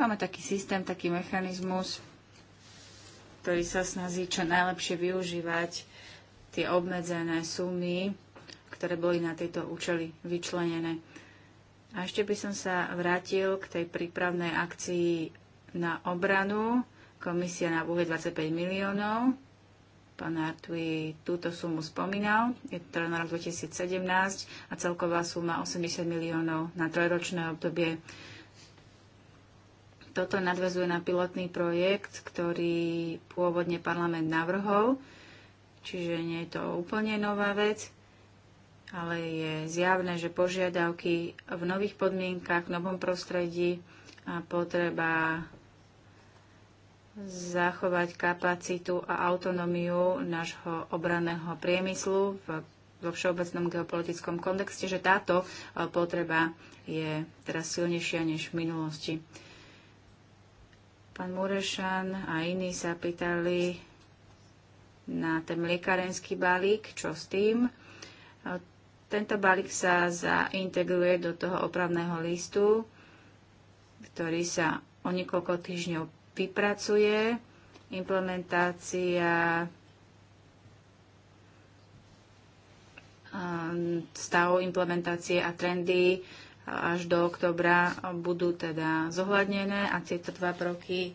Máme taký systém, taký mechanizmus, ktorý sa snaží čo najlepšie využívať tie obmedzené sumy, ktoré boli na tieto účely vyčlenené. A ešte by som sa vrátil k tej prípravnej akcii na obranu. Komisia na úhe 25 miliónov. Pán Artui túto sumu spomínal. Je to teda na rok 2017 a celková suma 80 miliónov na trojročné obdobie. Toto nadvezuje na pilotný projekt, ktorý pôvodne parlament navrhol, čiže nie je to úplne nová vec ale je zjavné, že požiadavky v nových podmienkach, v novom prostredí a potreba zachovať kapacitu a autonómiu nášho obranného priemyslu v, vo všeobecnom geopolitickom kontexte, že táto e, potreba je teraz silnejšia než v minulosti. Pán Murešan a iní sa pýtali na ten liekarenský balík, čo s tým. E, tento balík sa zaintegruje do toho opravného listu, ktorý sa o niekoľko týždňov vypracuje. Implementácia stavu implementácie a trendy až do oktobra budú teda zohľadnené a tieto dva kroky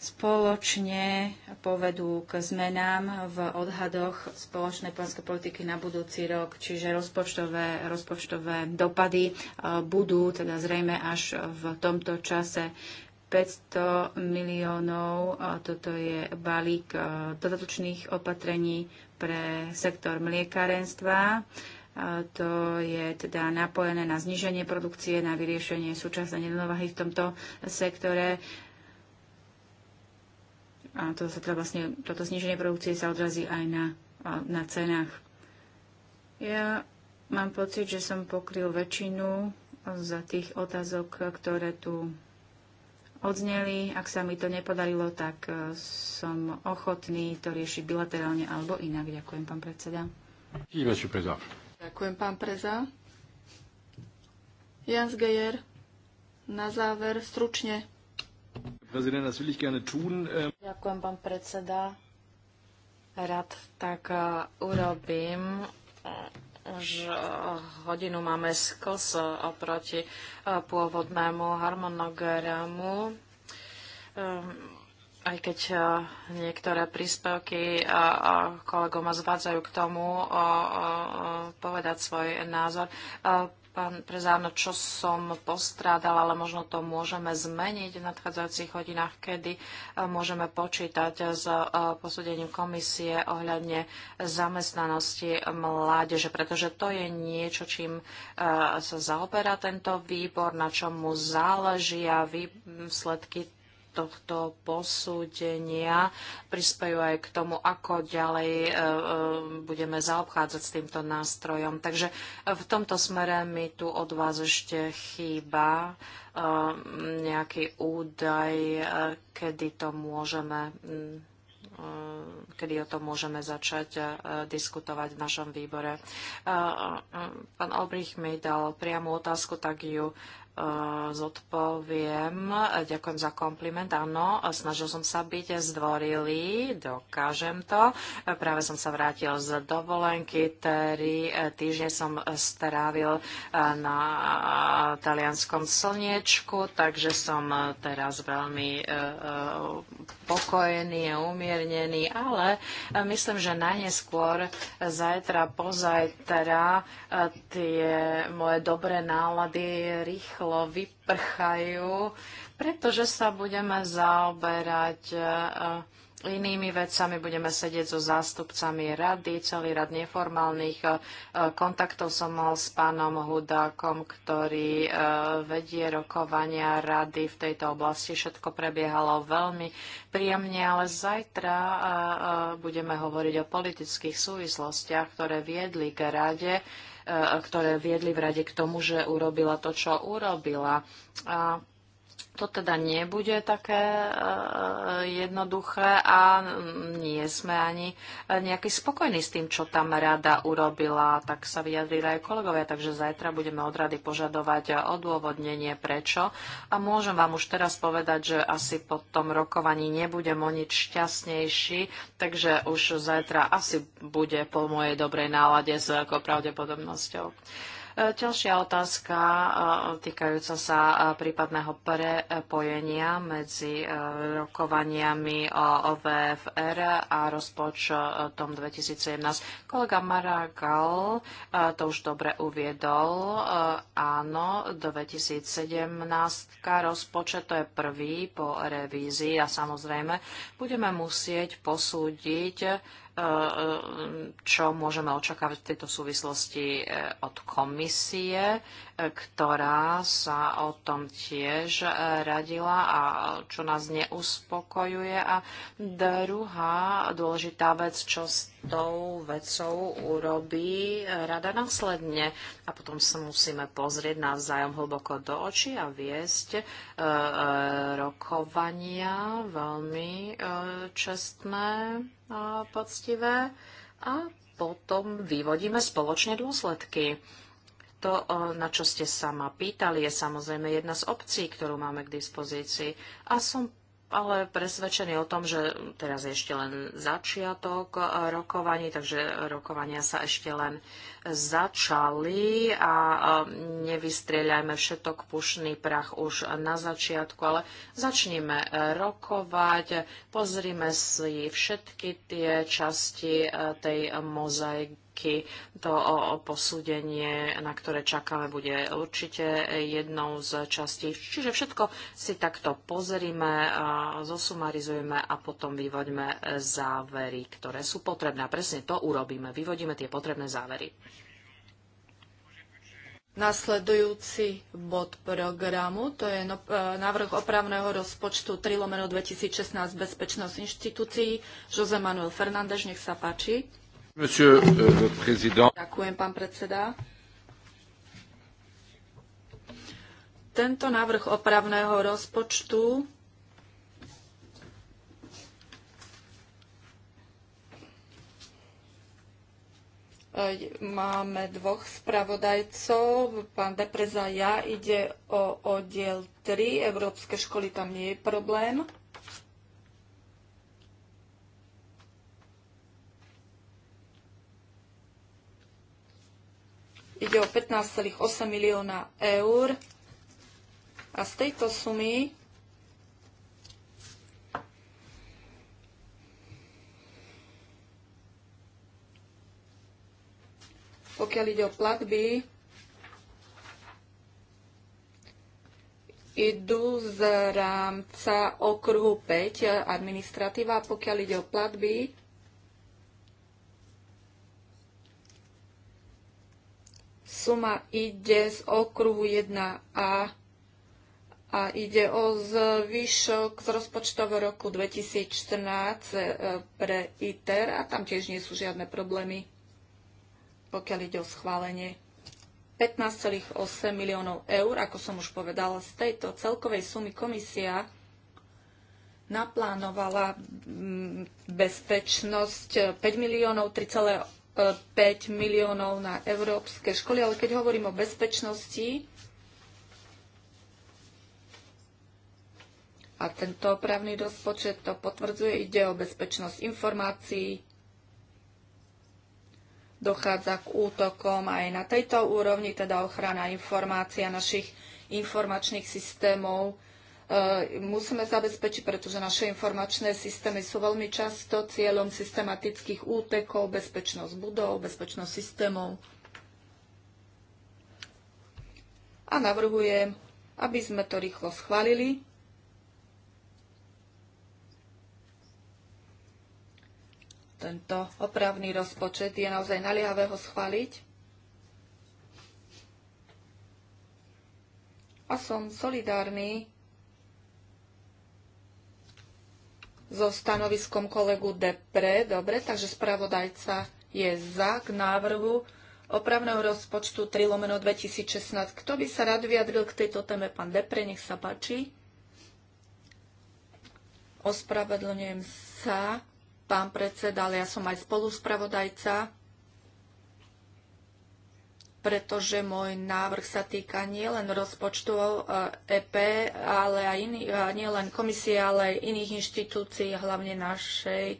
spoločne povedú k zmenám v odhadoch spoločnej poľskej politiky na budúci rok, čiže rozpočtové, rozpočtové dopady e, budú teda zrejme až v tomto čase 500 miliónov, toto je balík e, dodatočných opatrení pre sektor mliekarenstva. E, to je teda napojené na zníženie produkcie, na vyriešenie súčasnej nerovnováhy v tomto sektore. A to sa teda vlastne, toto zniženie produkcie sa odrazí aj na, na cenách. Ja mám pocit, že som pokryl väčšinu z tých otázok, ktoré tu odzneli. Ak sa mi to nepodarilo, tak e, som ochotný to riešiť bilaterálne alebo inak. Ďakujem, pán predseda. Ďakujem, pán Preza. Jans Gejer, na záver stručne. Ähm. Ďakujem, pán predseda. Rád tak e, urobím už e, hodinu máme skos e, oproti pôvodnému harmonogramu. Aj keď niektoré príspevky kolegom zvádzajú k tomu povedať svoj názor pán Prezáno, čo som postrádal, ale možno to môžeme zmeniť v nadchádzajúcich hodinách, kedy e, môžeme počítať s e, posúdením komisie ohľadne zamestnanosti mládeže, pretože to je niečo, čím e, sa zaoberá tento výbor, na čomu záleží a výsledky tohto posúdenia prispejú aj k tomu, ako ďalej e, e, budeme zaobchádzať s týmto nástrojom. Takže v tomto smere mi tu od vás ešte chýba e, nejaký údaj, kedy to môžeme mm, kedy o tom môžeme začať diskutovať v našom výbore. Pán Olbrich mi dal priamu otázku, tak ju zodpoviem. E, ďakujem za kompliment. Áno, snažil som sa byť zdvorilý, dokážem to. E, práve som sa vrátil z dovolenky, ktorý e, týždne som strávil na talianskom slniečku, takže som teraz veľmi pokojený, umiernený, ale myslím, že najneskôr zajtra, pozajtra tie moje dobré nálady rýchlo rýchlo vyprchajú, pretože sa budeme zaoberať e, e, inými vecami. Budeme sedieť so zástupcami rady, celý rad neformálnych e, kontaktov som mal s pánom Hudákom, ktorý vedie rokovania rady v tejto oblasti. Všetko prebiehalo veľmi príjemne, ale zajtra budeme hovoriť o politických súvislostiach, ktoré viedli k rade E, ktoré viedli v rade k tomu, že urobila to, čo urobila. A to teda nebude také eh, jednoduché a mm, nie sme ani eh, nejaký spokojní s tým, čo tam rada urobila, tak sa vyjadrili aj kolegovia, takže zajtra budeme od rady požadovať eh, odôvodnenie prečo. A môžem vám už teraz povedať, že asi po tom rokovaní nebudem o nič šťastnejší, takže už zajtra asi bude po mojej dobrej nálade s veľkou pravdepodobnosťou. E, ďalšia otázka e, týkajúca sa e, prípadného prepojenia medzi rokovaniami o VFR a rozpočtom 2017. Kolega Maragal to už dobre uviedol. Áno, 2017 rozpočet to je prvý po revízii a samozrejme budeme musieť posúdiť, Ehm, čo môžeme očakávať v tejto súvislosti eh, od komisie ktorá sa o tom tiež e, radila a čo nás neuspokojuje. A druhá dôležitá vec, čo s tou vecou urobí e, rada následne. A potom sa musíme pozrieť navzájom hlboko do očí a viesť e, rokovania veľmi čestné a poctivé. A potom vyvodíme spoločne dôsledky. To, na čo ste sa ma pýtali, je samozrejme jedna z obcí, ktorú máme k dispozícii. A som ale presvedčený o tom, že teraz je ešte len začiatok e, rokovaní, takže rokovania sa ešte len začali a e, nevystrieľajme všetok pušný prach už na začiatku, ale začnime e, rokovať, pozrime si všetky tie časti tej mozaiky roky. To posúdenie, na ktoré čakáme, bude určite jednou z častí. Čiže všetko si takto pozrime, zosumarizujeme a potom vyvoďme závery, ktoré sú potrebné. A presne to urobíme. Vyvodíme tie potrebné závery. Nasledujúci bod programu, to je no, e, návrh opravného rozpočtu 3 lomeno 2016 bezpečnosť inštitúcií. Jose Manuel Fernández, nech sa páči. Monsieur, euh, Ďakujem, pán predseda. Tento návrh opravného rozpočtu máme dvoch spravodajcov, pán Depreza a ja. Ide o oddiel 3, Európske školy, tam nie je problém. Ide o 15,8 milióna eur a z tejto sumy pokiaľ ide o platby, idú z rámca okruhu 5 administratíva, pokiaľ ide o platby, suma ide z okruhu 1A a ide o zvyšok z rozpočtového roku 2014 e, pre ITER a tam tiež nie sú žiadne problémy, pokiaľ ide o schválenie. 15,8 miliónov eur, ako som už povedala, z tejto celkovej sumy komisia naplánovala mm, bezpečnosť 5 e, miliónov, 5 miliónov na európske školy, ale keď hovorím o bezpečnosti a tento právny rozpočet to potvrdzuje, ide o bezpečnosť informácií, dochádza k útokom aj na tejto úrovni, teda ochrana informácií a našich informačných systémov E, musíme zabezpečiť, pretože naše informačné systémy sú veľmi často cieľom systematických útekov, bezpečnosť budov, bezpečnosť systémov. A navrhujem, aby sme to rýchlo schválili. Tento opravný rozpočet je naozaj naliehavého schváliť. A som solidárny so stanoviskom kolegu Depre. Dobre, takže spravodajca je za k návrhu opravného rozpočtu 3 lomeno 2016. Kto by sa rád vyjadril k tejto téme? Pán Depre, nech sa páči. Ospravedlňujem sa, pán predseda, ale ja som aj spoluspravodajca pretože môj návrh sa týka nielen rozpočtu EP, e ale aj iný, e, nielen komisie, ale aj iných inštitúcií, hlavne našej.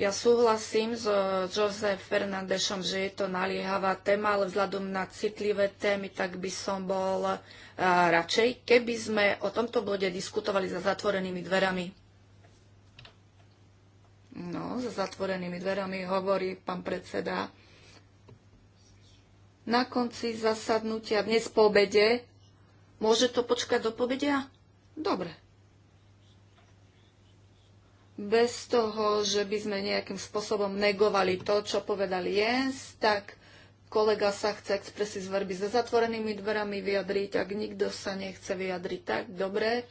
Ja súhlasím s e, Josef Fernandešom, že je to naliehavá téma, ale vzhľadom na citlivé témy, tak by som bol radšej, keby sme o tomto bode diskutovali za zatvorenými dverami. No, za zatvorenými dverami hovorí pán predseda na konci zasadnutia dnes po obede. Môže to počkať do pobedia? Dobre. Bez toho, že by sme nejakým spôsobom negovali to, čo povedal Jens, tak kolega sa chce expresi z verby za zatvorenými dverami vyjadriť. Ak nikto sa nechce vyjadriť, tak dobre.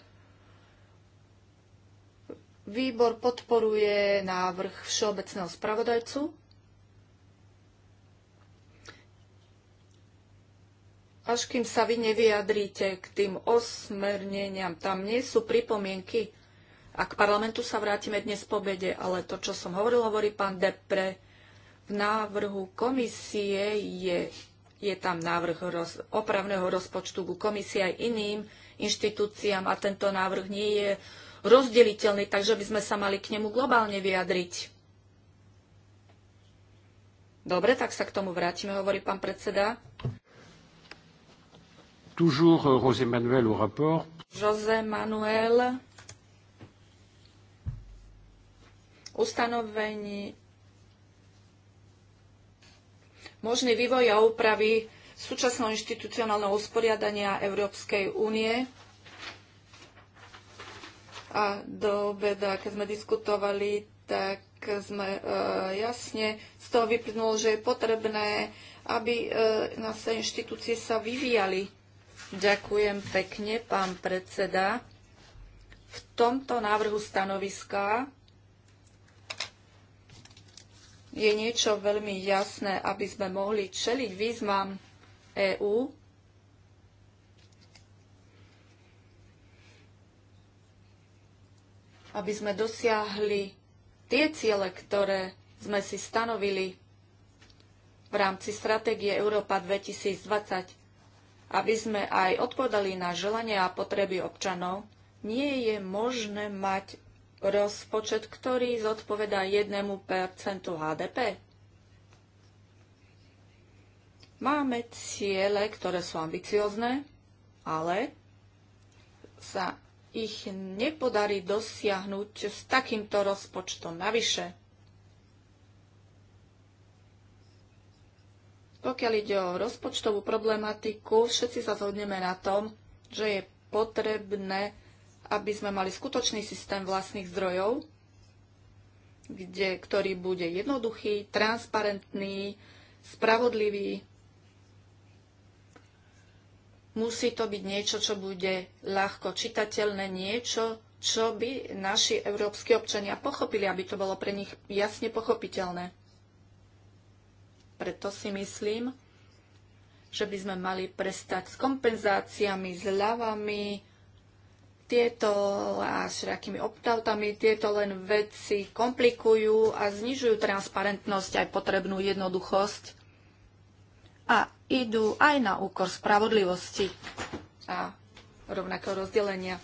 Výbor podporuje návrh všeobecného spravodajcu. až kým sa vy nevyjadríte k tým osmerneniam, tam nie sú pripomienky. A k parlamentu sa vrátime dnes po bede, ale to, čo som hovoril, hovorí pán Depre, v návrhu komisie je, je tam návrh roz, opravného rozpočtu ku komisii aj iným inštitúciám a tento návrh nie je rozdeliteľný, takže by sme sa mali k nemu globálne vyjadriť. Dobre, tak sa k tomu vrátime, hovorí pán predseda. Toujours euh, José Manuel au rapport. José Manuel. Ustanovení možný vývoj a úpravy súčasného inštitucionálneho usporiadania Európskej únie. A do obeda, keď sme diskutovali, tak sme e, jasne z toho vyplynulo, že je potrebné, aby e, naše inštitúcie sa vyvíjali Ďakujem pekne, pán predseda. V tomto návrhu stanoviska je niečo veľmi jasné, aby sme mohli čeliť výzvam EÚ. aby sme dosiahli tie ciele, ktoré sme si stanovili v rámci stratégie Európa 2020 aby sme aj odpovedali na želania a potreby občanov, nie je možné mať rozpočet, ktorý zodpovedá 1% HDP. Máme ciele, ktoré sú ambiciozne, ale sa ich nepodarí dosiahnuť s takýmto rozpočtom navyše. Pokiaľ ide o rozpočtovú problematiku, všetci sa zhodneme na tom, že je potrebné, aby sme mali skutočný systém vlastných zdrojov, kde, ktorý bude jednoduchý, transparentný, spravodlivý. Musí to byť niečo, čo bude ľahko čitateľné, niečo, čo by naši európsky občania pochopili, aby to bolo pre nich jasne pochopiteľné. Preto si myslím, že by sme mali prestať s kompenzáciami, ľavami, tieto a s všakými optautami, tieto len veci komplikujú a znižujú transparentnosť aj potrebnú jednoduchosť a idú aj na úkor spravodlivosti a rovnakého rozdelenia.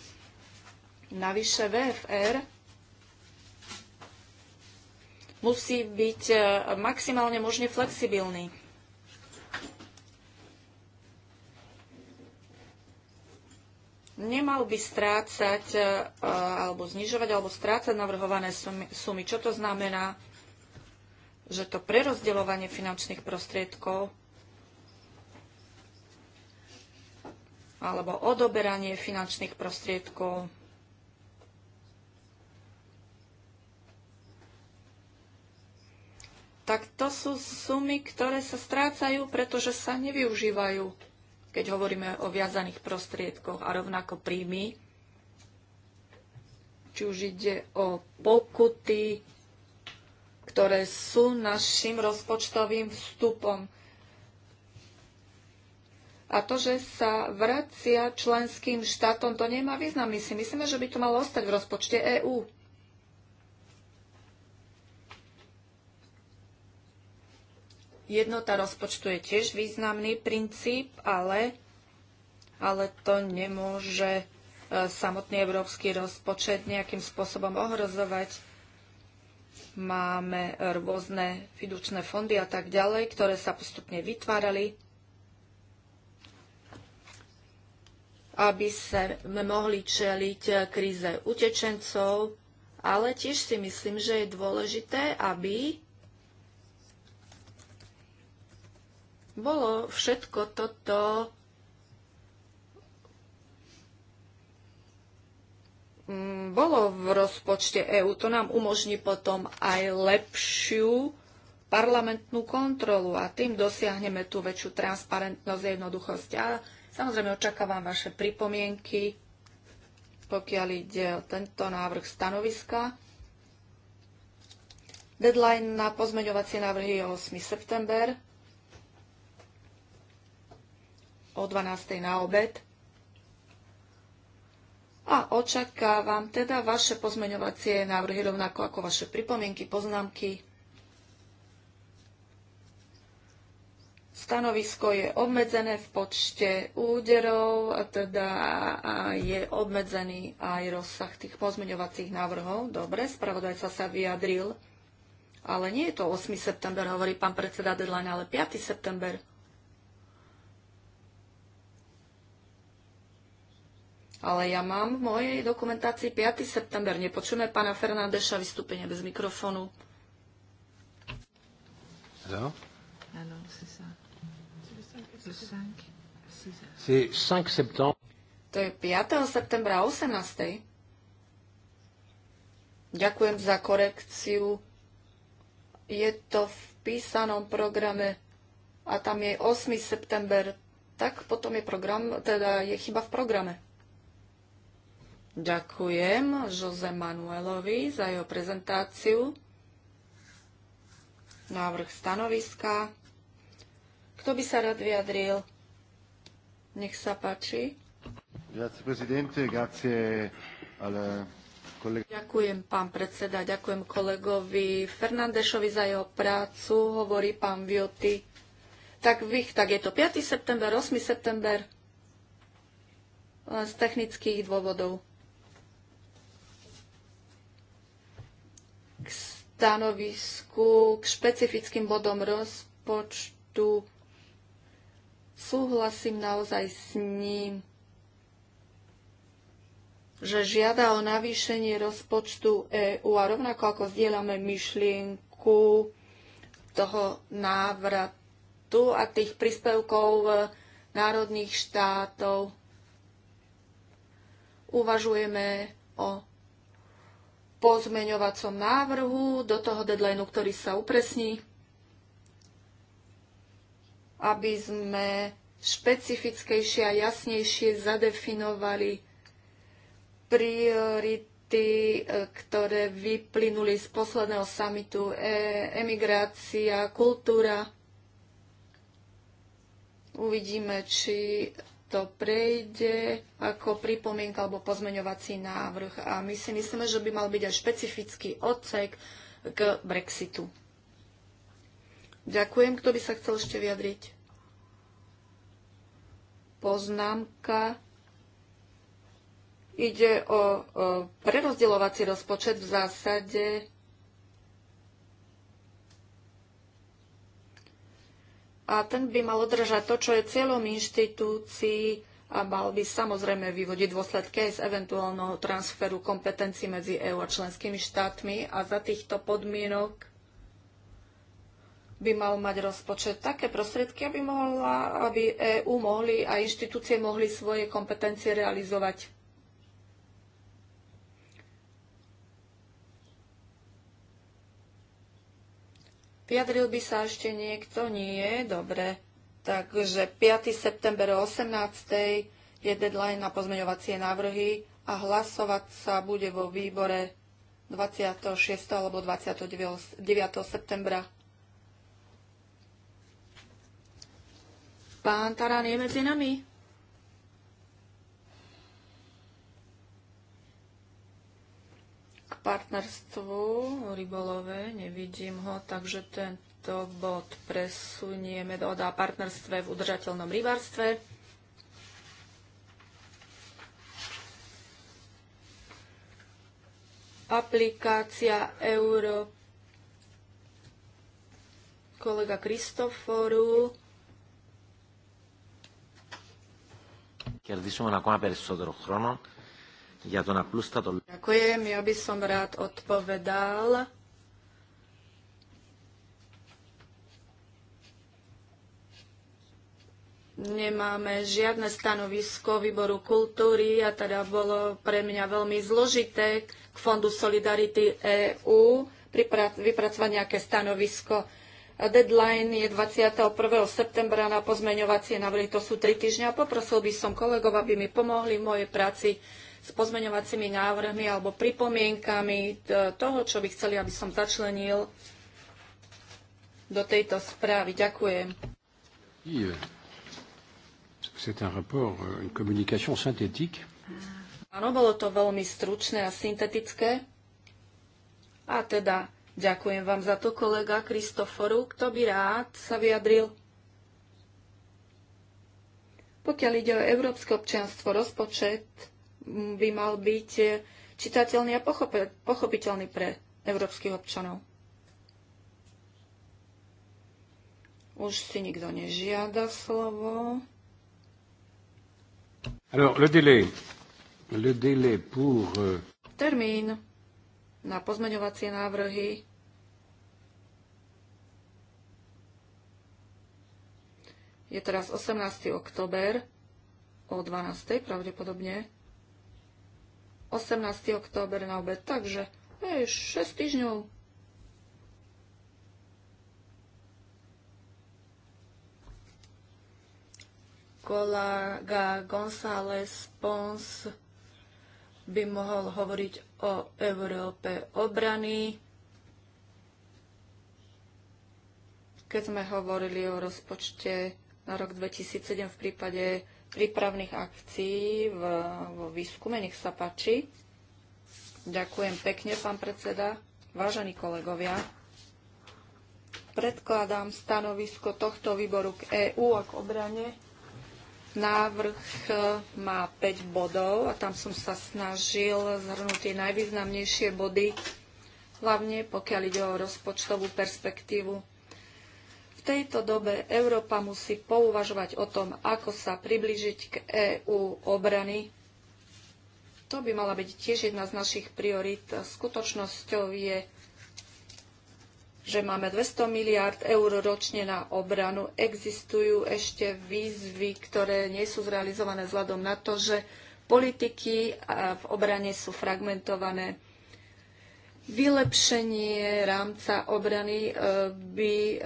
Navyše VFR musí byť e, maximálne možne flexibilný. Nemal by strácať e, alebo znižovať alebo strácať navrhované sumy. Čo to znamená? Že to prerozdeľovanie finančných prostriedkov alebo odoberanie finančných prostriedkov tak to sú sumy, ktoré sa strácajú, pretože sa nevyužívajú, keď hovoríme o viazaných prostriedkoch a rovnako príjmy, či už ide o pokuty, ktoré sú našim rozpočtovým vstupom. A to, že sa vracia členským štátom, to nemá význam. My si myslíme, že by to malo ostať v rozpočte EÚ. Jednota rozpočtu je tiež významný princíp, ale, ale to nemôže e, samotný európsky rozpočet nejakým spôsobom ohrozovať. Máme rôzne fidučné fondy a tak ďalej, ktoré sa postupne vytvárali, aby sme mohli čeliť e, kríze utečencov, ale tiež si myslím, že je dôležité, aby bolo všetko toto mm, bolo v rozpočte EÚ. To nám umožní potom aj lepšiu parlamentnú kontrolu a tým dosiahneme tú väčšiu transparentnosť, jednoduchosť. A samozrejme očakávam vaše pripomienky, pokiaľ ide o tento návrh stanoviska. Deadline na pozmeňovacie návrhy je 8. september o 12. na obed. A očakávam teda vaše pozmeňovacie návrhy, rovnako ako vaše pripomienky, poznámky. Stanovisko je obmedzené v počte úderov, a teda je obmedzený aj rozsah tých pozmeňovacích návrhov. Dobre, spravodajca sa vyjadril, ale nie je to 8. september, hovorí pán predseda Deadline, ale 5. september. Ale ja mám v mojej dokumentácii 5. september. Nepočujeme pána Fernándeša vystúpenie bez mikrofónu. Hello? Hello, c'est ça. C'est 5 septembre. To je 5. septembra 18. Ďakujem za korekciu. Je to v písanom programe a tam je 8. september. Tak potom je program, teda je chyba v programe. Ďakujem Jose Manuelovi za jeho prezentáciu. Návrh stanoviska. Kto by sa rád vyjadril? Nech sa páči. Ďakujem, pán predseda, ďakujem kolegovi Fernandešovi za jeho prácu, hovorí pán Vioty. Tak, vy, tak je to 5. september, 8. september, len z technických dôvodov. stanovisku k špecifickým bodom rozpočtu. Súhlasím naozaj s ním, že žiada o navýšenie rozpočtu EÚ a rovnako ako zdieľame myšlienku toho návratu a tých príspevkov e, národných štátov, uvažujeme o pozmeňovacom návrhu do toho deadlineu, ktorý sa upresní, aby sme špecifickejšie a jasnejšie zadefinovali priority, ktoré vyplynuli z posledného samitu e, emigrácia, kultúra. Uvidíme, či to prejde ako pripomienka alebo pozmeňovací návrh. A my si myslíme, že by mal byť aj špecifický odsek k Brexitu. Ďakujem. Kto by sa chcel ešte vyjadriť? Poznámka. Ide o, o prerozdeľovací rozpočet v zásade a ten by mal održať to, čo je cieľom inštitúcií a mal by samozrejme vyvodiť dôsledky aj z eventuálneho transferu kompetencií medzi EÚ a členskými štátmi a za týchto podmienok by mal mať rozpočet také prostriedky, aby, mohla, aby EÚ mohli a inštitúcie mohli svoje kompetencie realizovať. Vyjadril by sa ešte niekto? Nie, dobre. Takže 5. september o 18. je deadline na pozmeňovacie návrhy a hlasovať sa bude vo výbore 26. alebo 29. septembra. Pán Tarán je medzi nami? partnerstvu rybolove, nevidím ho, takže tento bod presunieme do ODA partnerstve v udržateľnom rybarstve. Aplikácia Euro kolega Kristoforu. Κερδίσουμε ακόμα περισσότερο Ďakujem, ja by som rád odpovedal. Nemáme žiadne stanovisko výboru kultúry a teda bolo pre mňa veľmi zložité k Fondu Solidarity EU vypracovať nejaké stanovisko. Deadline je 21. septembra na pozmeňovacie návrhy, to sú tri týždňa. Poprosil by som kolegov, aby mi pomohli v mojej práci s pozmeňovacími návrhmi alebo pripomienkami toho, čo by chceli, aby som začlenil do tejto správy. Ďakujem. Euh, c'est un rapport, euh, une communication synthétique. Áno, bolo to veľmi stručné a syntetické. A teda ďakujem vám za to, kolega Kristoforu. Kto by rád sa vyjadril? Pokiaľ ide o európske občianstvo, rozpočet by mal byť eh, čitateľný a pochopiteľný pre európskych občanov. Už si nikto nežiada slovo. Alors, le délai. Le délai pour... Euh, Termín na pozmeňovacie návrhy je teraz 18. október o 12. pravdepodobne. 18. október na obed. Takže hej, 6 týždňov. Kolega González Pons by mohol hovoriť o Európe obrany. Keď sme hovorili o rozpočte na rok 2007 v prípade prípravných akcií v, vo výskume. Nech sa páči. Ďakujem pekne, pán predseda. Vážení kolegovia, predkladám stanovisko tohto výboru k EÚ a k obrane. Návrh e, má 5 bodov a tam som sa snažil zhrnúť tie najvýznamnejšie body, hlavne pokiaľ ide o rozpočtovú perspektívu v tejto dobe Európa musí pouvažovať o tom, ako sa priblížiť k EÚ obrany. To by mala byť tiež jedna z našich priorit. Skutočnosťou je, že máme 200 miliard eur ročne na obranu. Existujú ešte výzvy, ktoré nie sú zrealizované vzhľadom na to, že politiky v obrane sú fragmentované Vylepšenie rámca obrany e, by e,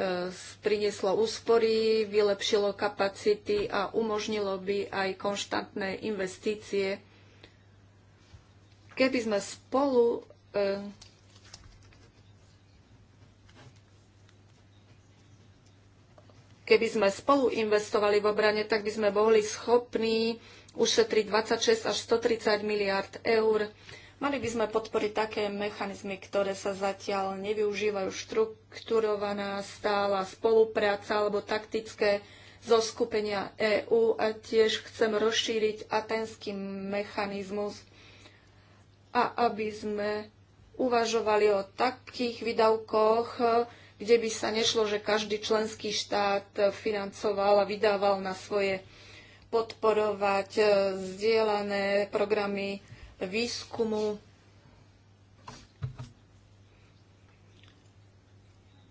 prinieslo úspory, vylepšilo kapacity a umožnilo by aj konštantné investície. Keby sme spolu e, keby sme spolu investovali v obrane, tak by sme boli schopní ušetriť 26 až 130 miliard eur. Mali by sme podporiť také mechanizmy, ktoré sa zatiaľ nevyužívajú, štrukturovaná stála spolupráca alebo taktické zoskupenia EÚ a tiež chcem rozšíriť atenský mechanizmus a aby sme uvažovali o takých výdavkoch, kde by sa nešlo, že každý členský štát financoval a vydával na svoje podporovať eh, zdieľané programy výskumu.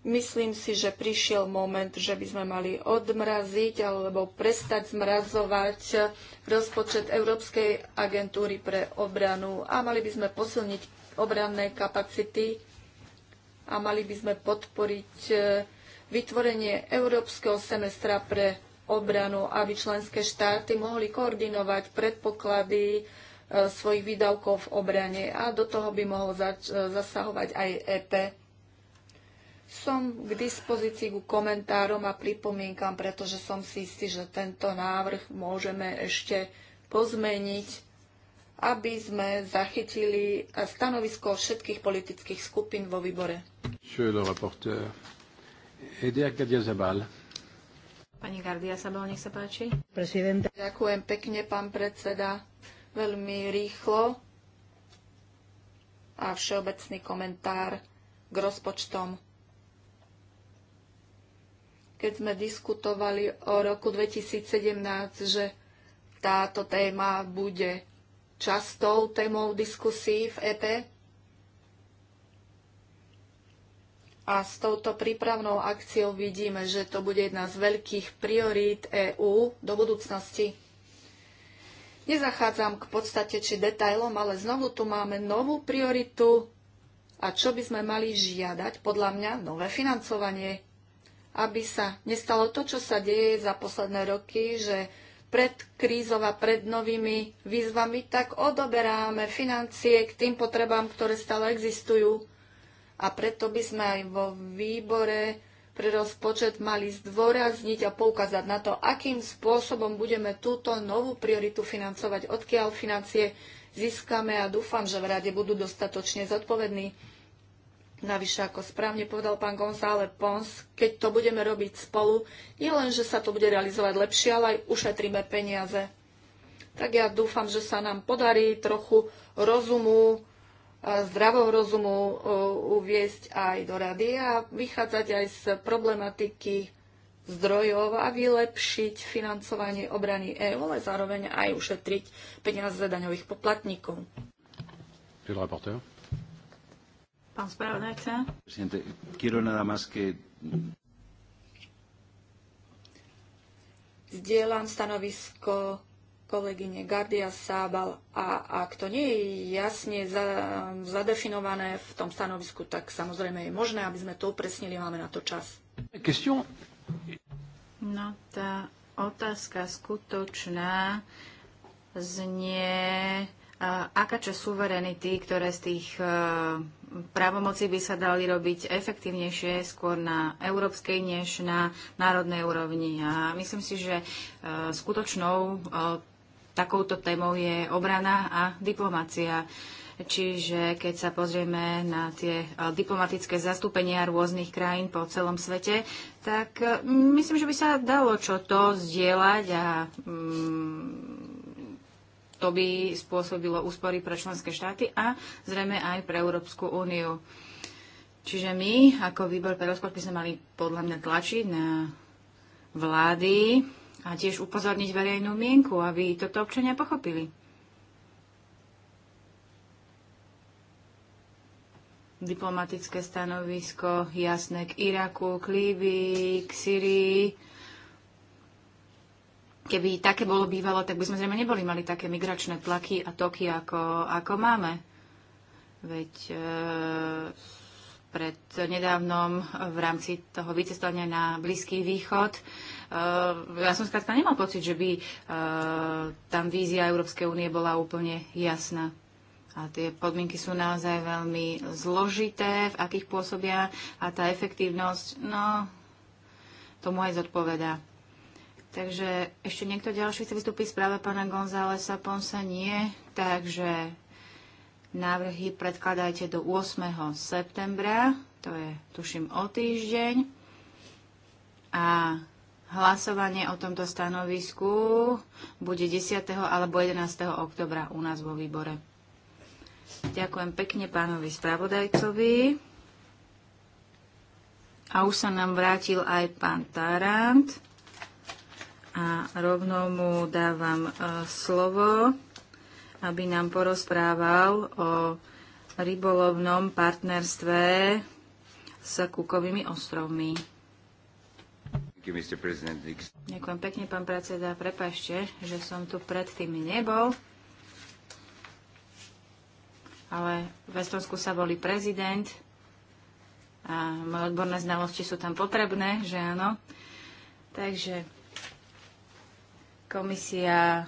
Myslím si, že prišiel moment, že by sme mali odmraziť alebo prestať zmrazovať rozpočet Európskej agentúry pre obranu a mali by sme posilniť obranné kapacity a mali by sme podporiť e, vytvorenie Európskeho semestra pre obranu, aby členské štáty mohli koordinovať predpoklady E, svojich výdavkov v obrane a do toho by mohol e, zasahovať aj EP. Som k dispozícii ku komentárom a pripomienkam, pretože som si istý, že tento návrh môžeme ešte pozmeniť, aby sme zachytili stanovisko všetkých politických skupín vo výbore. Pani Gardia nech sa páči. Ďakujem pekne, pán predseda veľmi rýchlo a všeobecný komentár k rozpočtom. Keď sme diskutovali o roku 2017, že táto téma bude častou témou diskusí v EP a s touto prípravnou akciou vidíme, že to bude jedna z veľkých priorít EÚ do budúcnosti. Nezachádzam k podstate či detailom, ale znovu tu máme novú prioritu a čo by sme mali žiadať, podľa mňa, nové financovanie, aby sa nestalo to, čo sa deje za posledné roky, že pred krízov a pred novými výzvami, tak odoberáme financie k tým potrebám, ktoré stále existujú. A preto by sme aj vo výbore pre rozpočet mali zdôrazniť a poukázať na to, akým spôsobom budeme túto novú prioritu financovať, odkiaľ financie získame a dúfam, že v rade budú dostatočne zodpovední. Navyše, ako správne povedal pán González Pons, keď to budeme robiť spolu, len že sa to bude realizovať lepšie, ale aj ušetríme peniaze. Tak ja dúfam, že sa nám podarí trochu rozumu zdravého rozumu e, uviesť aj do rady a vychádzať aj z problematiky zdrojov a vylepšiť financovanie obrany EÚ, ale zároveň aj ušetriť peniaze daňových poplatníkov. Pán spravodajca. Zdieľam stanovisko kolegyne Gardia Sábal. A ak to nie je jasne zadefinované v tom stanovisku, tak samozrejme je možné, aby sme to upresnili, máme na to čas. No tá otázka skutočná znie, aká čo suverenity, ktoré z tých e, právomoci by sa dali robiť efektívnejšie skôr na európskej než na národnej úrovni. A myslím si, že e, skutočnou e, Takouto témou je obrana a diplomácia. Čiže keď sa pozrieme na tie eh, diplomatické zastúpenia rôznych krajín po celom svete, tak mm, myslím, že by sa dalo čo to zdieľať a mm, to by spôsobilo úspory pre členské štáty a zrejme aj pre Európsku úniu. Čiže my ako výbor pre rozpočet by sme mali podľa mňa tlačiť na vlády, a tiež upozorniť verejnú mienku, aby toto občania pochopili. Diplomatické stanovisko jasné k Iraku, k Líbii, k Syrii. Keby také bolo bývalo, tak by sme zrejme neboli mali také migračné tlaky a toky, ako, ako máme. Veď e, pred nedávnom v rámci toho vycestovania na Blízky východ Eh, ja som skrátka nemal pocit, že by eh, tam vízia Európskej únie bola úplne jasná. A tie podmienky sú naozaj veľmi zložité, v akých pôsobia a tá efektívnosť, no, tomu aj zodpovedá. Takže ešte niekto ďalší chce vystúpiť správe pána Gonzálesa Ponsa? Nie. Takže návrhy predkladajte do 8. septembra, to je tuším o týždeň. A Hlasovanie o tomto stanovisku bude 10. alebo 11. oktobra u nás vo výbore. Ďakujem pekne pánovi spravodajcovi. A už sa nám vrátil aj pán Tarant. A rovno mu dávam e, slovo, aby nám porozprával o rybolovnom partnerstve s Kukovými ostrovmi. Ďakujem pekne, pán predseda. Prepašte, že som tu predtým nebol. Ale v Estonsku sa volí prezident a moje odborné znalosti sú tam potrebné, že áno. Takže komisia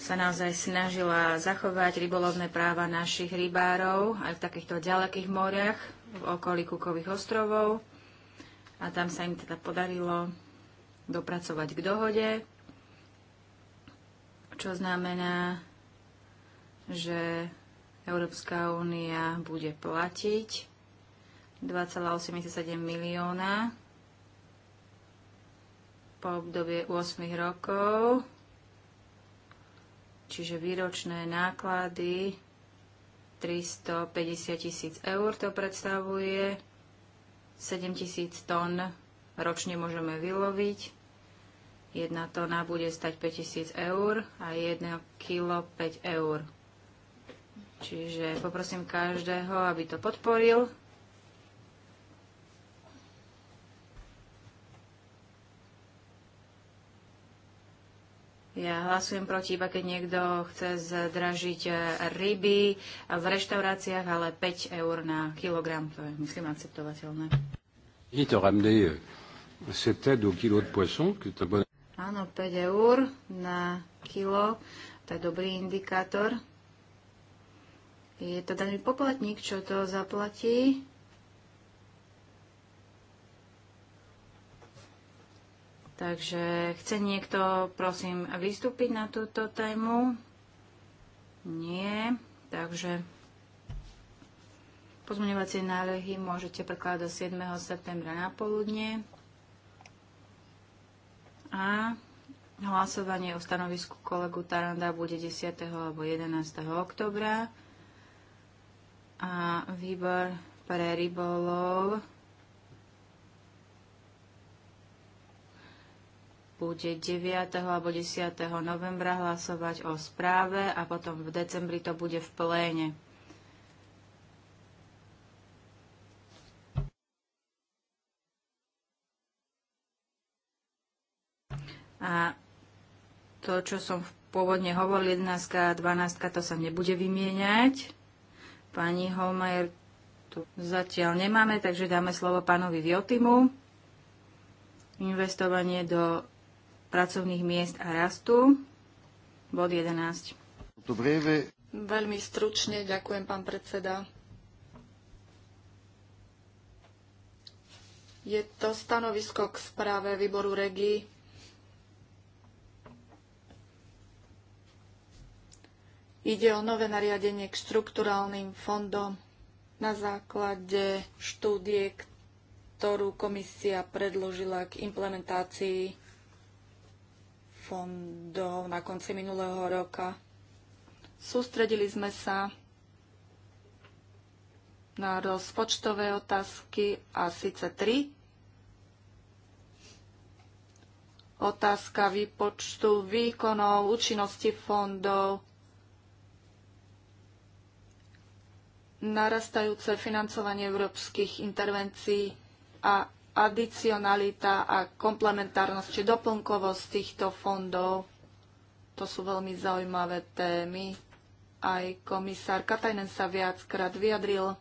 sa naozaj snažila zachovať rybolovné práva našich rybárov aj v takýchto ďalekých moriach v okolí Kukových ostrovov a tam sa im teda podarilo dopracovať k dohode, čo znamená, že Európska únia bude platiť 2,87 milióna po obdobie 8 rokov, čiže výročné náklady 350 tisíc eur to predstavuje 7000 tón ročne môžeme vyloviť. Jedna tóna bude stať 5000 eur a 1 kilo 5 eur. Čiže poprosím každého, aby to podporil. Ja hlasujem proti, iba keď niekto chce zdražiť e, ryby v reštauráciách, ale 5 eur na kilogram, to je, myslím, akceptovateľné. Euh, Áno, 5 eur na kilo, to je dobrý indikátor. Je to daný poplatník, čo to zaplatí. Takže chce niekto, prosím, vystúpiť na túto tému? Nie. Takže pozmeňovacie nálehy môžete prekladať do 7. septembra na poludne. A hlasovanie o stanovisku kolegu Taranda bude 10. alebo 11. oktobra. A výbor pre rybolov bude 9. alebo 10. novembra hlasovať o správe a potom v decembri to bude v pléne. A to, čo som pôvodne hovoril, 11 a 12, to sa nebude vymieňať. Pani Holmajer tu zatiaľ nemáme, takže dáme slovo pánovi Viotimu. Investovanie do pracovných miest a rastu. Bod 11. Dobre. Veľmi stručne ďakujem, pán predseda. Je to stanovisko k správe výboru REGI. Ide o nové nariadenie k štrukturálnym fondom na základe štúdie, ktorú komisia predložila k implementácii fondov na konci minulého roka. Sústredili sme sa na rozpočtové otázky a síce tri. Otázka výpočtu výkonov, účinnosti fondov, narastajúce financovanie európskych intervencií a adicionalita a komplementárnosť či doplnkovosť týchto fondov. To sú veľmi zaujímavé témy. Aj komisár Katajnen sa viackrát vyjadril.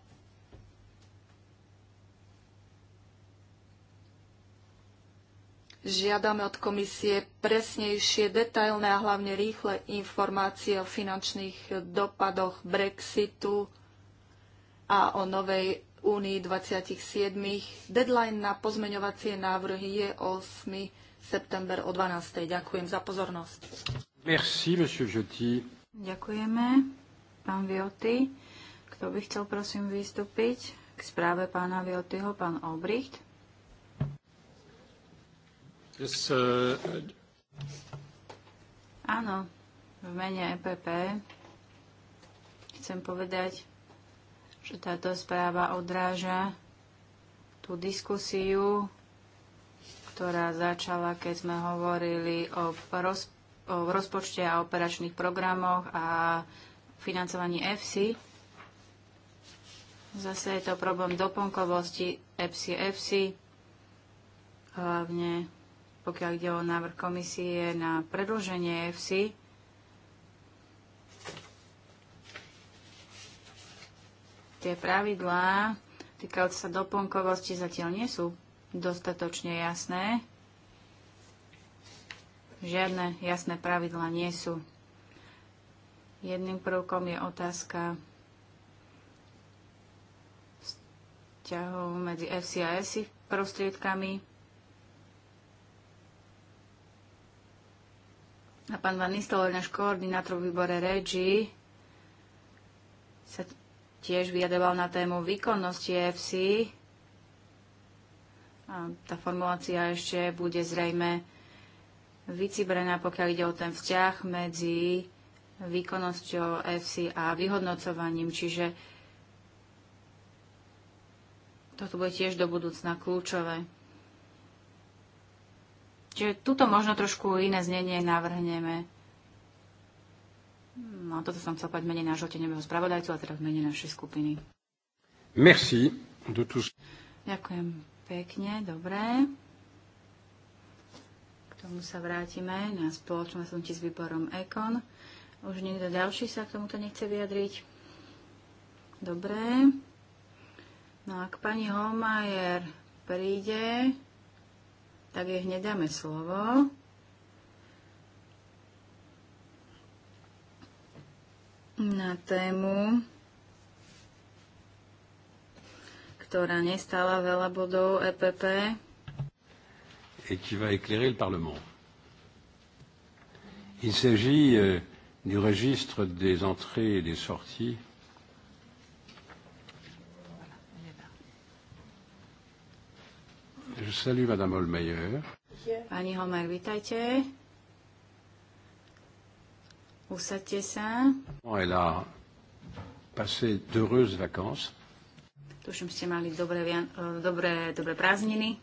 Žiadame od komisie presnejšie, detailné a hlavne rýchle informácie o finančných dopadoch Brexitu a o novej únii 27. Deadline na pozmeňovacie návrhy je 8. september o 12. Ďakujem za pozornosť. Merci, monsieur Joty. Ďakujeme, pán Vioty. Kto by chcel, prosím, vystúpiť k správe pána Viotyho, pán Obricht? Yes, uh... Áno, v mene EPP chcem povedať, že táto správa odráža tú diskusiu, ktorá začala, keď sme hovorili o, roz, o rozpočte a operačných programoch a financovaní EFSI. Zase je to problém doplnkovosti EFSI-EFSI, hlavne pokiaľ ide o návrh komisie na predlženie EFSI tie pravidlá týkajúce sa doplnkovosti zatiaľ nie sú dostatočne jasné. Žiadne jasné pravidlá nie sú. Jedným prvkom je otázka vzťahov medzi FC a SI prostriedkami. A pán Van Nistel, náš koordinátor v výbore REGI, sa tiež vyjadoval na tému výkonnosti EFC. A tá formulácia ešte bude zrejme vycibrená, pokiaľ ide o ten vzťah medzi výkonnosťou EFC a vyhodnocovaním, čiže toto bude tiež do budúcna kľúčové. Čiže tuto možno trošku iné znenie navrhneme. No, toto som chcel povedať menej nášho tenevého spravodajcu a teraz menej našej skupiny. Merci. De tous. Ďakujem pekne, dobre. K tomu sa vrátime na spoločnom s výborom EKON. Už niekto ďalší sa k tomuto nechce vyjadriť? Dobre. No ak pani Holmajer príde, tak jej hneď dáme slovo. na tému, ktorá nestála veľa bodov EPP. Et qui va éclairer le Parlement. Il s'agit euh, du registre des entrées et des sorties. Je salue Madame Holmeyer. Pani Holmeyer, vitajte. Usadte sa. Elle a passé d'heureuses vacances. Tuším, ste mali dobré, eh, dobré, dobré prázdniny.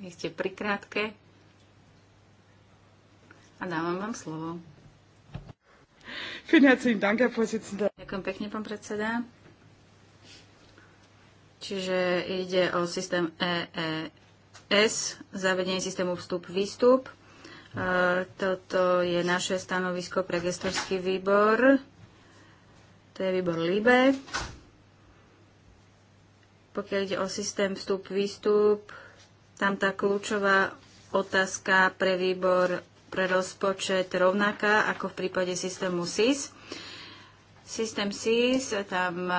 Je ste prikrátke. A dávam vám slovo. Ďakujem pekne, pán predseda. Čiže ide o systém EES, zavedenie systému vstup-výstup. Toto je naše stanovisko pre gestorský výbor. To je výbor LIBE. Pokiaľ ide o systém vstup-výstup, tam tá kľúčová otázka pre výbor pre rozpočet rovnaká ako v prípade systému SIS. Systém SIS, tam eh,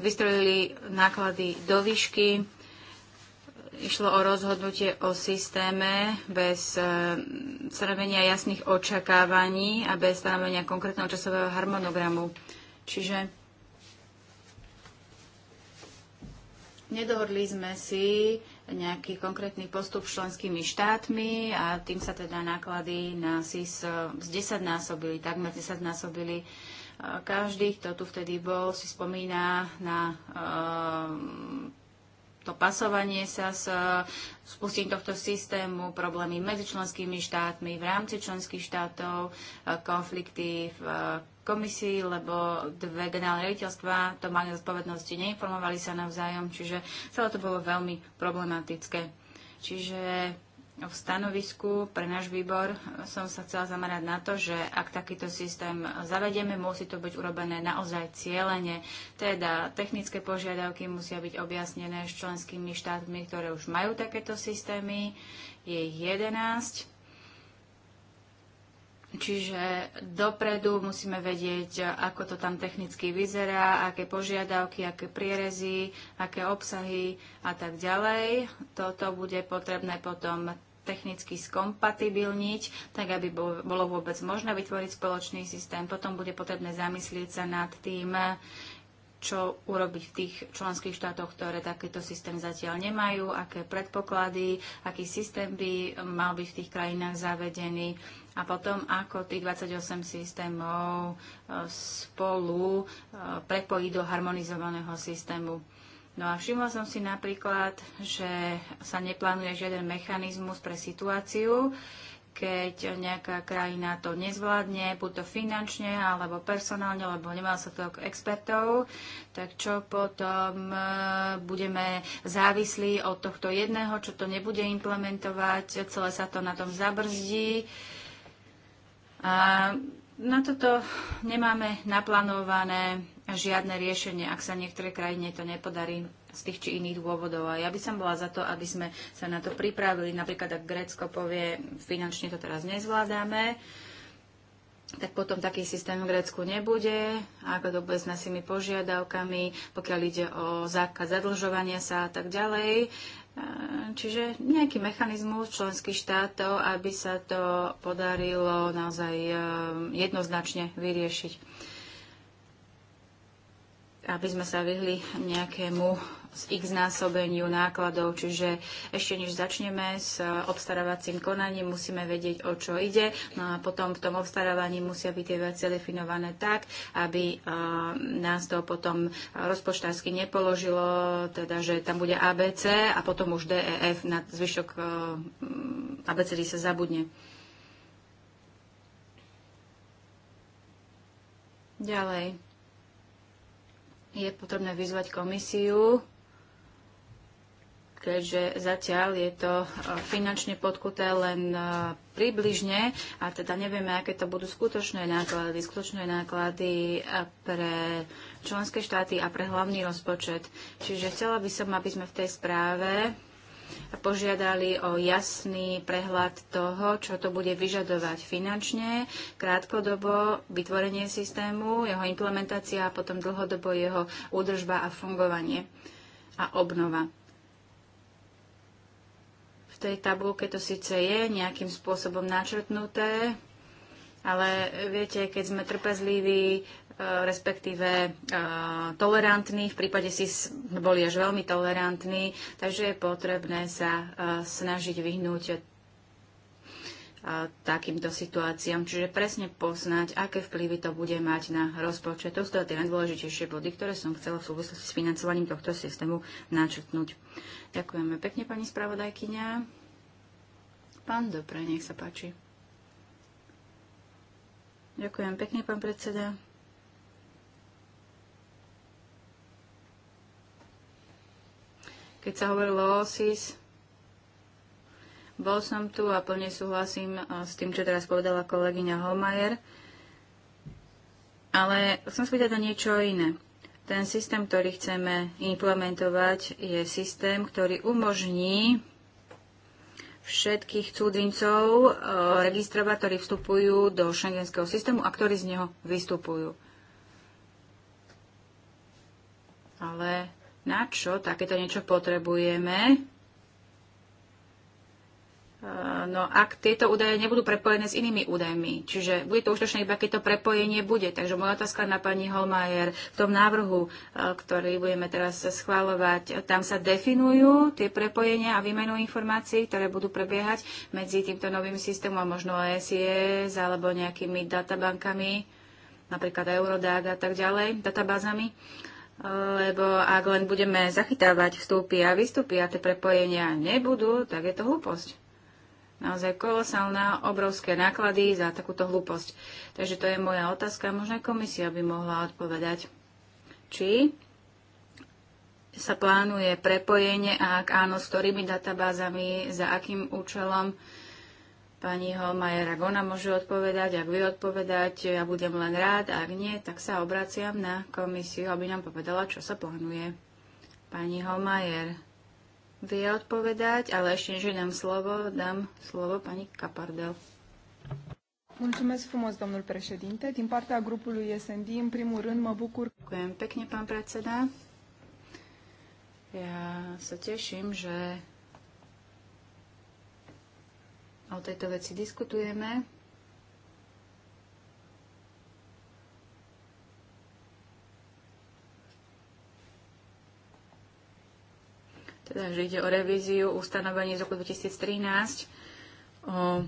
vystrojili náklady do výšky Išlo o rozhodnutie o systéme bez eh, stanovenia jasných očakávaní a bez stanovenia konkrétneho časového harmonogramu. Čiže nedohodli sme si nejaký konkrétny postup s členskými štátmi a tým sa teda náklady na SIS eh, z 10 násobili, takmer 10 násobili. Eh, každý, kto tu vtedy bol, si spomína na to pasovanie sa s spustením tohto systému, problémy medzi členskými štátmi, v rámci členských štátov, e, konflikty v e, komisii, lebo dve generálne riaditeľstva to mali zodpovednosti, neinformovali sa navzájom, čiže celé to bolo veľmi problematické. Čiže v stanovisku pre náš výbor som sa chcela zamerať na to, že ak takýto systém zavedieme, musí to byť urobené naozaj cieľene. Teda technické požiadavky musia byť objasnené s členskými štátmi, ktoré už majú takéto systémy. Je ich 11. Čiže dopredu musíme vedieť, ako to tam technicky vyzerá, aké požiadavky, aké prierezy, aké obsahy a tak ďalej. Toto bude potrebné potom technicky skompatibilniť, tak aby bolo vôbec možné vytvoriť spoločný systém. Potom bude potrebné zamyslieť sa nad tým, čo urobiť v tých členských štátoch, ktoré takýto systém zatiaľ nemajú, aké predpoklady, aký systém by mal byť v tých krajinách zavedený a potom ako tých 28 systémov e, spolu e, prepojiť do harmonizovaného systému. No a všimla som si napríklad, že sa neplánuje žiaden mechanizmus pre situáciu, keď nejaká krajina to nezvládne, buď to finančne, alebo personálne, lebo nemá sa to expertov, tak čo potom e, budeme závislí od tohto jedného, čo to nebude implementovať, celé sa to na tom zabrzdí. A na toto nemáme naplánované žiadne riešenie, ak sa niektoré krajine to nepodarí z tých či iných dôvodov. A ja by som bola za to, aby sme sa na to pripravili. Napríklad, ak Grécko povie, finančne to teraz nezvládame, tak potom taký systém v Grécku nebude, ako to bude s našimi požiadavkami, pokiaľ ide o zákaz zadlžovania sa a tak ďalej. E, čiže nejaký mechanizmus členských štátov, aby sa to podarilo naozaj e, jednoznačne vyriešiť aby sme sa vyhli nejakému z x násobeniu nákladov. Čiže ešte než začneme s obstarávacím konaním, musíme vedieť, o čo ide. No a potom v tom obstarávaní musia byť tie veci definované tak, aby nás to potom rozpočtársky nepoložilo, teda že tam bude ABC a potom už DEF na zvyšok ABC sa zabudne. Ďalej je potrebné vyzvať komisiu, keďže zatiaľ je to e, finančne podkuté len e, približne a teda nevieme, aké to budú skutočné náklady, skutočné náklady e, pre členské štáty a pre hlavný rozpočet. Čiže chcela by som, aby sme v tej správe požiadali o jasný prehľad toho, čo to bude vyžadovať finančne, krátkodobo vytvorenie systému, jeho implementácia a potom dlhodobo jeho údržba a fungovanie a obnova. V tej tabulke to síce je nejakým spôsobom načrtnuté, ale viete, keď sme trpezliví, e, respektíve e, tolerantní, v prípade si boli až veľmi tolerantní, takže je potrebné sa e, snažiť vyhnúť takýmto situáciám. Čiže presne poznať, aké vplyvy to bude mať na rozpočet. To sú teda tie najdôležitejšie body, ktoré som chcela v súvislosti s financovaním tohto systému načrtnúť. Ďakujeme pekne, pani spravodajkyňa. Pán Dobre, nech sa páči. Ďakujem pekne, pán predseda. Keď sa hovorilo o OSIS, bol som tu a plne súhlasím s tým, čo teraz povedala kolegyňa Holmajer. Ale chcem spýtať na niečo iné. Ten systém, ktorý chceme implementovať, je systém, ktorý umožní všetkých cudzincov, e, registrovať, ktorí vstupujú do šengenského systému a ktorí z neho vystupujú. Ale na čo takéto niečo potrebujeme? No ak tieto údaje nebudú prepojené s inými údajmi, čiže bude to užitočné iba keď to prepojenie bude. Takže moja otázka na pani Holmajer, v tom návrhu, e, ktorý budeme teraz schváľovať, tam sa definujú tie prepojenia a výmenu informácií, ktoré budú prebiehať medzi týmto novým systémom, a možno SIS alebo nejakými databankami, napríklad Eurodag a tak ďalej, databázami e, lebo ak len budeme zachytávať vstúpy a výstupy a tie prepojenia nebudú, tak je to hlúposť naozaj kolosálna, obrovské náklady za takúto hlúposť. Takže to je moja otázka. Možná komisia by mohla odpovedať, či sa plánuje prepojenie a ak áno, s ktorými databázami, za akým účelom. Pani Holmajera Gona môže odpovedať, ak vy odpovedať, ja budem len rád, ak nie, tak sa obraciam na komisiu, aby nám povedala, čo sa plánuje. Pani Holmajer vie odpovedať, ale ešte než dám slovo, dám slovo pani Kapardel. Mulțumesc frumos, domnul președinte. Din partea grupului SND, în primul rând, mă bucur... Ďakujem pekne, pán predseda. Ja sa teším, že o tejto veci diskutujeme. teda že ide o revíziu ustanovení z roku 2013 o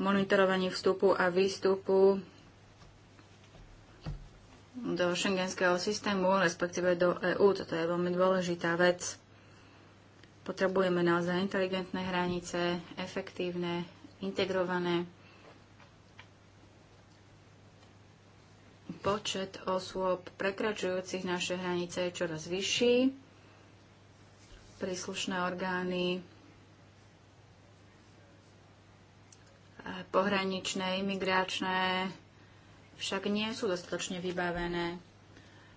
monitorovaní vstupu a výstupu do šengenského systému, respektíve do EÚ. Toto je veľmi dôležitá vec. Potrebujeme naozaj inteligentné hranice, efektívne, integrované. Počet osôb prekračujúcich naše hranice je čoraz vyšší príslušné orgány pohraničné, imigračné však nie sú dostatočne vybavené.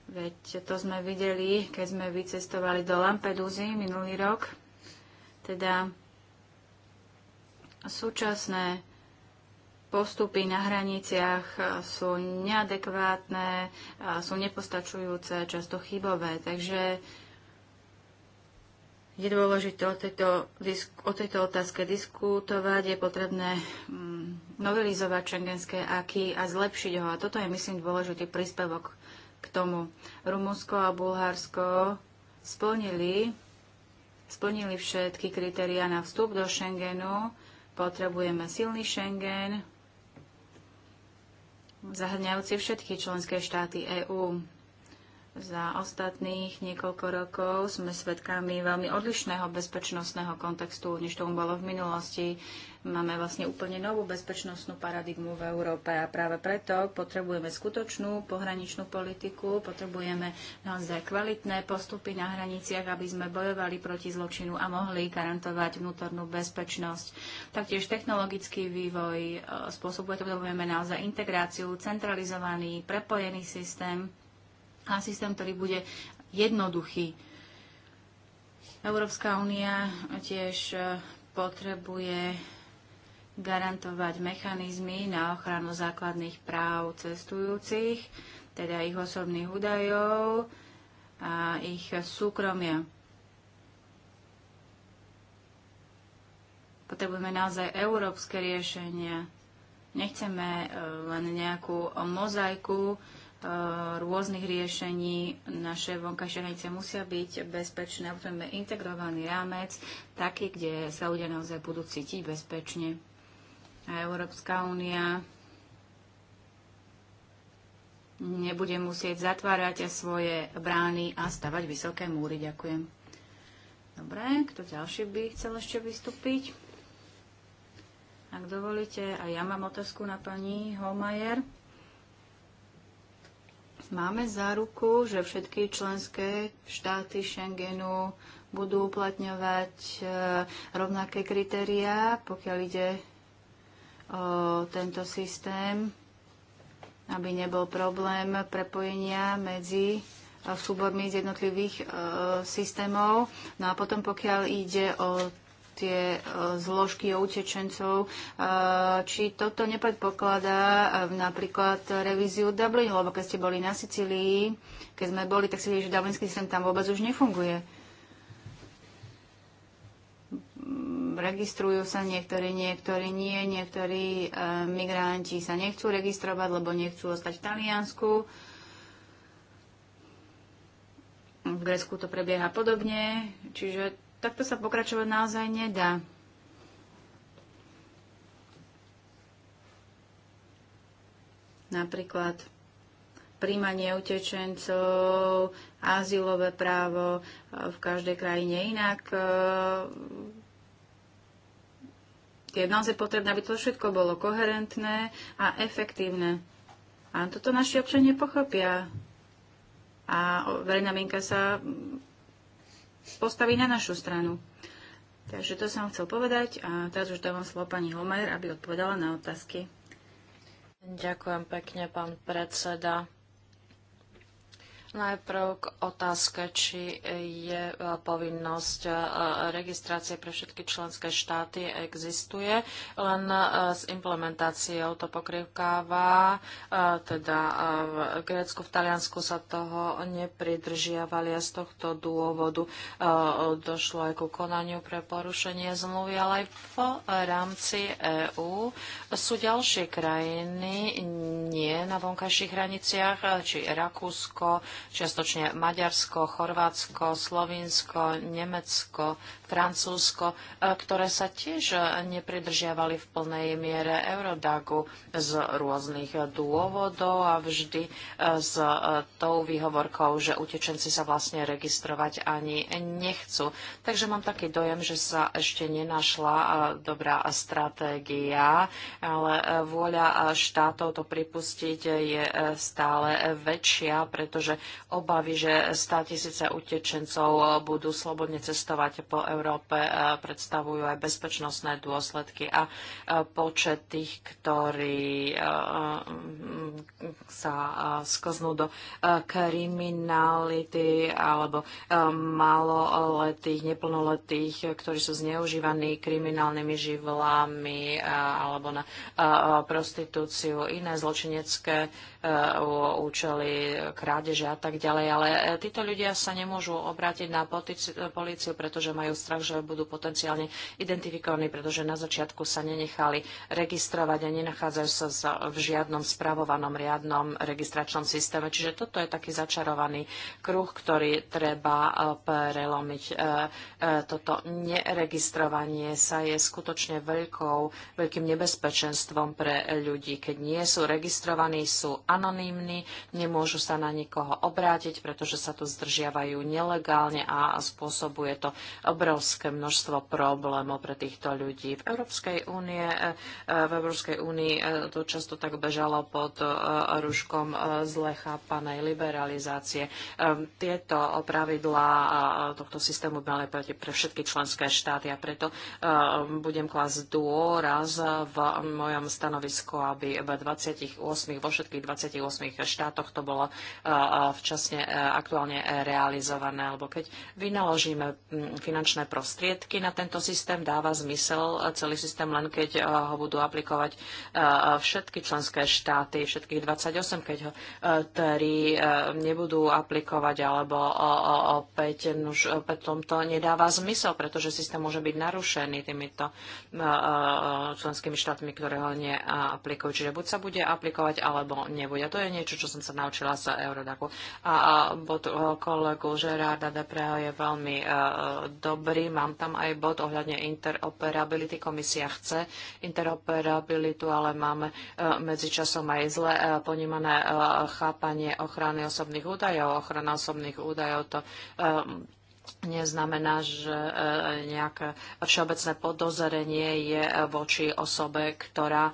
Veď to sme videli, keď sme vycestovali do Lampedúzy minulý rok. Teda súčasné postupy na hraniciach sú neadekvátne, sú nepostačujúce, často chybové. Takže je dôležité o tejto, o tejto otázke diskutovať, je potrebné mm, novelizovať šengenské aky a zlepšiť ho. A toto je, myslím, dôležitý príspevok k tomu. Rumunsko a Bulharsko splnili, splnili všetky kritériá na vstup do Schengenu. Potrebujeme silný Schengen, zahrňajúci všetky členské štáty EÚ. Za ostatných niekoľko rokov sme svedkami veľmi odlišného bezpečnostného kontextu, než tomu bolo v minulosti. Máme vlastne úplne novú bezpečnostnú paradigmu v Európe a práve preto potrebujeme skutočnú pohraničnú politiku, potrebujeme naozaj kvalitné postupy na hraniciach, aby sme bojovali proti zločinu a mohli garantovať vnútornú bezpečnosť. Taktiež technologický vývoj e, spôsobuje, potrebujeme naozaj integráciu, centralizovaný, prepojený systém a systém, ktorý bude jednoduchý. Európska únia tiež e, potrebuje garantovať mechanizmy na ochranu základných práv cestujúcich, teda ich osobných údajov a ich súkromia. Potrebujeme naozaj európske riešenia. Nechceme e, len nejakú mozaiku E, rôznych riešení. Naše vonkajšie hranice musia byť bezpečné. Potrebujeme integrovaný rámec, taký, kde sa ľudia naozaj budú cítiť bezpečne. A Európska únia nebude musieť zatvárať svoje brány a stavať vysoké múry. Ďakujem. Dobre, kto ďalší by chcel ešte vystúpiť? Ak dovolíte, a ja mám otázku na pani Holmajer. Máme záruku, že všetky členské štáty Schengenu budú uplatňovať e, rovnaké kritériá, pokiaľ ide o tento systém, aby nebol problém prepojenia medzi e, súbormi z jednotlivých e, systémov. No a potom, pokiaľ ide o tie e, zložky o utečencov, e, či toto nepredpokladá e, napríklad revíziu Dublinu, lebo keď ste boli na Sicílii, keď sme boli, tak si vidíte, že dublinský systém tam vôbec už nefunguje. registrujú sa niektorí, niektorí nie, niektorí migranti sa nechcú registrovať, lebo nechcú ostať v Taliansku. V Grécku to prebieha podobne, čiže takto sa pokračovať naozaj nedá. Napríklad príjmanie utečencov, azylové právo e, v každej krajine inak. E, je naozaj potrebné, aby to všetko bolo koherentné a efektívne. A toto naši občania pochopia. A verejná mienka sa postaví na našu stranu. Takže to som chcel povedať a teraz už dávam slovo pani Homer, aby odpovedala na otázky. Ďakujem pekne, pán predseda. Najprv k otázke, či je e, povinnosť e, registrácie pre všetky členské štáty existuje, len e, s implementáciou to pokrývkáva, teda v Grécku, v Taliansku sa toho nepridržiavali a z tohto dôvodu došlo aj ku konaniu pre porušenie zmluvy, ale aj v rámci EÚ sú ďalšie krajiny, nie na vonkajších hraniciach, či Rakúsko, čiastočne Maďarsko, Chorvátsko, Slovinsko, Nemecko, Francúzsko, e, ktoré sa tiež nepridržiavali v plnej miere Eurodagu z rôznych dôvodov a vždy e, s e, tou výhovorkou, že utečenci sa vlastne registrovať ani nechcú. Takže mám taký dojem, že sa ešte nenašla dobrá stratégia, ale vôľa štátov to pripustiť je stále väčšia, pretože obavy, že 100 tisíce utečencov budú slobodne cestovať po Európe, e, predstavujú aj bezpečnostné dôsledky a e, počet tých, ktorí e, mm, sa skoznú do kriminality alebo maloletých, neplnoletých, ktorí sú zneužívaní kriminálnymi živlami alebo na prostitúciu, iné zločinecké účely krádeže a tak ďalej. Ale e, títo ľudia sa nemôžu obrátiť na políciu, pretože majú strach, že budú potenciálne identifikovaní, pretože na začiatku sa nenechali registrovať a nenachádzajú sa v žiadnom spravovanom riadnom registračnom systéme. Čiže toto je taký začarovaný kruh, ktorý treba e, prelomiť. E, toto neregistrovanie sa je skutočne veľkou, veľkým nebezpečenstvom pre ľudí. Keď nie sú registrovaní, sú anonymní, nemôžu sa na nikoho obrátiť, pretože sa tu zdržiavajú nelegálne a spôsobuje to obrovské množstvo problémov pre týchto ľudí. V Európskej únie, e, e, v Európskej únii e, to často tak bežalo pod ruškom zle chápanej liberalizácie. Tieto pravidlá tohto systému by mali platiť pre všetky členské štáty a preto budem klásť dôraz v mojom stanovisku, aby v 28, vo všetkých 28 štátoch to bolo včasne e, aktuálne e, realizované, lebo keď vynaložíme finančné prostriedky na tento systém, dáva zmysel e, celý systém len keď ho budú aplikovať všetky členské štáty, všetkých 28, keď ho tri nebudú aplikovať alebo opäť, už potom to nedáva zmysel, pretože systém môže byť narušený týmito členskými štátmi, ktoré ho neaplikujú. Čiže buď sa bude aplikovať, alebo nebude nebude. To je niečo, čo som sa naučila sa Eurodaku. A, a bod e, kolegu Žeráda Depreho je veľmi uh, dobrý. Mám tam aj bod ohľadne interoperability. Komisia chce interoperabilitu, ale máme uh, medzičasom aj zle uh, ponímané uh, chápanie ochrany osobných údajov. Ochrana osobných údajov to Uh, neznamená, že e, nejaké všeobecné podozrenie je e, voči osobe, ktorá e,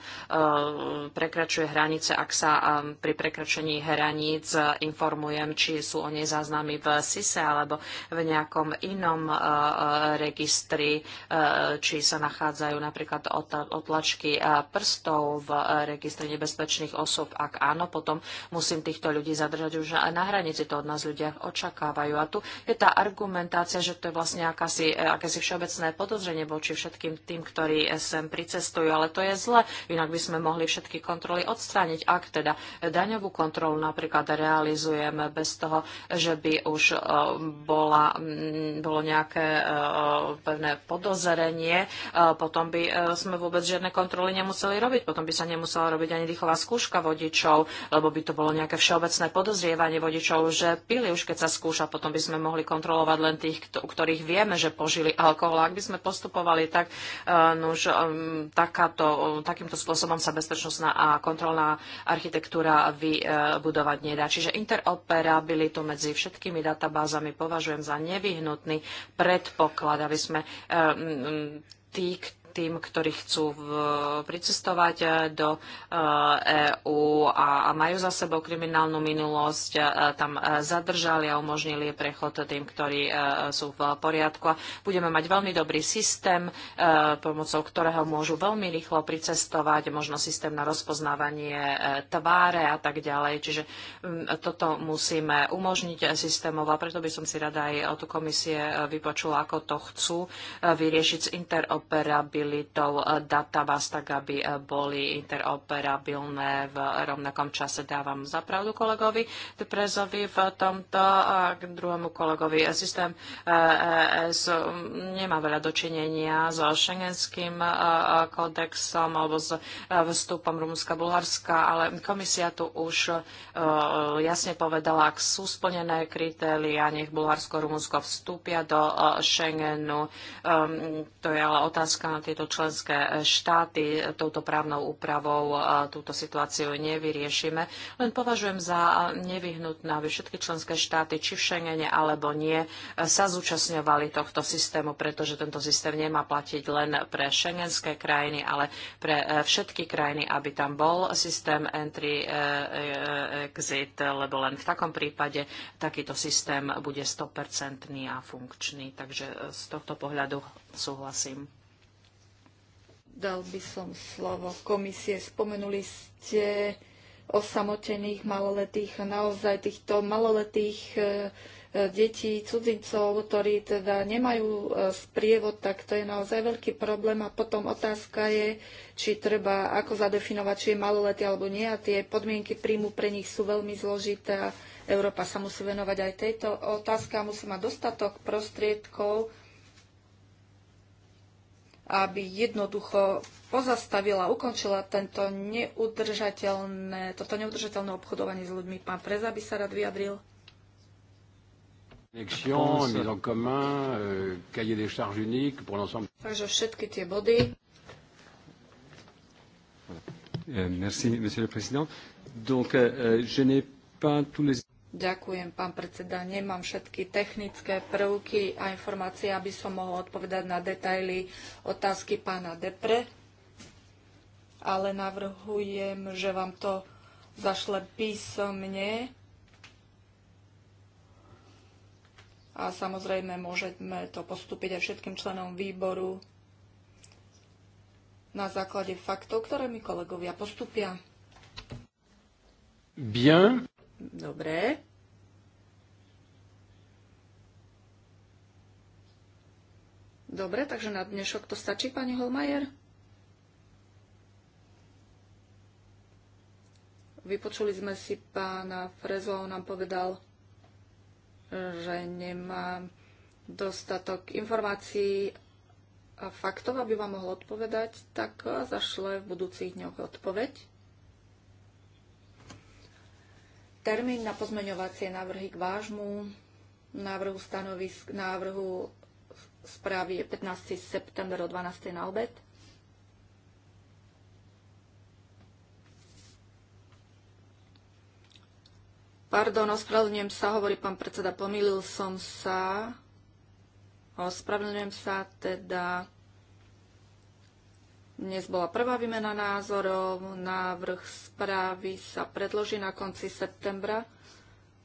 prekračuje hranice. Ak sa pri prekračení hraníc informujem, či sú o nej záznamy v SISE alebo v nejakom inom registri, či sa nachádzajú napríklad otlačky prstov v registri nebezpečných osob. Ak áno, potom musím týchto ľudí zadržať už na hranici. To od nás ľudia očakávajú. A tu je tá argument argumentácia, že to je vlastne akási, e, akési všeobecné podozrenie voči všetkým tým, ktorí e, sem pricestujú, ale to je zle, inak by sme mohli všetky kontroly odstrániť, ak teda e, daňovú kontrolu napríklad realizujeme bez toho, že by už bola, bolo nejaké pevné podozrenie, potom by sme vôbec žiadne kontroly nemuseli robiť, potom by sa nemusela robiť ani dýchová skúška vodičov, lebo by to bolo nejaké všeobecné podozrievanie vodičov, že pili už keď sa skúša, potom by sme mohli kontrolovať len len tých, o ktorých vieme, že požili alkohol. Ak by sme postupovali tak, e, nuž, e, takáto, takýmto spôsobom sa bezpečnostná a kontrolná architektúra vybudovať nedá. Čiže interoperabilitu medzi všetkými databázami považujem za nevyhnutný predpoklad, aby sme e, tí, tým, ktorí chcú v, pricestovať eh, do EÚ eh, e a, a majú za sebou kriminálnu minulosť, eh, tam zadržali a umožnili prechod tým, ktorí sú v poriadku. A budeme mať veľmi dobrý systém, pomocou ktorého môžu veľmi rýchlo pricestovať, možno systém na rozpoznávanie tváre a tak ďalej. Čiže mm, toto musíme umožniť systémov a preto by som si rada aj od komisie vypočula, ako to chcú vyriešiť s interoperabilitou disponibilitou databáz, tak aby eh, boli interoperabilné v rovnakom čase. Dávam zapravdu kolegovi Deprezovi v tomto a k druhému kolegovi. Systém ES eh, eh, mm, nemá veľa dočinenia so šengenským kodexom alebo s vstupom Rumunska, Bulharska, ale komisia tu už jasne povedala, ak sú splnené kritéria, nech Bulharsko, Rumunsko vstúpia do Schengenu. Ehm, to je ale otázka na tie tieto členské štáty touto právnou úpravou túto situáciu nevyriešime. Len považujem za nevyhnutné, aby všetky členské štáty, či v Schengene alebo nie, sa zúčastňovali tohto systému, pretože tento systém nemá platiť len pre šengenské krajiny, ale pre e, všetky krajiny, aby tam bol systém entry-exit, e, e, lebo len v takom prípade takýto systém bude 100% a funkčný. Takže z tohto pohľadu súhlasím dal by som slovo komisie. Spomenuli ste osamotených maloletých, naozaj týchto maloletých e, e, detí, cudzincov, ktorí teda nemajú e, sprievod, tak to je naozaj veľký problém. A potom otázka je, či treba ako zadefinovať, či je maloletý alebo nie. A tie podmienky príjmu pre nich sú veľmi zložité a Európa sa musí venovať aj tejto otázke a musí mať dostatok prostriedkov aby jednoducho pozastavila, ukončila tento neudržateľné, toto neudržateľné obchodovanie s ľuďmi. Pán Preza by sa rád vyjadril. Euh, Takže všetky tie body. Euh, merci, monsieur le président. Donc, euh, je n'ai pas tous les... Ďakujem, pán predseda. Nemám všetky technické prvky a informácie, aby som mohol odpovedať na detaily otázky pána Depre, ale navrhujem, že vám to zašle písomne. A samozrejme môžeme to postúpiť aj všetkým členom výboru na základe faktov, ktoré mi kolegovia postupia. Bien. Dobre. Dobre, takže na dnešok to stačí, pani Holmajer? Vypočuli sme si pána Frezo, on nám povedal, že nemá dostatok informácií a faktov, aby vám mohol odpovedať, tak zašle v budúcich dňoch odpoveď. Termín na pozmeňovacie návrhy k vášmu návrhu, stanovisk, návrhu správy je 15. september o 12. na obed. Pardon, ospravedlňujem sa, hovorí pán predseda, pomýlil som sa. Ospravedlňujem sa, teda dnes bola prvá výmena názorov. Návrh správy sa predloží na konci septembra,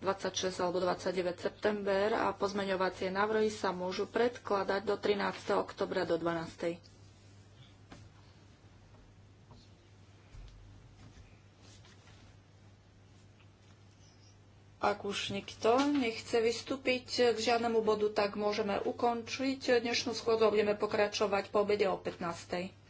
26 alebo 29 september a pozmeňovacie návrhy sa môžu predkladať do 13. oktobra do 12. Ak už nikto nechce vystúpiť k žiadnemu bodu, tak môžeme ukončiť dnešnú schôdzu a budeme pokračovať po obede o 15.